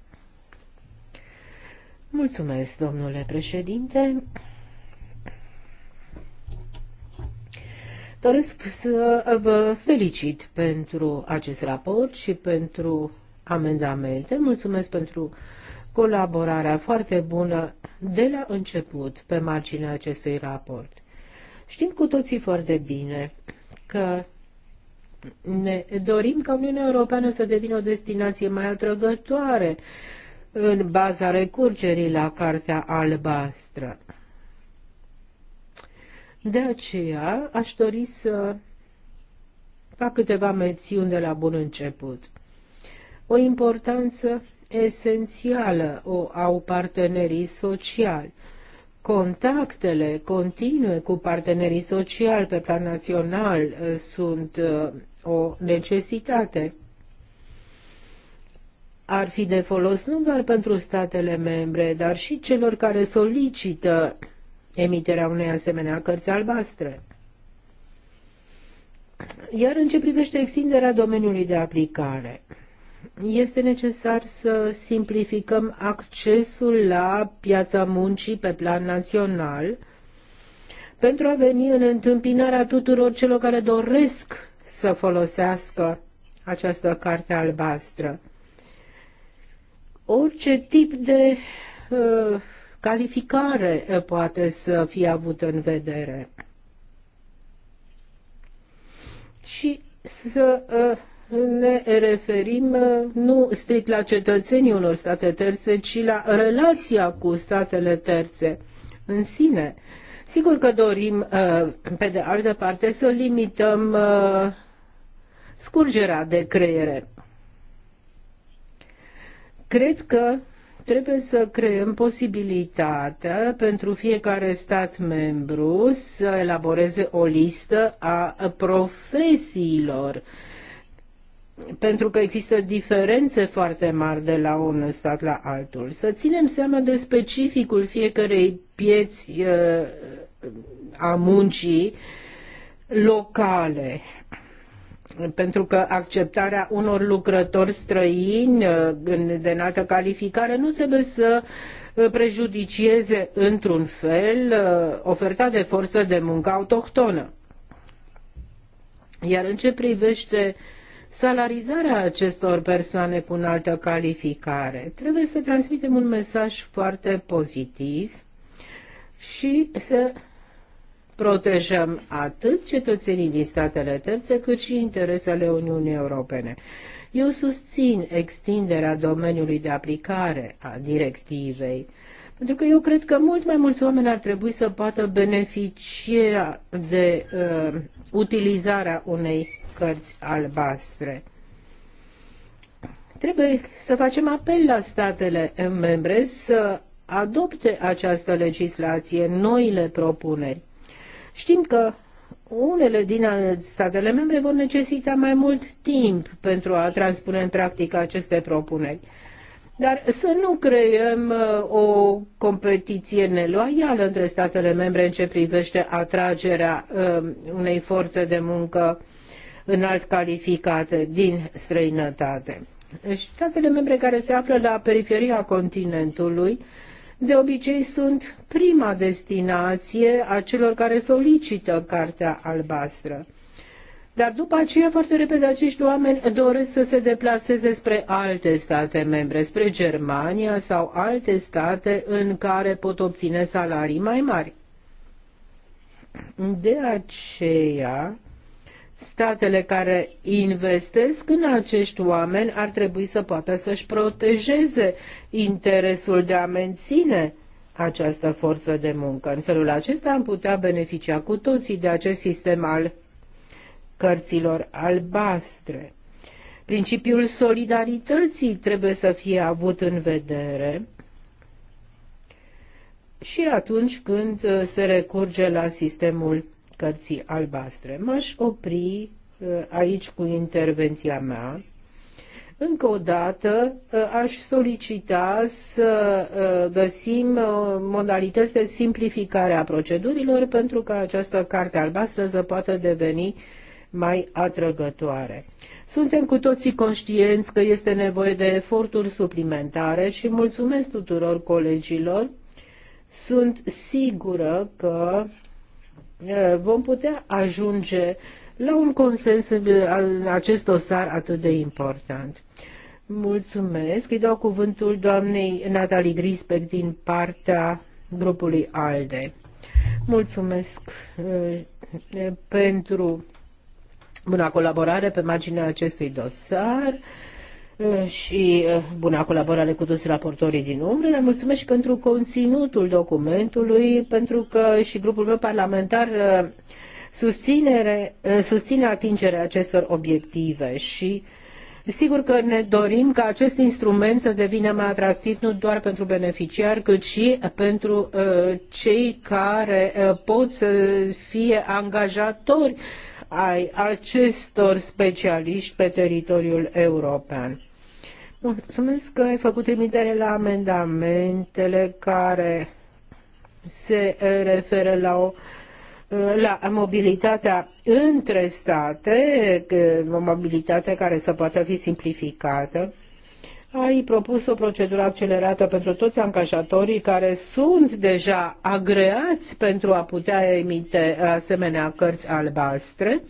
Mulțumesc, domnule președinte. Doresc să vă felicit pentru acest raport și pentru amendamente. Mulțumesc pentru colaborarea foarte bună de la început pe marginea acestui raport. Știm cu toții foarte bine că ne dorim ca Uniunea Europeană să devină o destinație mai atrăgătoare în baza recurgerii la Cartea Albastră. De aceea aș dori să fac câteva mențiuni de la bun început. O importanță esențială o au partenerii sociali. Contactele continue cu partenerii sociali pe plan național uh, sunt uh, o necesitate ar fi de folos nu doar pentru statele membre, dar și celor care solicită emiterea unei asemenea cărți albastre. Iar în ce privește extinderea domeniului de aplicare, este necesar să simplificăm accesul la piața muncii pe plan național pentru a veni în întâmpinarea tuturor celor care doresc să folosească această carte albastră orice tip de uh, calificare uh, poate să fie avut în vedere. Și să uh, ne referim uh, nu strict la cetățenii unor state terțe, ci la relația cu statele terțe în sine. Sigur că dorim, uh, pe de altă parte, să limităm scurgerea de creiere. Cred că trebuie să creăm posibilitatea pentru fiecare stat membru să elaboreze o listă a profesiilor pentru că există diferențe foarte mari de la un stat la altul. Să ținem seama de specificul fiecărei pieți uh, a muncii locale, pentru că acceptarea unor lucrători străini uh, de înaltă calificare nu trebuie să uh, prejudicieze într-un fel uh, oferta de forță de muncă autohtonă. Iar în ce privește salarizarea acestor persoane cu înaltă calificare, trebuie să transmitem un mesaj foarte pozitiv și să protejăm atât cetățenii din statele terțe, cât și interesele Uniunii Europene. Eu susțin extinderea domeniului de aplicare a directivei, pentru că eu cred că mult mai mulți oameni ar trebui să poată beneficia de uh, utilizarea unei cărți albastre. Trebuie să facem apel la statele membre să adopte această legislație, noile propuneri Știm că unele din statele membre vor necesita mai mult timp pentru a transpune în practică aceste propuneri. Dar să nu creăm uh, o competiție neloială între statele membre în ce privește atragerea uh, unei forțe de muncă înalt calificate din străinătate. Deci, statele membre care se află la periferia continentului de obicei sunt prima destinație a celor care solicită cartea albastră. Dar după aceea, foarte repede, acești oameni doresc să se deplaseze spre alte state membre, spre Germania sau alte state în care pot obține salarii mai mari. De aceea, statele care investesc în acești oameni ar trebui să poată să-și protejeze interesul de a menține această forță de muncă. În felul acesta am putea beneficia cu toții de acest sistem al cărților albastre. Principiul solidarității trebuie să fie avut în vedere și atunci când se recurge la sistemul cărții albastre. M-aș opri uh, aici cu intervenția mea. Încă o dată uh, aș solicita să uh, găsim modalități de simplificare a procedurilor pentru ca această carte albastră să poată deveni mai atrăgătoare. Suntem cu toții conștienți că este nevoie de eforturi suplimentare și mulțumesc tuturor colegilor. Sunt sigură că Eh, vom putea ajunge la un consens în acest dosar atât de important. Mulțumesc. Îi dau cuvântul doamnei Natalie Grispec din partea grupului ALDE. Mulțumesc eh, pentru bună colaborare pe marginea acestui dosar. Eh, și eh, buna colaborare cu toți raportorii din umbră, dar mulțumesc și pentru conținutul documentului, pentru că și grupul meu parlamentar eh, susținere, susține atingerea acestor obiective și Sigur că ne dorim ca acest instrument să devină mai atractiv nu doar pentru beneficiari, cât și pentru uh, cei care uh, pot să fie angajatori ai acestor specialiști pe teritoriul european. Mulțumesc că ai făcut trimitere la amendamentele care se referă la o la mobilitatea între state, mobilitatea care să poată fi simplificată ai propus o procedură accelerată pentru toți angajatorii care sunt deja agreați pentru a putea emite asemenea cărți albastre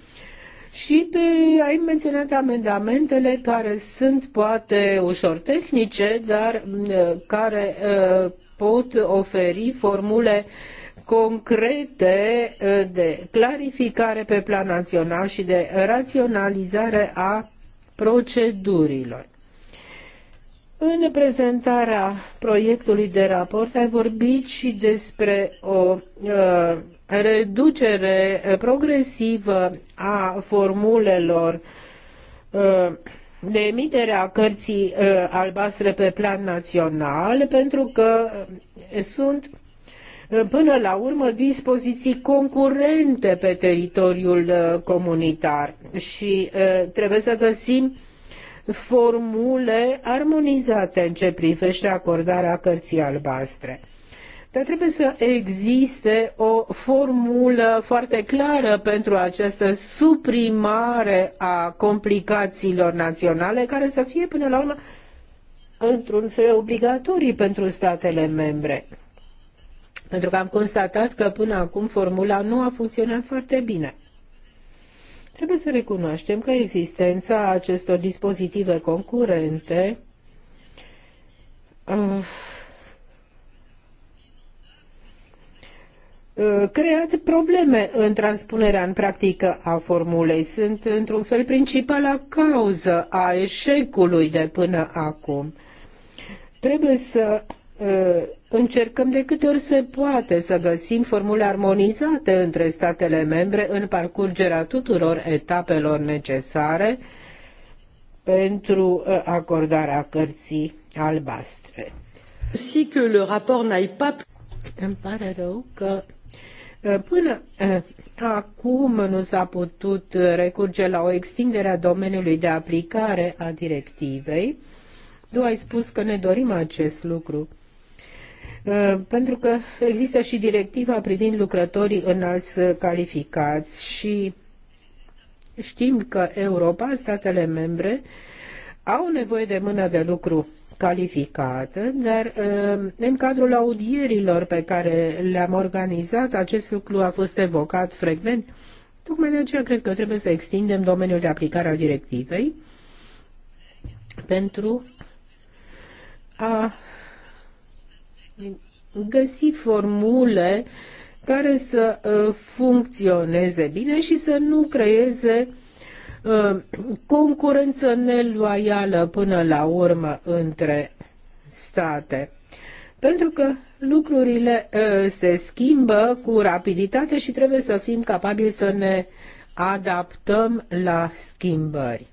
și pe, ai menționat amendamentele care sunt poate ușor tehnice, dar uh, care uh, pot oferi formule concrete uh, de clarificare pe plan național și de raționalizare a procedurilor. În prezentarea proiectului de raport ai vorbit și despre o uh, reducere progresivă a formulelor uh, de emitere a cărții uh, albastre pe plan național, pentru că sunt uh, până la urmă dispoziții concurente pe teritoriul uh, comunitar și uh, trebuie să găsim formule armonizate în ce privește acordarea cărții albastre. Dar trebuie să existe o formulă foarte clară pentru această suprimare a complicațiilor naționale, care să fie până la urmă într-un fel obligatorii pentru statele membre. Pentru că am constatat că până acum formula nu a funcționat foarte bine. Trebuie să recunoaștem că existența acestor dispozitive concurente uh, uh, creează probleme în transpunerea în practică a formulei. Sunt, într-un fel, principala cauză a eșecului de până acum. Trebuie să Uh, încercăm de câte ori se poate să găsim formule armonizate între statele membre în parcurgerea tuturor etapelor necesare pentru uh, acordarea cărții albastre. Si că le raport n-ai pas... Îmi pare rău că uh, până acum nu s-a putut recurge la o extindere a domeniului de aplicare a directivei. Tu ai spus că ne dorim acest lucru. Uh, pentru că există și directiva privind lucrătorii înalți calificați și știm că Europa, statele membre, au nevoie de mână de lucru calificată, dar uh, în cadrul audierilor pe care le-am organizat, acest lucru a fost evocat frecvent. Tocmai de aceea cred că trebuie să extindem domeniul de aplicare al directivei pentru a găsi formule care să uh, funcționeze bine și să nu creeze uh, concurență neloială până la urmă între state. Pentru că lucrurile uh, se schimbă cu rapiditate și trebuie să fim capabili să ne adaptăm la schimbări.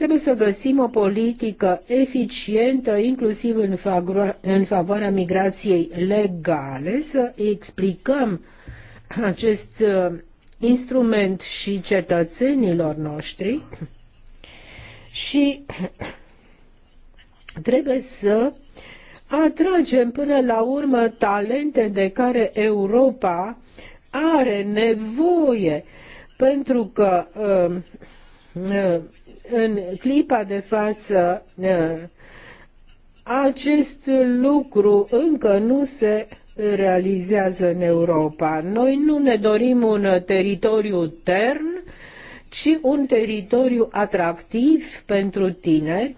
Trebuie să găsim o politică eficientă, inclusiv în, favor, în favoarea migrației legale, să explicăm acest uh, instrument și cetățenilor noștri și trebuie să atragem până la urmă talente de care Europa are nevoie, pentru că uh, uh, în clipa de față acest lucru încă nu se realizează în Europa. Noi nu ne dorim un teritoriu tern, ci un teritoriu atractiv pentru tine.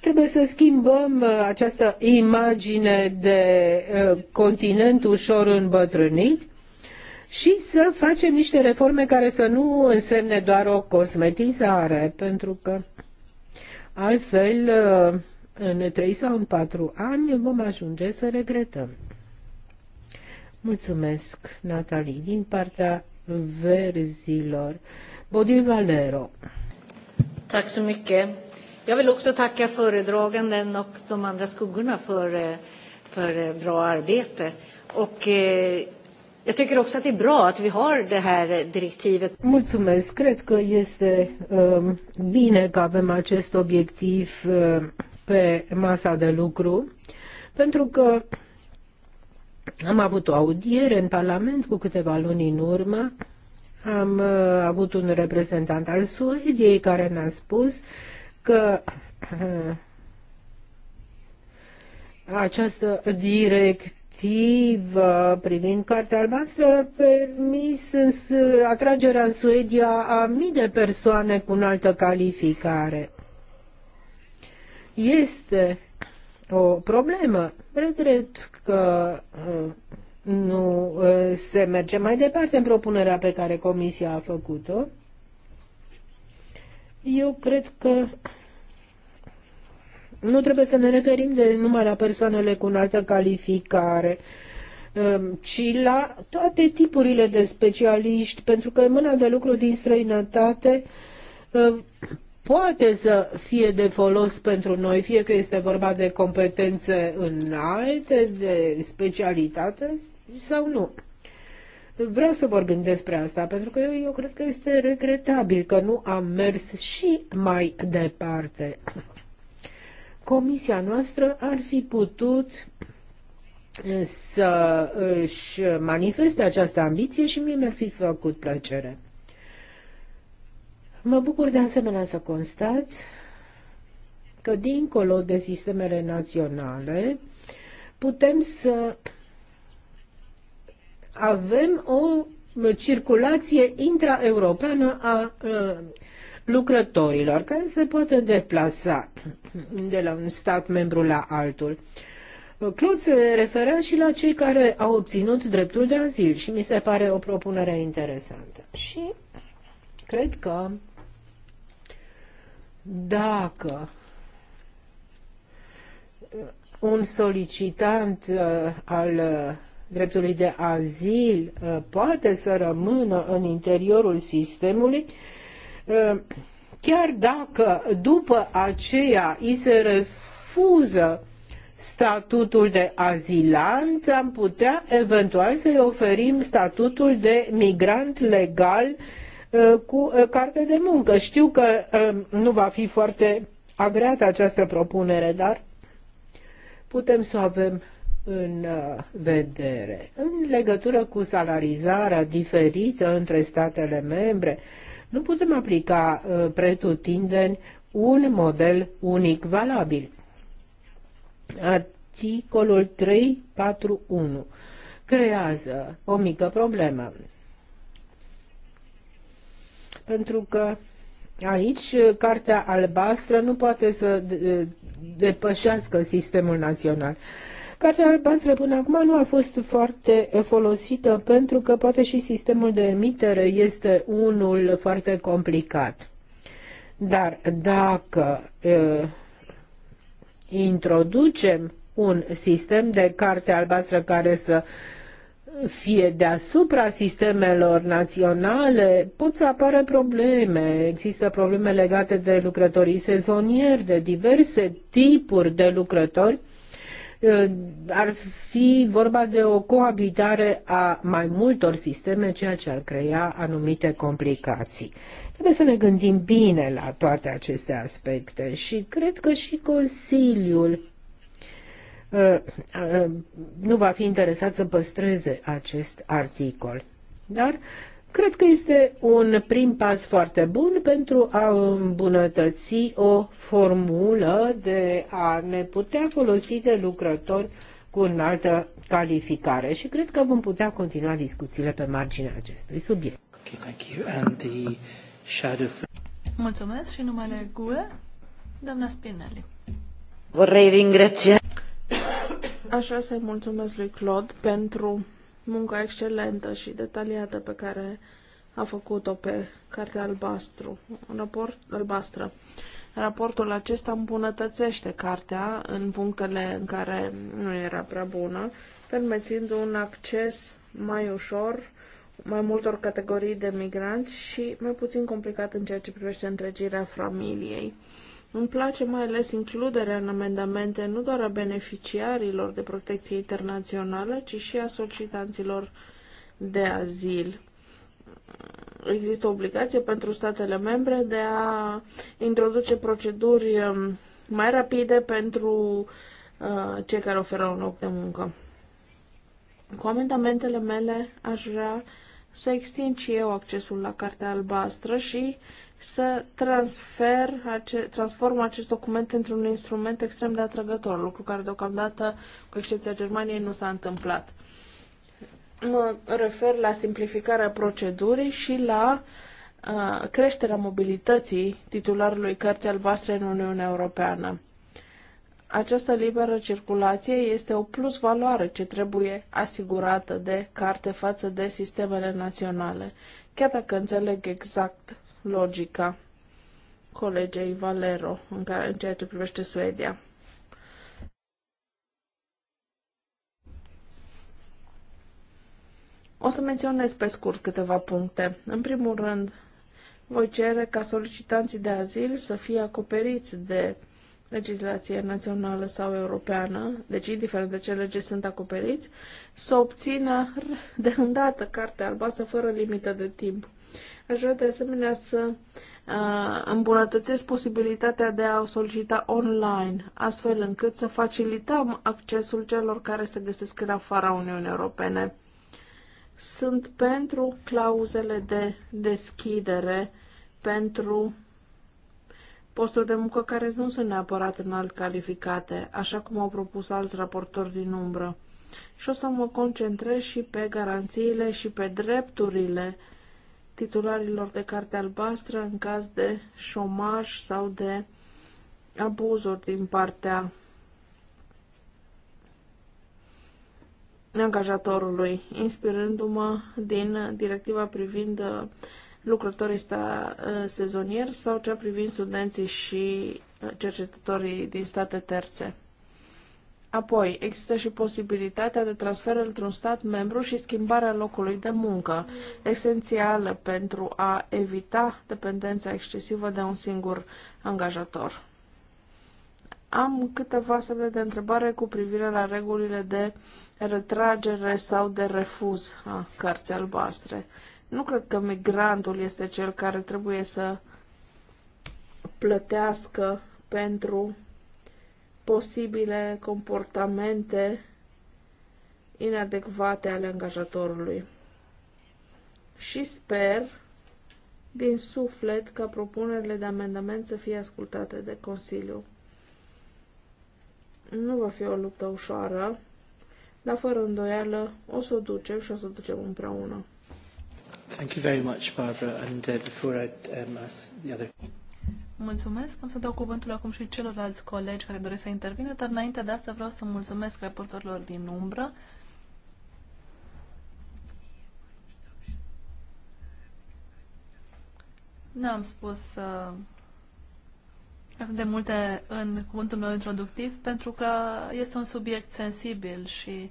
Trebuie să schimbăm uh, această imagine de uh, continent ușor îmbătrânit și să facem niște reforme care să nu însemne doar o cosmetizare, pentru că altfel uh, în 3 sau în 4 ani vom ajunge să regretăm. Mulțumesc, Natalie, din partea verzilor. Bodil Valero. Tack så mycket. Jag vill också tacka föredraganden och de andra skuggorna för, eh, för eh, bra arbete. Och eh, Jag tycker också att det är bra att vi har det här direktivet. Mulțumesc. Cred că este um, bine că avem acest obiectiv um, pe masa de lucru, pentru că am avut o audiere în Parlament cu câteva luni în urmă. Am uh, avut un reprezentant al Suediei care ne-a spus că uh, această direct directivă uh, privind cartea albastră permis în, atragerea în Suedia a mii de persoane cu înaltă calificare. Este o problemă. Regret că uh, nu uh, se merge mai departe în propunerea pe care Comisia a făcut-o. Eu cred că nu trebuie să ne referim de numai la persoanele cu înaltă calificare, um, ci la toate tipurile de specialiști, pentru că mâna de lucru din străinătate um, poate să fie de folos pentru noi, fie că este vorba de competențe înalte, de specialitate sau nu. Vreau să vorbim despre asta, pentru că eu, eu cred că este regretabil că nu am mers și mai departe. Comisia noastră ar fi putut eh, să își manifeste această ambiție și mie mi-ar fi făcut plăcere. Mă bucur de asemenea să constat că dincolo de sistemele naționale putem să avem o circulație intraeuropeană a eh, lucrătorilor care se pot deplasa de la un stat membru la altul. Claude se referea și la cei care au obținut dreptul de azil și mi se pare o propunere interesantă. Și cred că dacă un solicitant uh, al uh, dreptului de azil uh, poate să rămână în interiorul sistemului, Ehm, chiar dacă după aceea i se refuză statutul de azilant, am putea eventual să-i oferim statutul de migrant legal ehm, cu eh, carte de muncă. Știu că ehm, nu va fi foarte agreată această propunere, dar putem să o avem în eh, vedere. În legătură cu salarizarea diferită între statele membre, nu putem aplica uh, pretutindeni un model unic valabil. Articolul 341 creează o mică problemă. Pentru că aici uh, cartea albastră nu poate să uh, depășească sistemul național. Cartea albastră până acum nu a fost foarte eh, folosită pentru că poate și sistemul de emitere este unul foarte complicat. Dar dacă uh, introducem un sistem de carte albastră care să fie deasupra sistemelor naționale, pot să apară probleme. Există probleme legate de lucrătorii sezonieri, de diverse tipuri de lucrători Uh, ar fi vorba de o coabitare a mai multor sisteme, ceea ce ar crea anumite complicații. Trebuie să ne gândim bine la toate aceste aspecte și cred că și Consiliul uh, uh, nu va fi interesat să păstreze acest articol. Dar Cred că este un prim pas foarte bun pentru a îmbunătăți o formulă de a ne putea folosi de lucrători cu înaltă calificare și cred că vom putea continua discuțiile pe marginea acestui subiect. Okay, thank you. And the shadow... Mulțumesc și numele GUE, doamna Spinelli. Vorrei ringrația. Aș vrea să-i mulțumesc lui Claude pentru munca excelentă și detaliată pe care a făcut-o pe Cartea Albastru, raport, albastră. Raportul acesta îmbunătățește cartea în punctele în care nu era prea bună, permițând un acces mai ușor mai multor categorii de migranți și mai puțin complicat în ceea ce privește întregirea familiei. Îmi place mai ales includerea în amendamente nu doar a beneficiarilor de protecție internațională, ci și a solicitanților de azil există obligație pentru statele membre de a introduce proceduri um, mai rapide pentru uh, cei care oferă un loc de muncă. Cu amendamentele mele aș vrea să extind și eu accesul la Cartea Albastră și să transfer, transform acest document într-un instrument extrem de atrăgător, lucru care deocamdată, cu excepția Germaniei, nu s-a întâmplat. Mă refer la simplificarea procedurii și la uh, creșterea mobilității titularului cărții albastre în Uniunea Europeană. Această liberă circulație este o plus valoare ce trebuie asigurată de carte față de sistemele naționale, chiar dacă înțeleg exact logica colegei Valero în, care, în ceea ce privește Suedia. O să menționez pe scurt câteva puncte. În primul rând, voi cere ca solicitanții de azil să fie acoperiți de legislație națională sau europeană, deci indiferent de ce lege sunt acoperiți, să obțină de îndată cartea albastră fără limită de timp. Aș vrea de asemenea să îmbunătățesc posibilitatea de a o solicita online, astfel încât să facilităm accesul celor care se găsesc în afara Uniunii Europene. Sunt pentru clauzele de deschidere pentru posturi de muncă care nu sunt neapărat înalt calificate, așa cum au propus alți raportori din umbră. Și o să mă concentrez și pe garanțiile și pe drepturile uh, titularilor de carte albastră în caz de șomaj sau de abuzuri din partea angajatorului, inspirându-mă din directiva privind uh, lucrătorii sta, uh, sezonieri sau cea privind studenții și uh, cercetătorii din state terțe. Apoi, există și posibilitatea de transfer într-un stat membru și schimbarea locului de muncă, esențială pentru a evita dependența excesivă de un singur angajator. Am câteva semne de întrebare cu privire la regulile de retragere sau de refuz a cărții albastre. Nu cred că migrantul este cel care trebuie să plătească pentru posibile comportamente inadecvate ale angajatorului. Și sper din suflet ca propunerile de amendament să fie ascultate de Consiliu. Nu va fi o luptă ușoară, dar fără îndoială o să o ducem și o să o ducem împreună. Thank you very much, Barbara. And uh, before I um, ask the other... Mulțumesc. Am să dau cuvântul acum și celorlalți colegi care doresc să intervină, dar înainte de asta vreau să mulțumesc raportorilor din umbră. Nu am spus uh, atât de multe în cuvântul meu introductiv, pentru că este un subiect sensibil și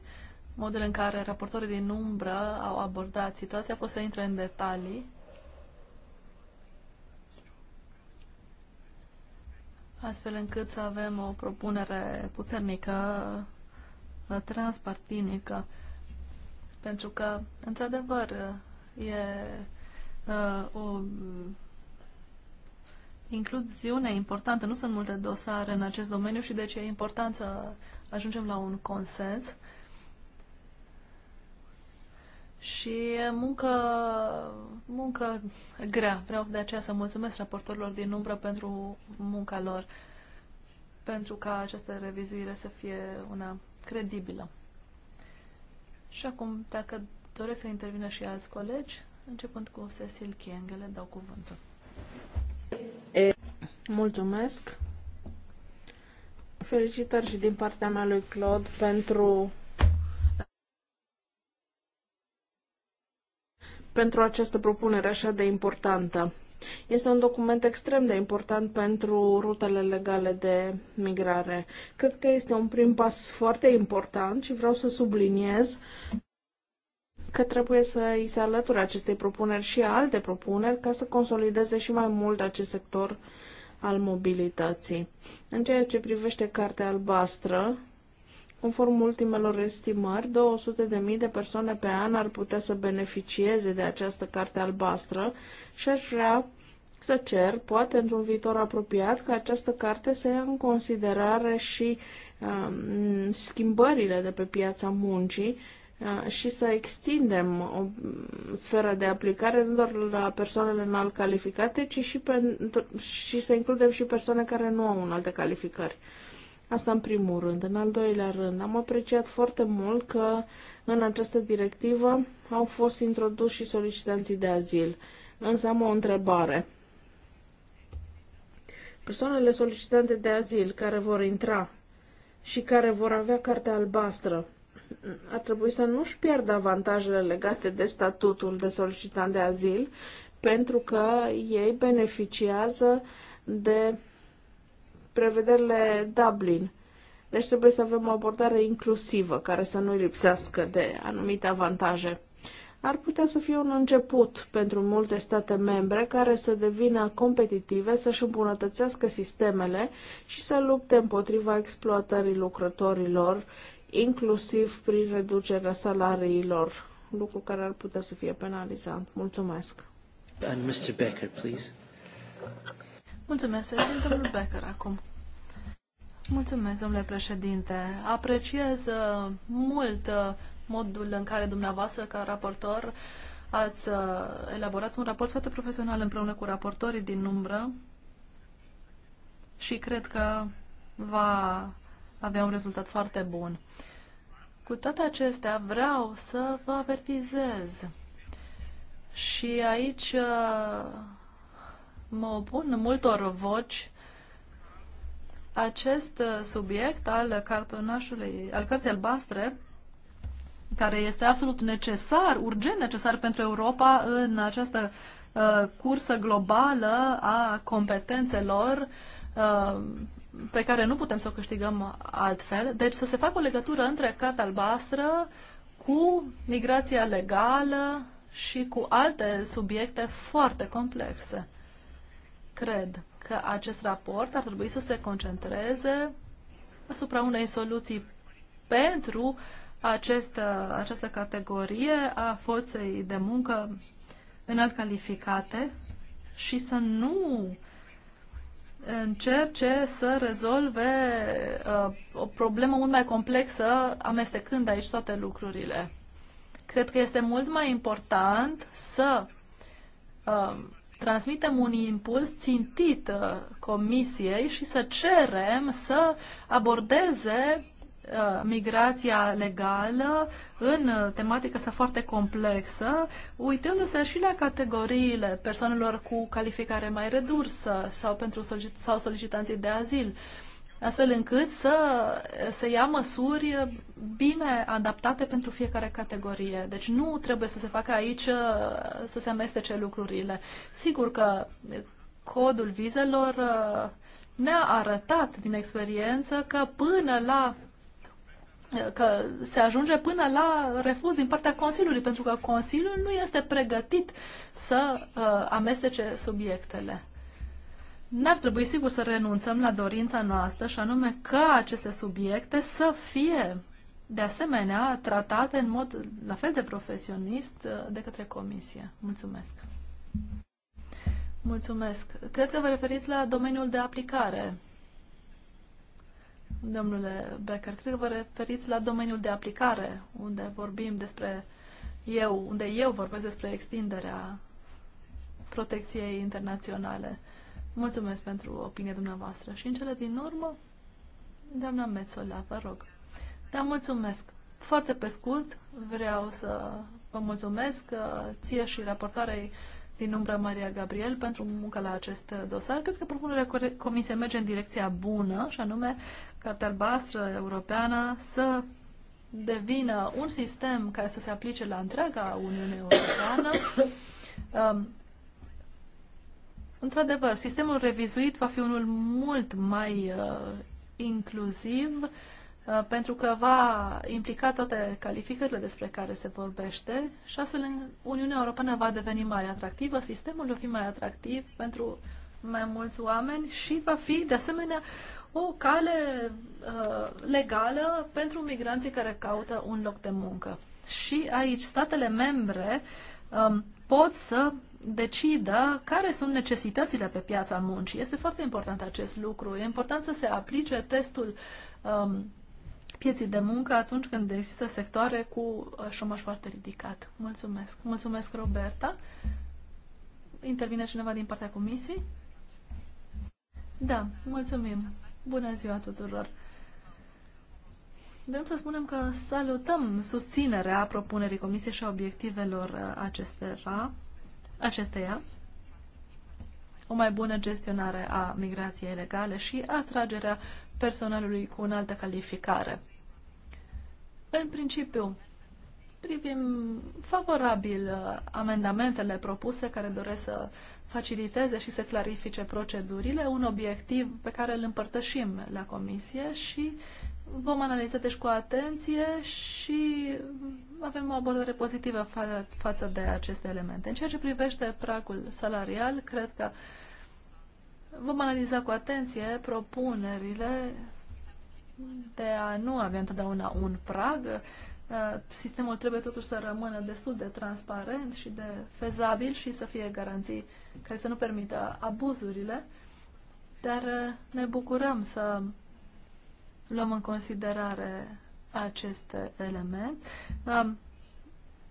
modul în care raportorii din umbră au abordat situația, pot să intre în detalii. astfel încât să avem o propunere puternică, transpartinică, pentru că, într-adevăr, e uh, o incluziune importantă. Nu sunt multe dosare în acest domeniu și deci e important să ajungem la un consens și muncă, muncă grea. Vreau de aceea să mulțumesc raportorilor din umbră pentru munca lor, pentru ca această revizuire să fie una credibilă. Și acum, dacă doresc să intervină și alți colegi, începând cu Cecil Chiengele, dau cuvântul. Mulțumesc! Felicitări și din partea mea lui Claude pentru pentru această propunere așa de importantă. Este un document extrem de important pentru rutele legale de migrare. Cred că este un prim pas foarte important și vreau să subliniez că trebuie să îi se alăture acestei propuneri și alte propuneri ca să consolideze și mai mult acest sector al mobilității. În ceea ce privește cartea albastră, Conform ultimelor estimări, 200.000 de persoane pe an ar putea să beneficieze de această carte albastră și aș vrea să cer, poate într-un viitor apropiat, ca această carte să ia în considerare și uh, schimbările de pe piața muncii uh, și să extindem o um, sferă de aplicare nu doar la persoanele înalt calificate, ci și, pe, și să includem și persoane care nu au alte calificări. Asta în primul rând. În al doilea rând, am apreciat foarte mult că în această directivă au fost introduși și solicitanții de azil. Însă am o întrebare. Persoanele solicitante de azil care vor intra și care vor avea cartea albastră ar trebui să nu-și pierdă avantajele legate de statutul de solicitant de azil, pentru că ei beneficiază de prevederile Dublin. Deci trebuie să avem o abordare inclusivă care să nu lipsească de anumite avantaje. Ar putea să fie un început pentru multe state membre care să devină competitive, să-și îmbunătățească sistemele și să lupte împotriva exploatării lucrătorilor, inclusiv prin reducerea salariilor, lucru care ar putea să fie penalizant. Mulțumesc! And Mr. Becker, please. Mulțumesc, domnul Becker, acum. Mulțumesc, domnule președinte. Apreciez uh, mult uh, modul în care dumneavoastră, ca raportor, ați uh, elaborat un raport foarte profesional împreună cu raportorii din umbră și cred că va avea un rezultat foarte bun. Cu toate acestea, vreau să vă avertizez. Și aici mă opun multor voci acest uh, subiect al cartonașului, al cărții albastre, care este absolut necesar, urgent necesar pentru Europa în această uh, cursă globală a competențelor uh, pe care nu putem să o câștigăm altfel. Deci să se facă o legătură între Cartea Albastră cu migrația legală și cu alte subiecte foarte complexe. Cred că acest raport ar trebui să se concentreze asupra unei soluții pentru această, această categorie a forței de muncă înalt calificate și să nu încerce să rezolve uh, o problemă mult mai complexă, amestecând aici toate lucrurile. Cred că este mult mai important să uh, transmitem un impuls țintit uh, Comisiei și să cerem să abordeze uh, migrația legală în uh, tematică să foarte complexă, uitându-se și la categoriile persoanelor cu calificare mai redusă sau pentru solicit sau solicitanții de azil. Uh, astfel încât să se ia măsuri bine adaptate pentru fiecare categorie. Deci nu trebuie să se facă aici să se amestece lucrurile. Sigur că codul vizelor ne-a arătat din experiență că până la că se ajunge până la refuz din partea Consiliului, pentru că Consiliul nu este pregătit să uh, amestece subiectele. N-ar trebui sigur să renunțăm la dorința noastră și anume ca aceste subiecte să fie de asemenea tratate în mod la fel de profesionist uh, de către comisie. Mulțumesc! Mulțumesc! Cred că vă referiți la domeniul de aplicare. Domnule Becker, cred că vă referiți la domeniul de aplicare, unde vorbim despre eu, unde eu vorbesc despre extinderea protecției internaționale. Mulțumesc pentru opinia dumneavoastră. Și în cele din urmă, doamna Metzola, vă rog. Da, mulțumesc. Foarte pe scurt, vreau să vă mulțumesc uh, ție și raportoarei din umbră Maria Gabriel pentru munca la acest uh, dosar. Cred că propunerea Comisiei merge în direcția bună, și anume Cartea Albastră Europeană să devină un sistem care să se aplice la întreaga Uniune Europeană. Um, Într-adevăr, sistemul revizuit va fi unul mult mai uh, inclusiv uh, pentru că va implica toate calificările despre care se vorbește și astfel Uniunea Europeană va deveni mai atractivă, sistemul va fi mai atractiv pentru mai mulți oameni și va fi, de asemenea, o cale uh, legală pentru migranții care caută un loc de muncă. Și aici statele membre um, pot să decidă care sunt necesitățile pe piața muncii. Este foarte important acest lucru. E important să se aplice testul um, pieții de muncă atunci când există sectoare cu uh, șomaș foarte ridicat. Mulțumesc. Mulțumesc, Roberta. Intervine cineva din partea comisiei? Da, mulțumim. Bună ziua tuturor. Vrem să spunem că salutăm susținerea propunerii comisiei și a obiectivelor uh, acestora acesteia, o mai bună gestionare a migrației legale și atragerea personalului cu înaltă calificare. În principiu, privim favorabil uh, amendamentele propuse care doresc să faciliteze și să clarifice procedurile, un obiectiv pe care îl împărtășim la Comisie și uh, Vom analiza deci cu atenție și avem o abordare pozitivă fa- față de aceste elemente. În ceea ce privește pragul salarial, cred că vom analiza cu atenție propunerile de a nu avea întotdeauna un prag. Uh, sistemul trebuie totuși să rămână destul de transparent și de fezabil și să fie garanții care să nu permită abuzurile, dar uh, ne bucurăm să luăm în considerare acest element.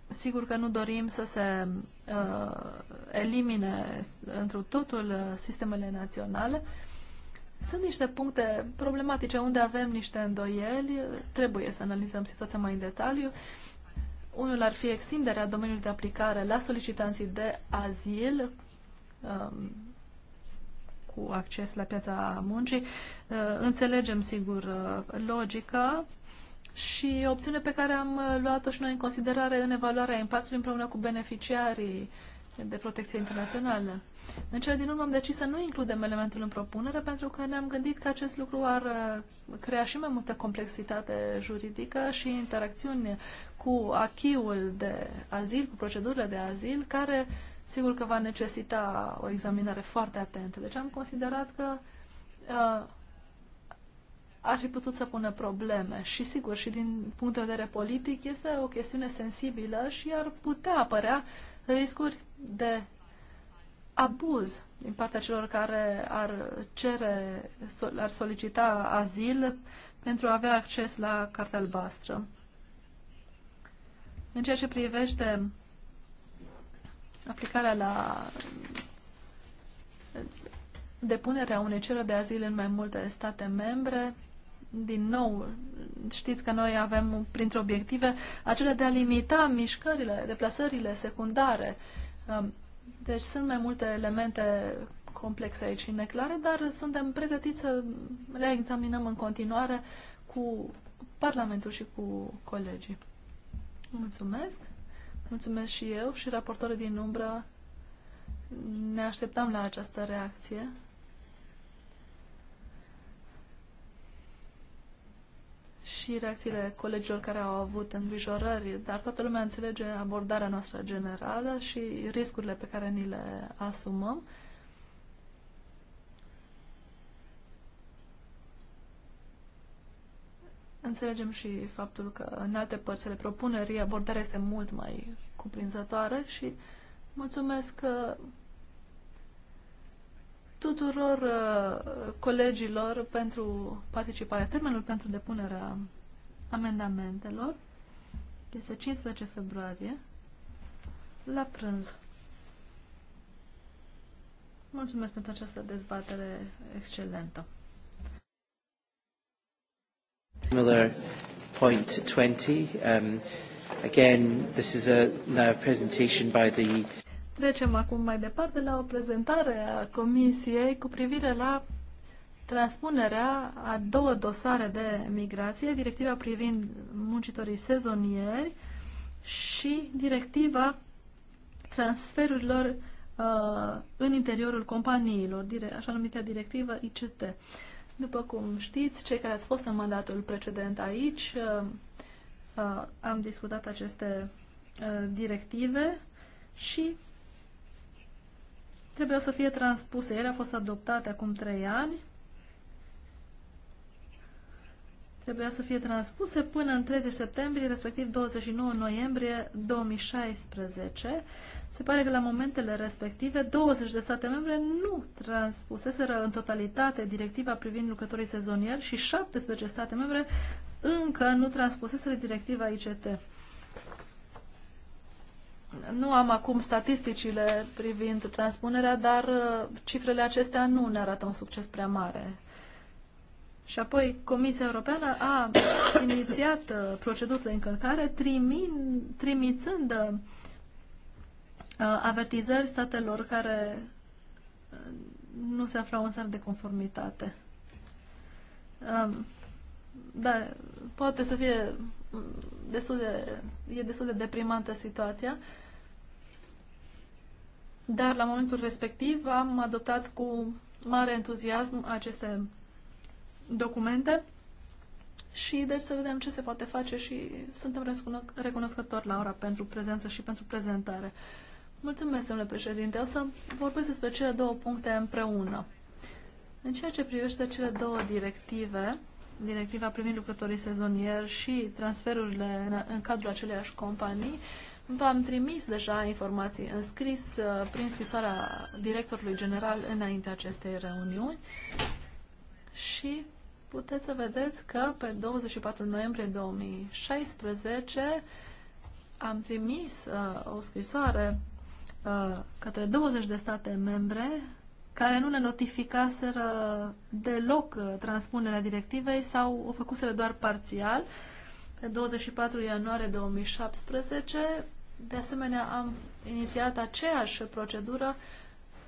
Sigur că nu dorim să se uh, elimine întru totul uh, sistemele naționale. Sunt niște puncte problematice unde avem niște îndoieli, trebuie să analizăm situația mai în detaliu. Unul ar fi extinderea domeniului de aplicare la solicitanții de azil, um, cu acces la piața muncii. Uh, înțelegem, sigur, uh, logica și opțiune pe care am uh, luat-o și noi în considerare în evaluarea impactului împreună cu beneficiarii de protecție internațională. În cele din urmă am decis să nu includem elementul în propunere pentru că ne-am gândit că acest lucru ar crea și mai multă complexitate juridică și interacțiuni cu achiul de azil, cu procedurile de azil, care uh, sigur că va necesita o examinare foarte atentă. Deci am considerat că uh, ar fi putut să pună probleme și, sigur, și din punct de vedere politic este o chestiune sensibilă și ar putea apărea riscuri de abuz din partea celor care ar cere, ar solicita azil pentru a avea acces la cartea albastră. În ceea ce privește aplicarea la depunerea unei cereri de azil în mai multe state membre. Din nou, știți că noi avem printre obiective acele de a limita mișcările, deplasările secundare. Um, deci sunt mai multe elemente complexe aici și neclare, dar suntem pregătiți să le examinăm în continuare cu Parlamentul și cu colegii. Mulțumesc! Mulțumesc și eu și raportorii din umbră. Ne așteptam la această reacție. și reacțiile colegilor care au avut îngrijorări, dar toată lumea înțelege abordarea noastră generală și riscurile pe care ni le asumăm. Înțelegem și faptul că în alte părți ale propunerii abordarea este mult mai cuprinzătoare și mulțumesc că uh, tuturor uh, colegilor pentru participarea. Termenul pentru depunerea amendamentelor este 15 februarie la prânz. Mulțumesc pentru această dezbatere excelentă. Similar point 20. Um, again, this is a, now a presentation by the Trecem acum mai departe la o prezentare a Comisiei cu privire la transpunerea a două dosare de migrație, directiva privind muncitorii sezonieri și directiva transferurilor uh, în interiorul companiilor, așa numită directivă ICT. După cum știți, cei care ați fost în mandatul precedent aici, uh, uh, am discutat aceste uh, directive și trebuiau să fie transpuse. Ele au fost adoptate acum trei ani trebuia să fie transpuse până în 30 septembrie, respectiv 29 noiembrie 2016. Se pare că la momentele respective 20 de state membre nu transpuseseră în totalitate directiva privind lucrătorii sezonieri și 17 state membre încă nu transpuseseră directiva ICT. Nu am acum statisticile privind transpunerea, dar uh, cifrele acestea nu ne arată un succes prea mare și apoi Comisia Europeană a inițiat uh, proceduri de încălcare trimin, trimițând uh, avertizări statelor care uh, nu se aflau în stare de conformitate. Um, da, poate să fie mm, destul de, e destul de deprimantă situația, dar la momentul respectiv am adoptat cu mare entuziasm aceste documente și deci să vedem ce se poate face și suntem recunoscători, Laura, pentru prezență și pentru prezentare. Mulțumesc, domnule președinte. O să vorbesc despre cele două puncte împreună. În ceea ce privește cele două directive, directiva privind lucrătorii sezonieri și transferurile în, în cadrul aceleiași companii, v-am trimis deja informații în scris uh, prin scrisoarea directorului general înainte acestei reuniuni și puteți să vedeți că pe 24 noiembrie 2016 am trimis uh, o scrisoare uh, către 20 de state membre care nu ne notificaseră deloc uh, transpunerea directivei sau o făcuseră doar parțial. Pe 24 ianuarie 2017, de asemenea, am inițiat aceeași procedură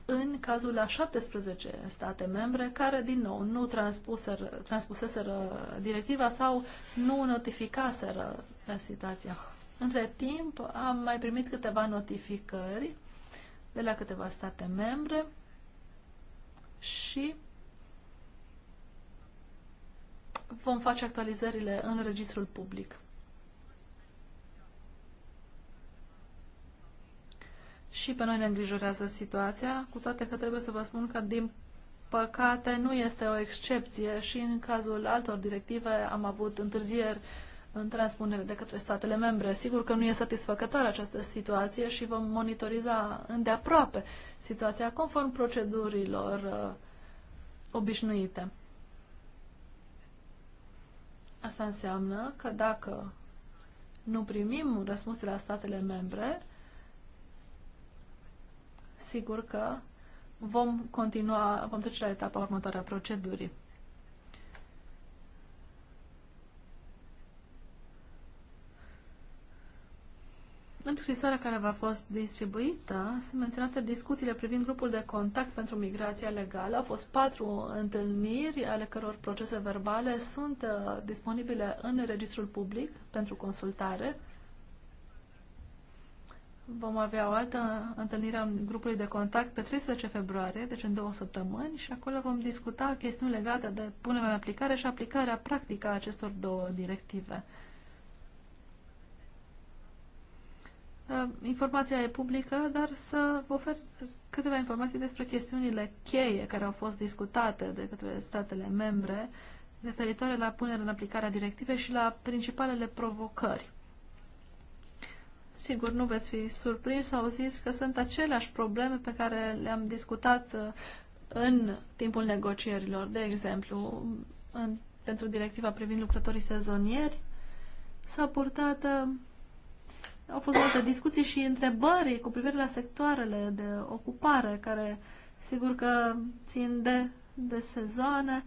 în cazul a 17 state membre care, din nou, nu transpuser, transpuseseră directiva sau nu notificaseră situația. Între timp, am mai primit câteva notificări de la câteva state membre și vom face actualizările în registrul public. Și pe noi ne îngrijorează situația, cu toate că trebuie să vă spun că, din păcate, nu este o excepție și în cazul altor directive am avut întârzieri în transpunere de către statele membre. Sigur că nu e satisfăcătoare această situație și vom monitoriza îndeaproape situația conform procedurilor uh, obișnuite. Asta înseamnă că dacă nu primim răspunsurile la statele membre, sigur că vom continua, vom trece la etapa următoare a procedurii. În scrisoarea care v-a fost distribuită, sunt menționate discuțiile privind grupul de contact pentru migrația legală. Au fost patru întâlniri, ale căror procese verbale sunt uh, disponibile în registrul public pentru consultare vom avea o altă întâlnire a grupului de contact pe 13 februarie, deci în două săptămâni, și acolo vom discuta chestiuni legate de punerea în aplicare și aplicarea practică a acestor două directive. Uh, informația e publică, dar să vă ofer câteva informații despre chestiunile cheie care au fost discutate de către statele membre referitoare la punerea în aplicare a directivei și la principalele provocări. Sigur, nu veți fi surprins sau zis că sunt aceleași probleme pe care le-am discutat uh, în timpul negocierilor. De exemplu, în, pentru directiva privind lucrătorii sezonieri s-a purtat uh, au fost multe discuții și întrebări cu privire la sectoarele de ocupare, care sigur că țin de, de sezoane,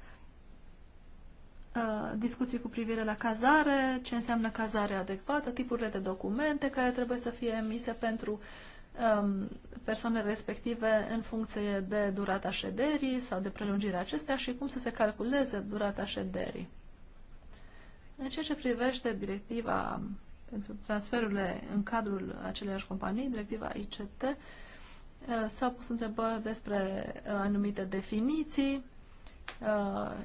Uh, discuții cu privire la cazare, ce înseamnă cazare adecvată, tipurile de documente care trebuie să fie emise pentru um, persoanele respective în funcție de durata șederii sau de prelungirea acestea și cum să se calculeze durata șederii. În ceea ce privește directiva pentru transferurile în cadrul aceleiași companii, directiva ICT, uh, s-au pus întrebări despre uh, anumite definiții,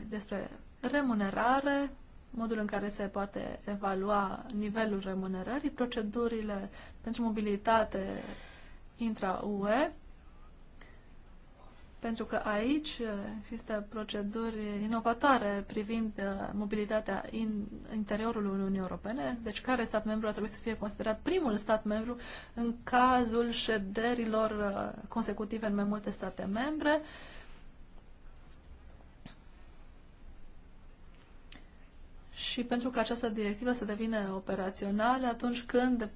despre remunerare, modul în care se poate evalua nivelul remunerării, procedurile pentru mobilitate intra-UE, pentru că aici există proceduri inovatoare privind uh, mobilitatea în interiorul Uniunii Europene, deci care stat membru ar trebui să fie considerat primul stat membru în cazul șederilor uh, consecutive în mai multe state membre. Uh, și pentru că această directivă să devine operațională atunci când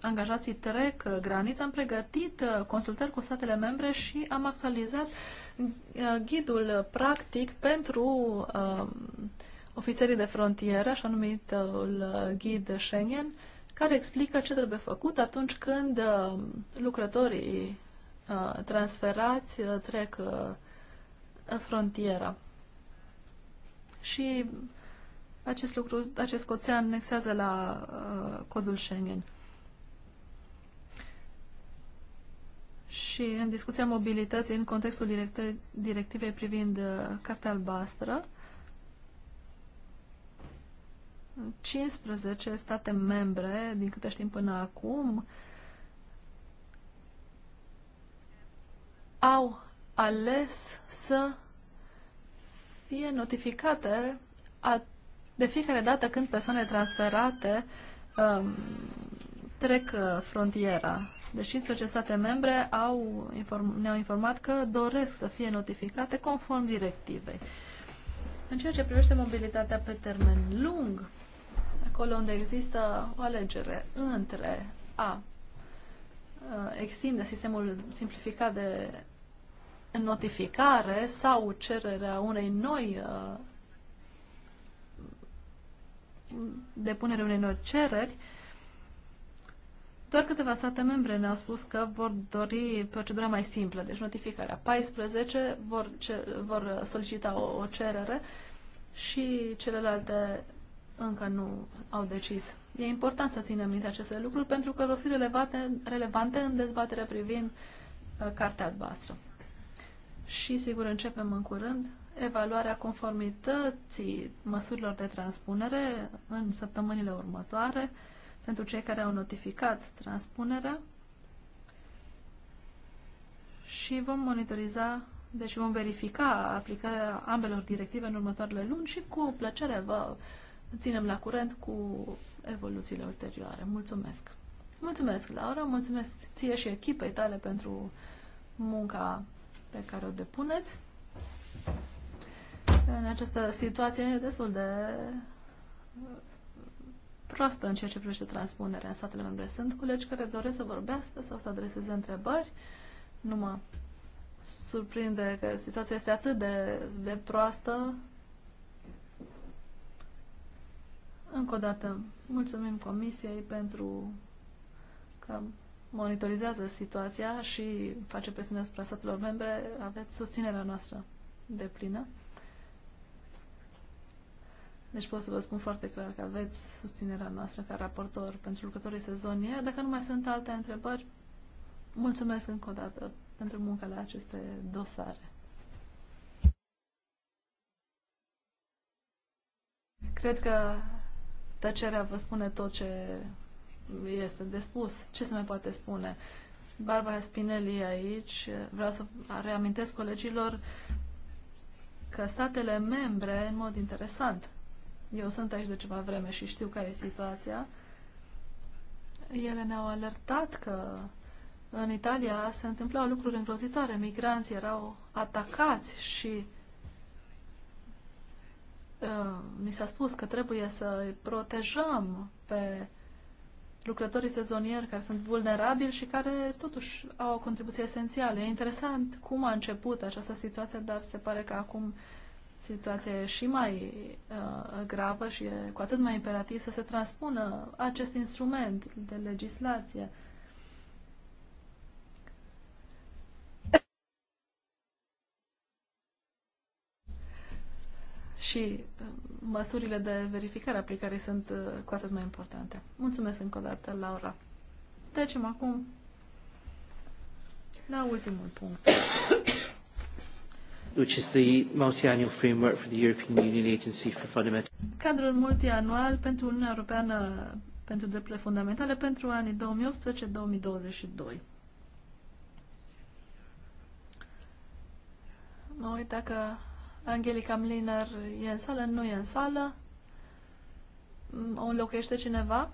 angajații trec uh, granița, am pregătit uh, consultări cu statele membre și am actualizat uh, ghidul practic pentru ofițerii de frontieră, așa numitul ghid Schengen, care explică ce trebuie făcut atunci când lucrătorii transferați trec frontiera. Și acest, lucru, acest cod se anexează la uh, codul Schengen. Și în discuția mobilității, în contextul directe, directivei privind uh, Cartea Albastră, 15 state membre, din câte știm până acum, au ales să fie notificate atunci de fiecare dată când persoane transferate um, trec uh, frontiera. Deci 15 state membre au inform, ne-au informat că doresc să fie notificate conform directivei. În ceea ce privește mobilitatea pe termen lung, acolo unde există o alegere între a uh, extinde sistemul simplificat de notificare sau cererea unei noi uh, depunerea unei noi cereri, doar câteva state membre ne-au spus că vor dori procedura mai simplă, deci notificarea 14 vor, ce, vor solicita o, o cerere și celelalte încă nu au decis. E important să ținem minte aceste lucruri pentru că vor fi relevate relevante în dezbaterea privind uh, cartea albastră. Și sigur începem în curând evaluarea conformității măsurilor de transpunere în săptămânile următoare pentru cei care au notificat transpunerea și vom monitoriza, deci vom verifica aplicarea ambelor directive în următoarele luni și cu plăcere vă ținem la curent cu evoluțiile ulterioare. Mulțumesc! Mulțumesc, Laura, mulțumesc ție și echipei tale pentru munca pe care o depuneți în această situație destul de uh, proastă în ceea ce privește transpunerea în statele membre. Sunt colegi care doresc să vorbească sau să adreseze întrebări. Nu mă surprinde că situația este atât de, de proastă. Încă o dată, mulțumim Comisiei pentru că monitorizează situația și face presiune asupra statelor membre. Aveți susținerea noastră de plină. Deci pot să vă spun foarte clar că aveți susținerea noastră ca raportor pentru lucrătorii sezonie. Dacă nu mai sunt alte întrebări, mulțumesc încă o dată pentru munca la aceste dosare. Cred că tăcerea vă spune tot ce este de spus. Ce se mai poate spune? Barbara Spinelli aici. Vreau să reamintesc colegilor că statele membre, în mod interesant, eu sunt aici de ceva vreme și știu care e situația. Ele ne-au alertat că în Italia se întâmplau lucruri îngrozitoare. Migranții erau atacați și uh, mi s-a spus că trebuie să îi protejăm pe lucrătorii sezonieri care sunt vulnerabili și care totuși au o contribuție esențială. E interesant cum a început această situație, dar se pare că acum uh, e și mai uh, gravă și e cu atât mai imperativ să se transpună acest instrument de legislație. și uh, măsurile de verificare a aplicării sunt uh, cu atât mai importante. Mulțumesc încă o dată, Laura. Trecem acum la ultimul punct which is the multi-annual framework for the European Union Agency for Fundamental. Cadrul multianual pentru Uniunea Europeană pentru drepturile fundamentale pentru anii 2018-2022. Mă uit dacă Angelica Mliner e în sală, nu e în sală. O înlocuiește cineva?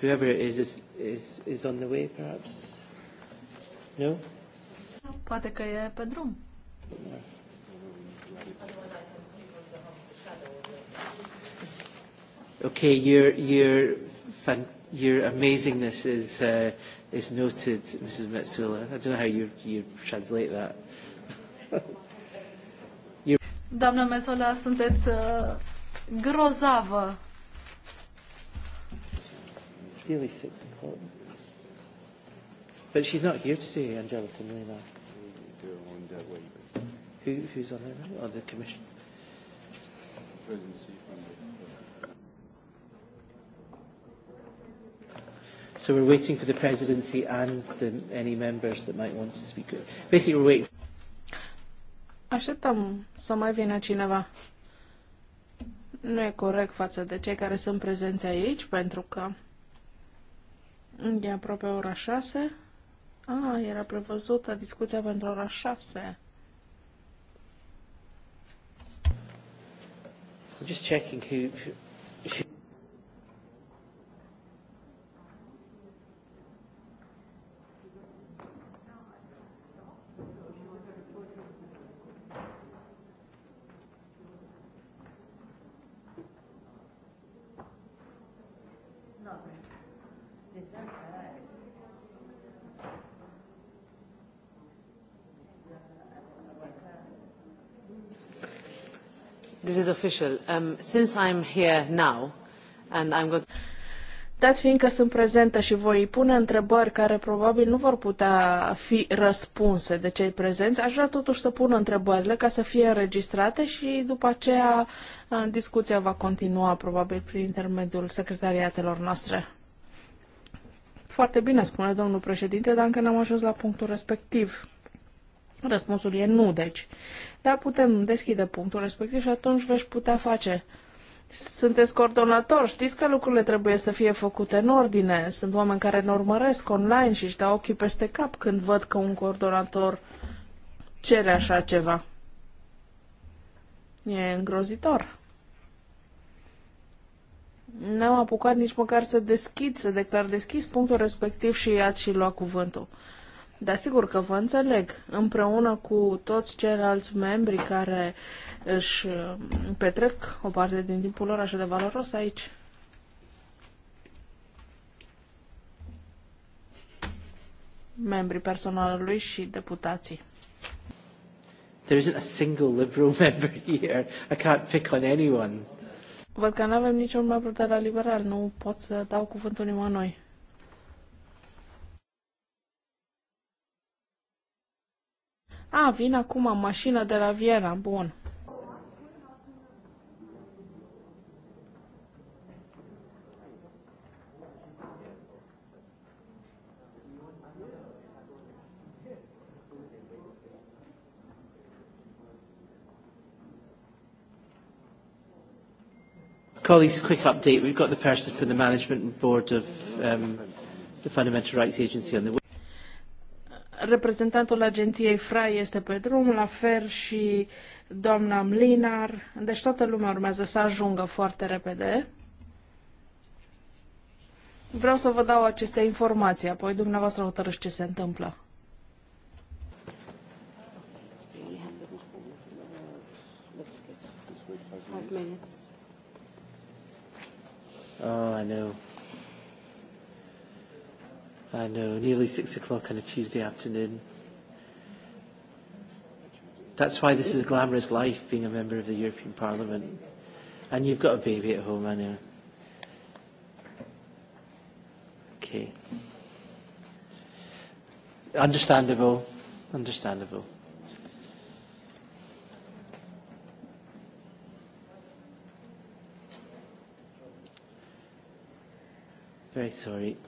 Whoever it is, is, is, is on the way, perhaps. Nu? Poate că e pe drum. Okay, your your fan, your amazingness is uh, is noted, Mrs. Mitsula. I don't know how you you translate that. Doamna Mezola, sunteți uh, grozavă. It's really six o'clock. But she's not here today, Angelica Molina. Who, who's on there? On oh, the commission? So we're waiting for the presidency and the, any members that might want to speak. Basically, we're waiting. Așteptăm să mai vină cineva. Nu e corect față de cei care sunt prezenți aici, pentru că e aproape ora 6. A, ah, era prevăzută discuția pentru ora 6. I'm just checking who, who Um, dat fiind că sunt prezentă și voi pune întrebări care probabil nu vor putea fi răspunse de cei prezenți, aș vrea totuși să pun întrebările ca să fie înregistrate și după aceea uh, discuția va continua probabil prin intermediul secretariatelor noastre. Foarte bine, spune domnul președinte, dar încă n-am ajuns la punctul respectiv. Răspunsul e nu, deci. Da, putem deschide punctul respectiv și atunci veți putea face. Sunteți coordonator, știți că lucrurile trebuie să fie făcute în ordine. Sunt oameni care ne urmăresc online și își dau ochii peste cap când văd că un coordonator cere așa ceva. E îngrozitor. N-am apucat nici măcar să deschid, să declar deschis punctul respectiv și ați și luat cuvântul. Da, sigur că vă înțeleg. Împreună cu toți ceilalți membri care își um, petrec o parte din timpul lor așa de valoros aici. Membrii personalului și deputații. There isn't a single liberal member here. I can't pick on anyone. Văd că nu avem niciun membru de la liberal. Nu pot să dau cuvântul nimănui. A, vin acum în mașină de la Viena, bun. Colleagues, quick update. We've got the person from the management and board of um, the Fundamental Rights Agency on the Reprezentantul agenției FRA este pe drum, la fel și doamna Mlinar, deci toată lumea urmează să ajungă foarte repede. Vreau să vă dau aceste informații, apoi dumneavoastră hotărâți ce se întâmplă. Oh, I know. I know, nearly six o'clock on a Tuesday afternoon. That's why this is a glamorous life, being a member of the European Parliament. And you've got a baby at home, I know. Okay. Understandable. Understandable. Very sorry.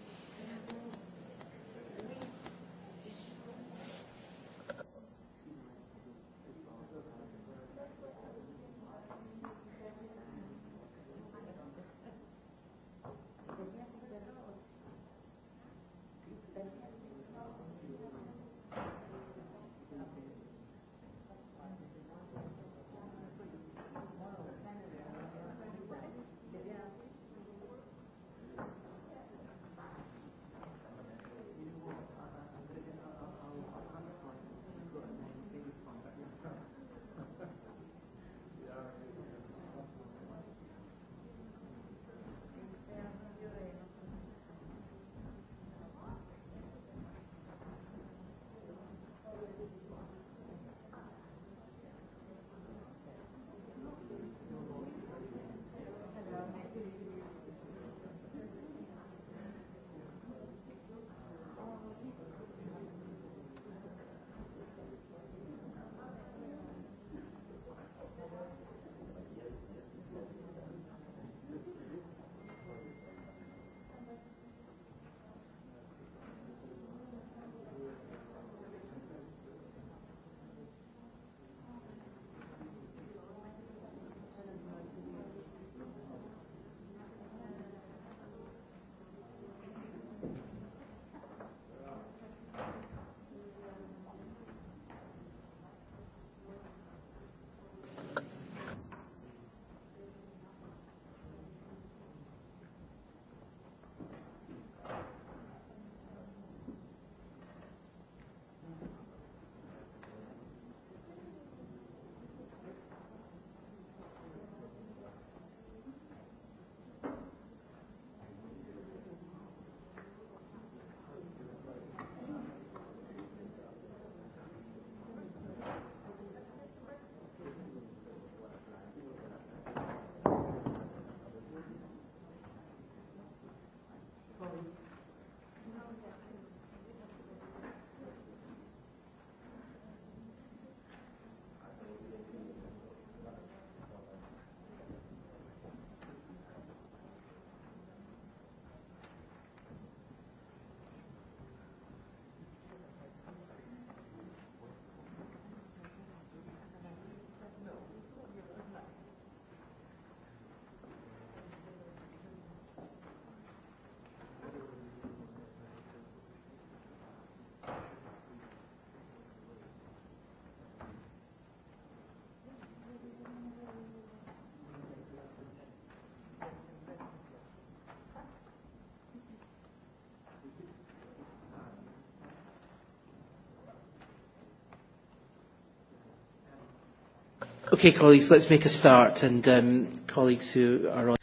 Okay, colleagues, let's make a start and um, colleagues who are on...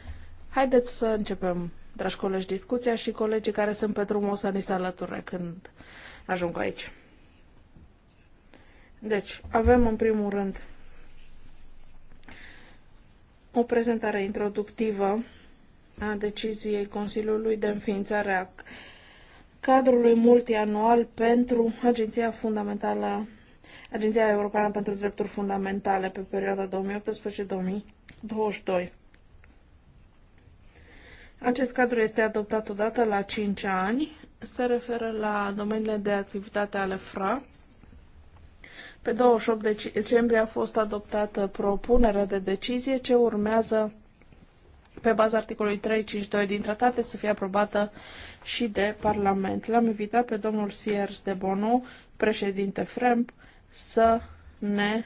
Haideți să începem, dragi colegi, discuția și colegii care sunt pe drum o să ni se alăture când ajung aici. Deci, avem în primul rând o prezentare introductivă a deciziei Consiliului de înființare a cadrului multianual pentru Agenția Fundamentală Agenția Europeană pentru Drepturi Fundamentale pe perioada 2018-2022. Acest cadru este adoptat odată la 5 ani. Se referă la domeniile de activitate ale FRA. Pe 28 decembrie a fost adoptată propunerea de decizie ce urmează pe baza articolului 352 din tratate să fie aprobată și de Parlament. L-am invitat pe domnul Sierz de Bonu, președinte FREMP, să ne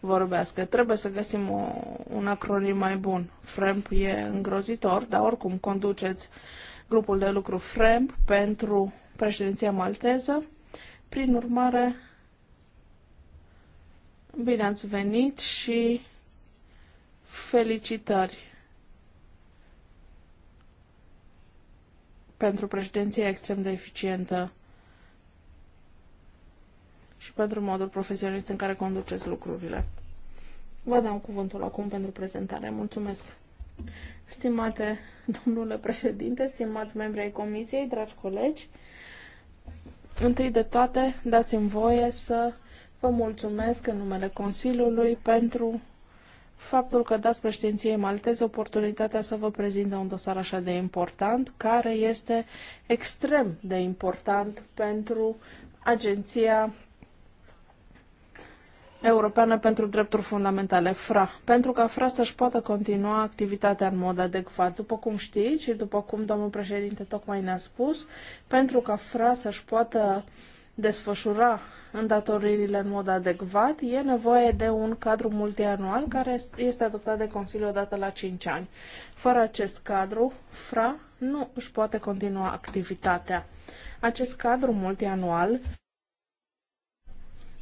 vorbească. Trebuie să găsim o, un acronim mai bun. FREMP e îngrozitor, dar oricum conduceți grupul de lucru FREMP pentru președinția malteză. Prin urmare, bine ați venit și felicitări pentru președinția extrem de eficientă și pentru modul profesionist în care conduceți lucrurile. Vă dau cuvântul acum pentru prezentare. Mulțumesc! Stimate domnule președinte, stimați membri ai comisiei, dragi colegi, întâi de toate dați-mi voie să vă mulțumesc în numele Consiliului pentru faptul că dați președinției malteze oportunitatea să vă prezintă un dosar așa de important, care este extrem de important pentru Agenția Europeană pentru Drepturi Fundamentale, FRA, pentru ca FRA să-și poată continua activitatea în mod adecvat. După cum știți și după cum domnul președinte tocmai ne-a spus, pentru ca FRA să-și poată desfășura îndatoririle în mod adecvat, e nevoie de un cadru multianual care este adoptat de Consiliu odată la 5 ani. Fără acest cadru, FRA nu își poate continua activitatea. Acest cadru multianual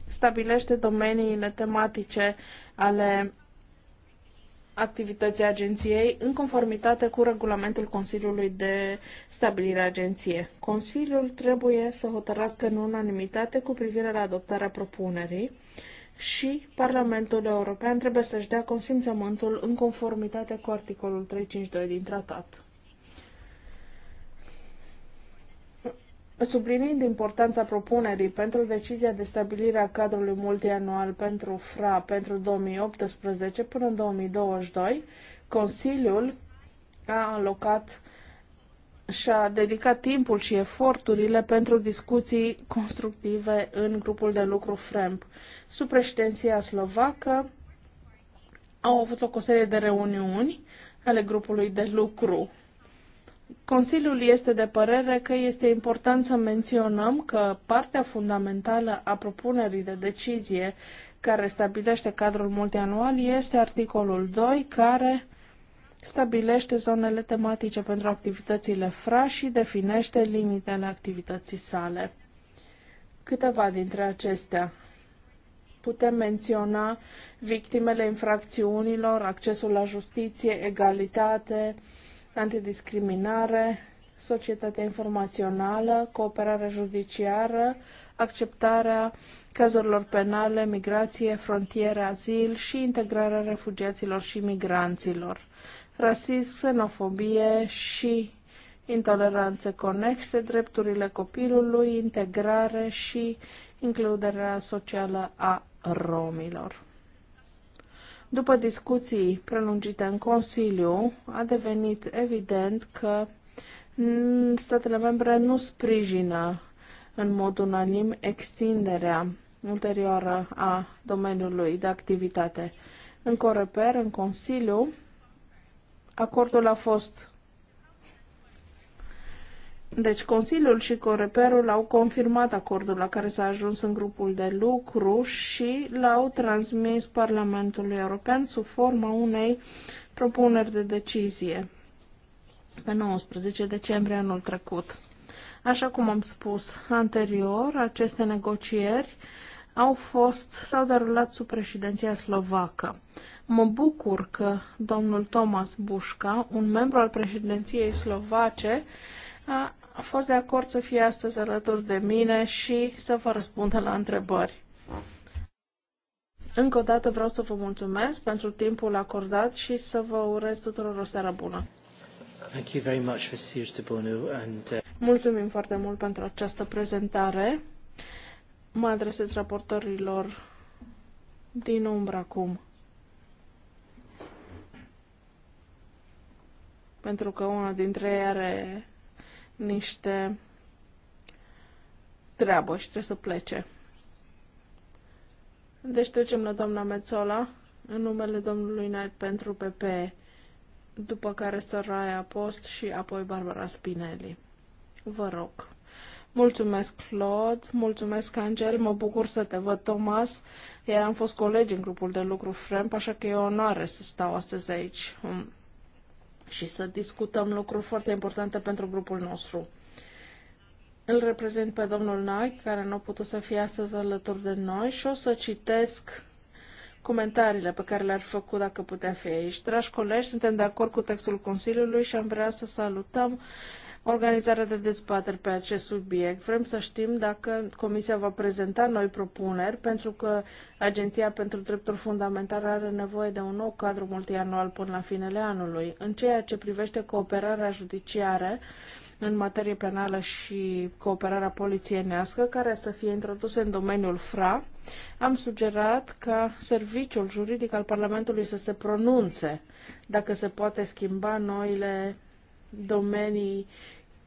stabilește domeniile tematice ale activității agenției în conformitate cu regulamentul Consiliului de stabilire a agenției. Consiliul trebuie să hotărască în unanimitate cu privire la adoptarea propunerii și Parlamentul European trebuie să-și dea consimțământul în conformitate cu articolul 352 din tratat. Subliniind importanța propunerii pentru decizia de stabilire a cadrului multianual pentru FRA pentru 2018 până în 2022, Consiliul a alocat și-a dedicat timpul și eforturile pentru discuții constructive în grupul de lucru FREMP. Sub președinția slovacă au avut o serie de reuniuni ale grupului de lucru Consiliul este de părere că este important să menționăm că partea fundamentală a propunerii de decizie care stabilește cadrul multianual este articolul 2, care stabilește zonele tematice pentru activitățile FRA și definește limitele activității sale. Câteva dintre acestea putem menționa victimele infracțiunilor, accesul la justiție, egalitate, antidiscriminare, societatea informațională, cooperarea judiciară, acceptarea cazurilor penale, migrație, frontiere, azil și integrarea refugiaților și migranților, rasism, xenofobie și intoleranțe conexe, drepturile copilului, integrare și includerea socială a romilor. După discuții prelungite în Consiliu, a devenit evident că statele membre nu sprijină în mod unanim extinderea ulterioară a domeniului de activitate. În Coreper, în Consiliu, acordul a fost deci Consiliul și Coreperul au confirmat acordul la care s-a ajuns în grupul de lucru și l-au transmis Parlamentului European sub forma unei propuneri de decizie pe 19 decembrie anul trecut. Așa cum am spus anterior, aceste negocieri au fost, s-au derulat sub președinția slovacă. Mă bucur că domnul Thomas Bușca, un membru al președinției slovace, a a fost de acord să fie astăzi alături de mine și să vă răspundă la întrebări. Încă o dată vreau să vă mulțumesc pentru timpul acordat și să vă urez tuturor o seară bună. Thank you very much for Sir and, uh... Mulțumim foarte mult pentru această prezentare. Mă adresez raportorilor din umbră acum. Pentru că una dintre ei are niște treabă și trebuie să plece. Deci trecem la doamna Mețola, în numele domnului Knight pentru PP, după care Săraia Post și apoi Barbara Spinelli. Vă rog. Mulțumesc, Claude, mulțumesc, Angel, mă bucur să te văd, Thomas, iar am fost colegi în grupul de lucru FREMP, așa că e o onoare să stau astăzi aici și să discutăm lucruri foarte importante pentru grupul nostru. Îl reprezint pe domnul Nai, care nu a putut să fie astăzi alături de noi și o să citesc comentariile pe care le-ar făcut dacă putea fi aici. Dragi colegi, suntem de acord cu textul Consiliului și am vrea să salutăm organizarea de dezbateri pe acest subiect. Vrem să știm dacă Comisia va prezenta noi propuneri, pentru că Agenția pentru Drepturi Fundamentale are nevoie de un nou cadru multianual până la finele anului. În ceea ce privește cooperarea judiciară, în materie penală și cooperarea polițienească, care să fie introduse în domeniul FRA, am sugerat ca serviciul juridic al Parlamentului să se pronunțe dacă se poate schimba noile domenii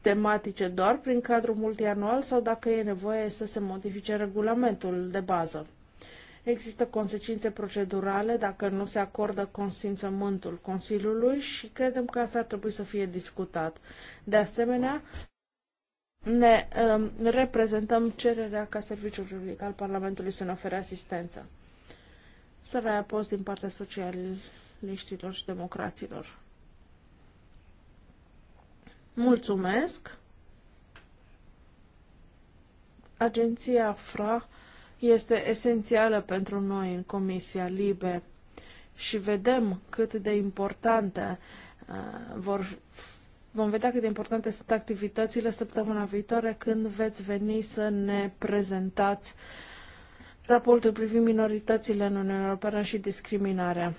tematice doar prin cadrul multianual sau dacă e nevoie să se modifice regulamentul de bază. Există consecințe procedurale dacă nu se acordă consimțământul Consiliului și credem că asta ar trebui să fie discutat. De asemenea, ne um, reprezentăm cererea ca Serviciul Juridic al Parlamentului să ne ofere asistență. Săraia post din partea socialiștilor și democraților. Mulțumesc! Agenția FRA este esențială pentru noi în Comisia Libe și vedem cât de importante uh, vor Vom vedea cât de importante sunt activitățile săptămâna viitoare când veți veni să ne prezentați raportul privind minoritățile în Uniunea Europeană și discriminarea.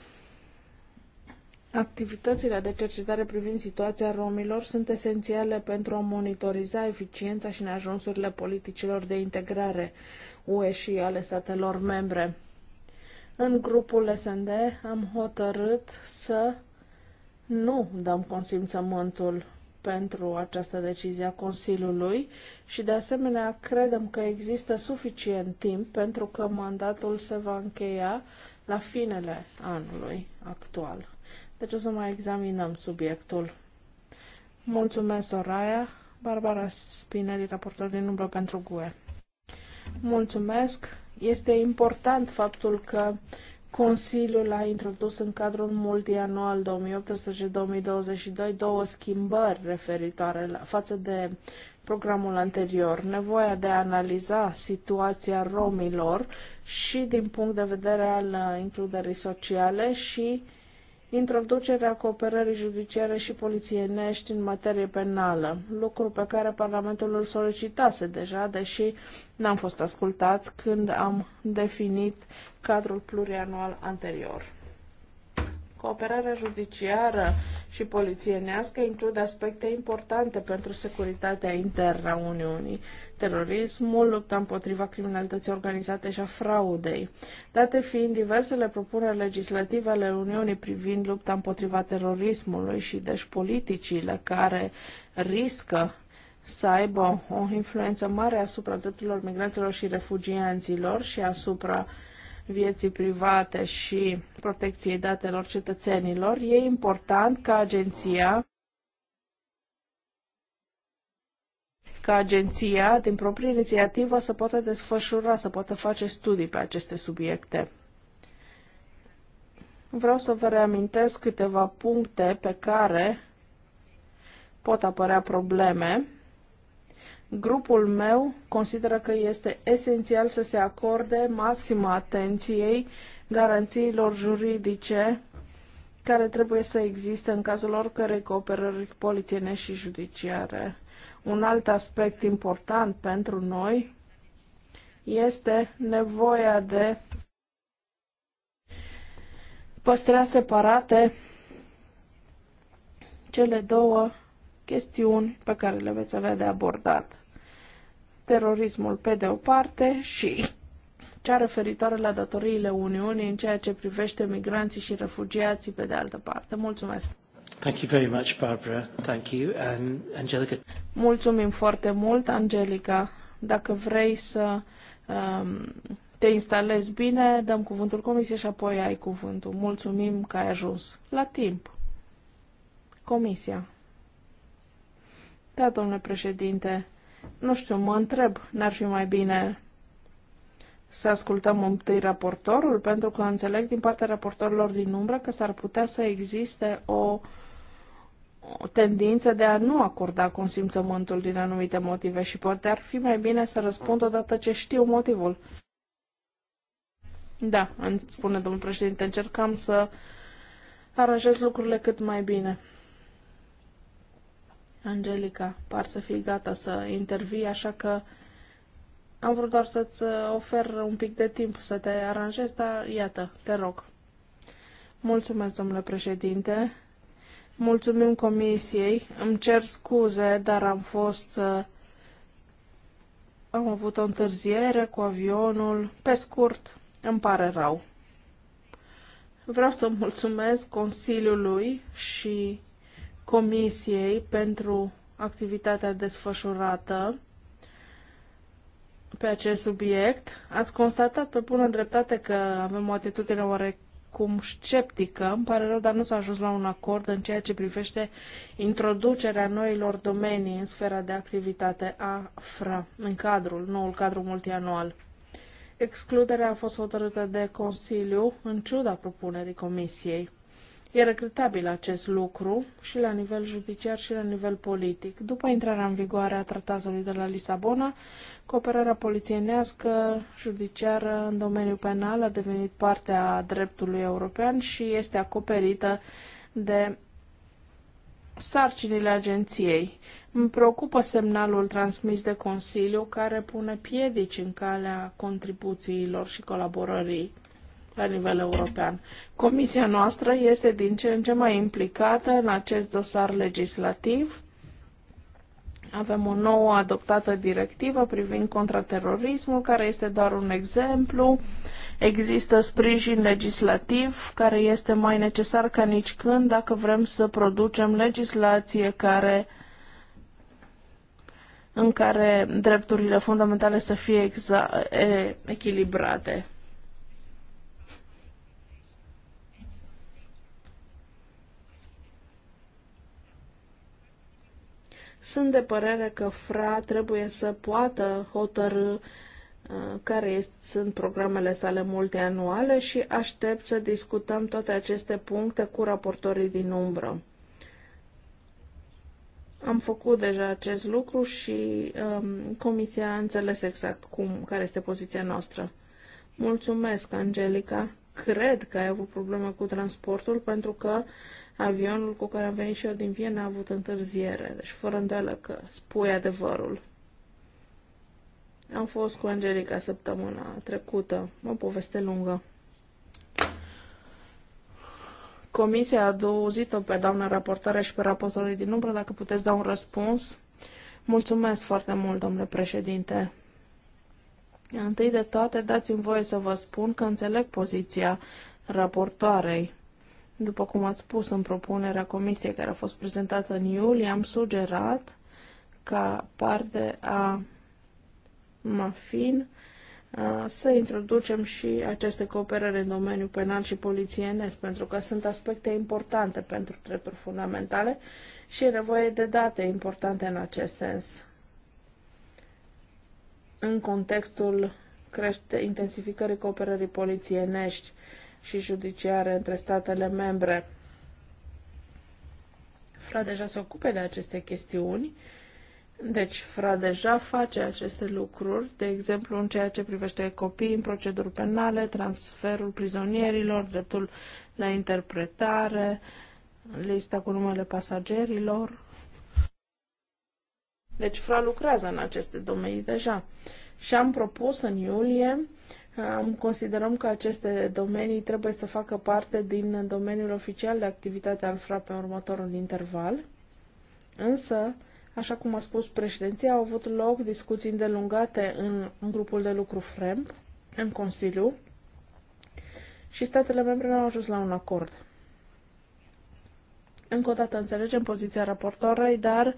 Activitățile de cercetare privind situația romilor sunt esențiale pentru a monitoriza eficiența și neajunsurile politicilor de integrare UE și ale statelor membre. În grupul SND am hotărât să nu dăm consimțământul pentru această decizie a Consiliului și, de asemenea, credem că există suficient timp pentru că mandatul se va încheia la finele anului actual. Deci o să mai examinăm subiectul. Mulțumesc, Soraya. Barbara Spinelli, raportor din umbră pentru GUE. Mulțumesc. Este important faptul că Consiliul a introdus în cadrul multianual 2018-2022 două schimbări referitoare la, față de programul anterior, nevoia de a analiza situația romilor și din punct de vedere al uh, includerii sociale și uh, introducerea cooperării judiciare și polițienești în materie penală, lucru pe care Parlamentul îl solicitase deja, deși n-am fost ascultați când am definit cadrul plurianual anterior. Cooperarea judiciară și polițienească include aspecte importante pentru securitatea internă a Uniunii terorismul, lupta împotriva criminalității organizate și a fraudei. Date fiind diversele propuneri legislative ale Uniunii privind lupta împotriva terorismului și deci politicile care riscă să aibă o influență mare asupra drepturilor migranților și refugianților și asupra vieții private și protecției datelor cetățenilor, e important ca agenția ca agenția, din proprie inițiativă, să poată desfășura, să poată face studii pe aceste subiecte. Vreau să vă reamintesc câteva puncte pe care pot apărea probleme. Grupul meu consideră că este esențial să se acorde maximă atenției garanțiilor juridice care trebuie să existe în cazul oricărei cooperări polițienești și judiciare. Un alt aspect important pentru noi este nevoia de păstra separate cele două chestiuni pe care le veți avea de abordat. Terorismul pe de o parte și cea referitoare la datoriile Uniunii în ceea ce privește migranții și refugiații pe de altă parte. Mulțumesc! Thank you very much, Barbara. Thank you. Angelica. Mulțumim foarte mult, Angelica. Dacă vrei să um, te instalezi bine, dăm cuvântul comisiei și apoi ai cuvântul. Mulțumim că ai ajuns la timp. Comisia. Da, domnule președinte, nu știu, mă întreb, n-ar fi mai bine să ascultăm întâi raportorul, pentru că înțeleg din partea raportorilor din umbră că s-ar putea să existe o uh, o tendință de a nu acorda consimțământul din anumite motive și poate ar fi mai bine să răspund odată ce știu motivul. Da, îmi spune domnul președinte, încercam să aranjez lucrurile cât mai bine. Angelica, par să fii gata să intervii, așa că am vrut doar să-ți ofer un pic de timp să te aranjezi, dar iată, te rog. Mulțumesc, domnule președinte. Mulțumim comisiei. Îmi cer scuze, dar am fost... Uh, am avut o întârziere cu avionul. Pe scurt, îmi pare rău. Vreau să mulțumesc Consiliului și Comisiei pentru activitatea desfășurată pe acest subiect. Ați constatat pe bună dreptate că avem o atitudine oarecare oarecum sceptică. Îmi pare rău, dar nu s-a ajuns la un acord în ceea ce privește introducerea noilor domenii în sfera de activitate a FRA, în cadrul, noul cadru multianual. Excluderea a fost hotărâtă de Consiliu, în ciuda propunerii Comisiei. E regretabil acest lucru și la nivel judiciar și la nivel politic. După intrarea în vigoare a tratatului de la Lisabona, cooperarea polițienească judiciară în domeniul penal a devenit parte a dreptului european și este acoperită de sarcinile agenției. Îmi preocupă semnalul transmis de Consiliu care pune piedici în calea contribuțiilor și colaborării la nivel european. Comisia noastră este din ce în ce mai implicată în acest dosar legislativ. Avem o nouă adoptată directivă privind contraterorismul, care este doar un exemplu. Există sprijin legislativ care este mai necesar ca nicicând dacă vrem să producem legislație care în care drepturile fundamentale să fie exa- echilibrate. Sunt de părere că FRA trebuie să poată hotărâ uh, care sunt programele sale multianuale și aștept să discutăm toate aceste puncte cu raportorii din umbră. Am făcut deja acest lucru și um, comisia a înțeles exact cum, care este poziția noastră. Mulțumesc, Angelica. Cred că ai avut probleme cu transportul pentru că uh, Avionul cu care am venit și eu din Viena a avut întârziere, deci fără îndoială că spui adevărul. Am fost cu Angelica săptămâna trecută, o poveste lungă. Comisia a auzit-o pe doamna raportare și pe raportorii din umbră, dacă puteți da un răspuns. Mulțumesc foarte mult, domnule președinte. Întâi de toate, dați-mi voie să vă spun că înțeleg poziția raportoarei după cum ați spus în propunerea comisiei care a fost prezentată în iulie, am sugerat ca parte a MAFIN să introducem și aceste cooperări în domeniul penal și polițienesc, pentru că sunt aspecte importante pentru drepturi fundamentale și e nevoie de date importante în acest sens. În contextul crește, intensificării cooperării polițienești și judiciare între statele membre. FRA deja se ocupe de aceste chestiuni, deci FRA deja face aceste lucruri, de exemplu în ceea ce privește copiii în proceduri penale, transferul prizonierilor, dreptul la interpretare, lista cu numele pasagerilor. Deci FRA lucrează în aceste domenii deja. Și am propus în iulie Considerăm că aceste domenii trebuie să facă parte din domeniul oficial de activitate al FRA pe următorul interval, însă, așa cum a spus președinția, au avut loc discuții îndelungate în, grupul de lucru FREM, în Consiliu, și statele membre nu au ajuns la un acord. Încă o dată înțelegem poziția raportorului, dar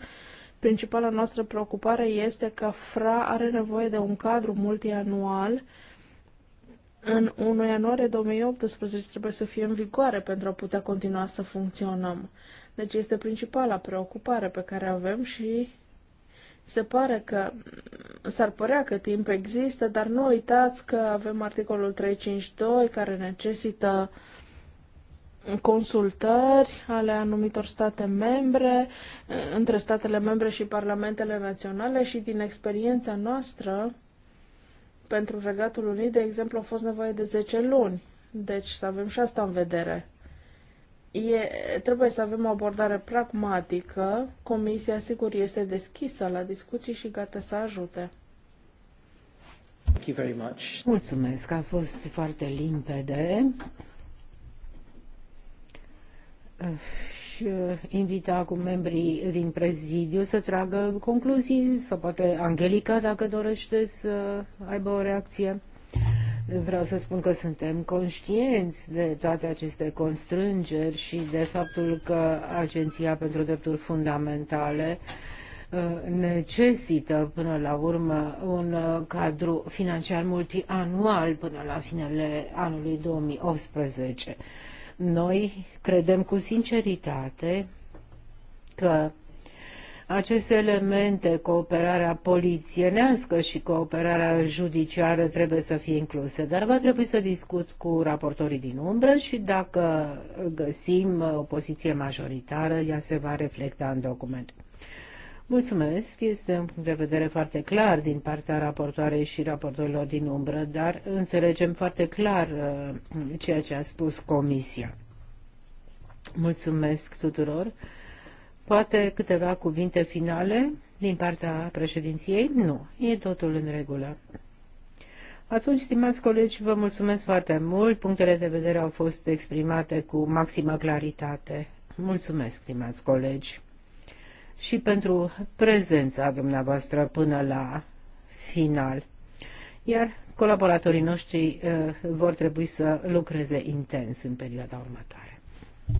principala noastră preocupare este că FRA are nevoie de un cadru multianual uh, în 1 ianuarie 2018 trebuie să fie în vigoare pentru a putea continua să funcționăm. Deci este principala preocupare pe care avem și se pare că s-ar părea că timp există, dar nu uitați că avem articolul 352 care necesită consultări ale anumitor state membre, între statele membre și parlamentele naționale și din experiența noastră pentru Regatul Unit, de exemplu, a fost nevoie de 10 luni. Deci să avem și asta în vedere. E, trebuie să avem o abordare pragmatică. Comisia, sigur, este deschisă la discuții și gata să ajute. Thank you very much. Mulțumesc, a fost foarte limpede Uh, invita acum membrii din prezidiu să tragă concluzii, sau poate Angelica, dacă dorește să aibă o reacție. Vreau să spun că suntem conștienți de toate aceste constrângeri și de faptul că Agenția pentru Drepturi Fundamentale uh, necesită până la urmă un uh, cadru financiar multianual până la finele anului 2018. Noi credem cu sinceritate că aceste elemente, cooperarea polițienească și cooperarea judiciară trebuie să fie incluse, dar va trebui să discut cu raportorii din umbră și dacă găsim o poziție majoritară, ea se va reflecta în document. Mulțumesc, este un punct de vedere foarte clar din partea raportoarei și raportorilor din umbră, dar înțelegem foarte clar uh, ceea ce a spus Comisia. Mulțumesc tuturor. Poate câteva cuvinte finale din partea președinției? Nu, e totul în regulă. Atunci, stimați colegi, vă mulțumesc foarte mult. Punctele de vedere au fost exprimate cu maximă claritate. Mulțumesc, stimați colegi și pentru prezența dumneavoastră până la final. Iar colaboratorii noștri eh, vor trebui să lucreze intens în perioada următoare.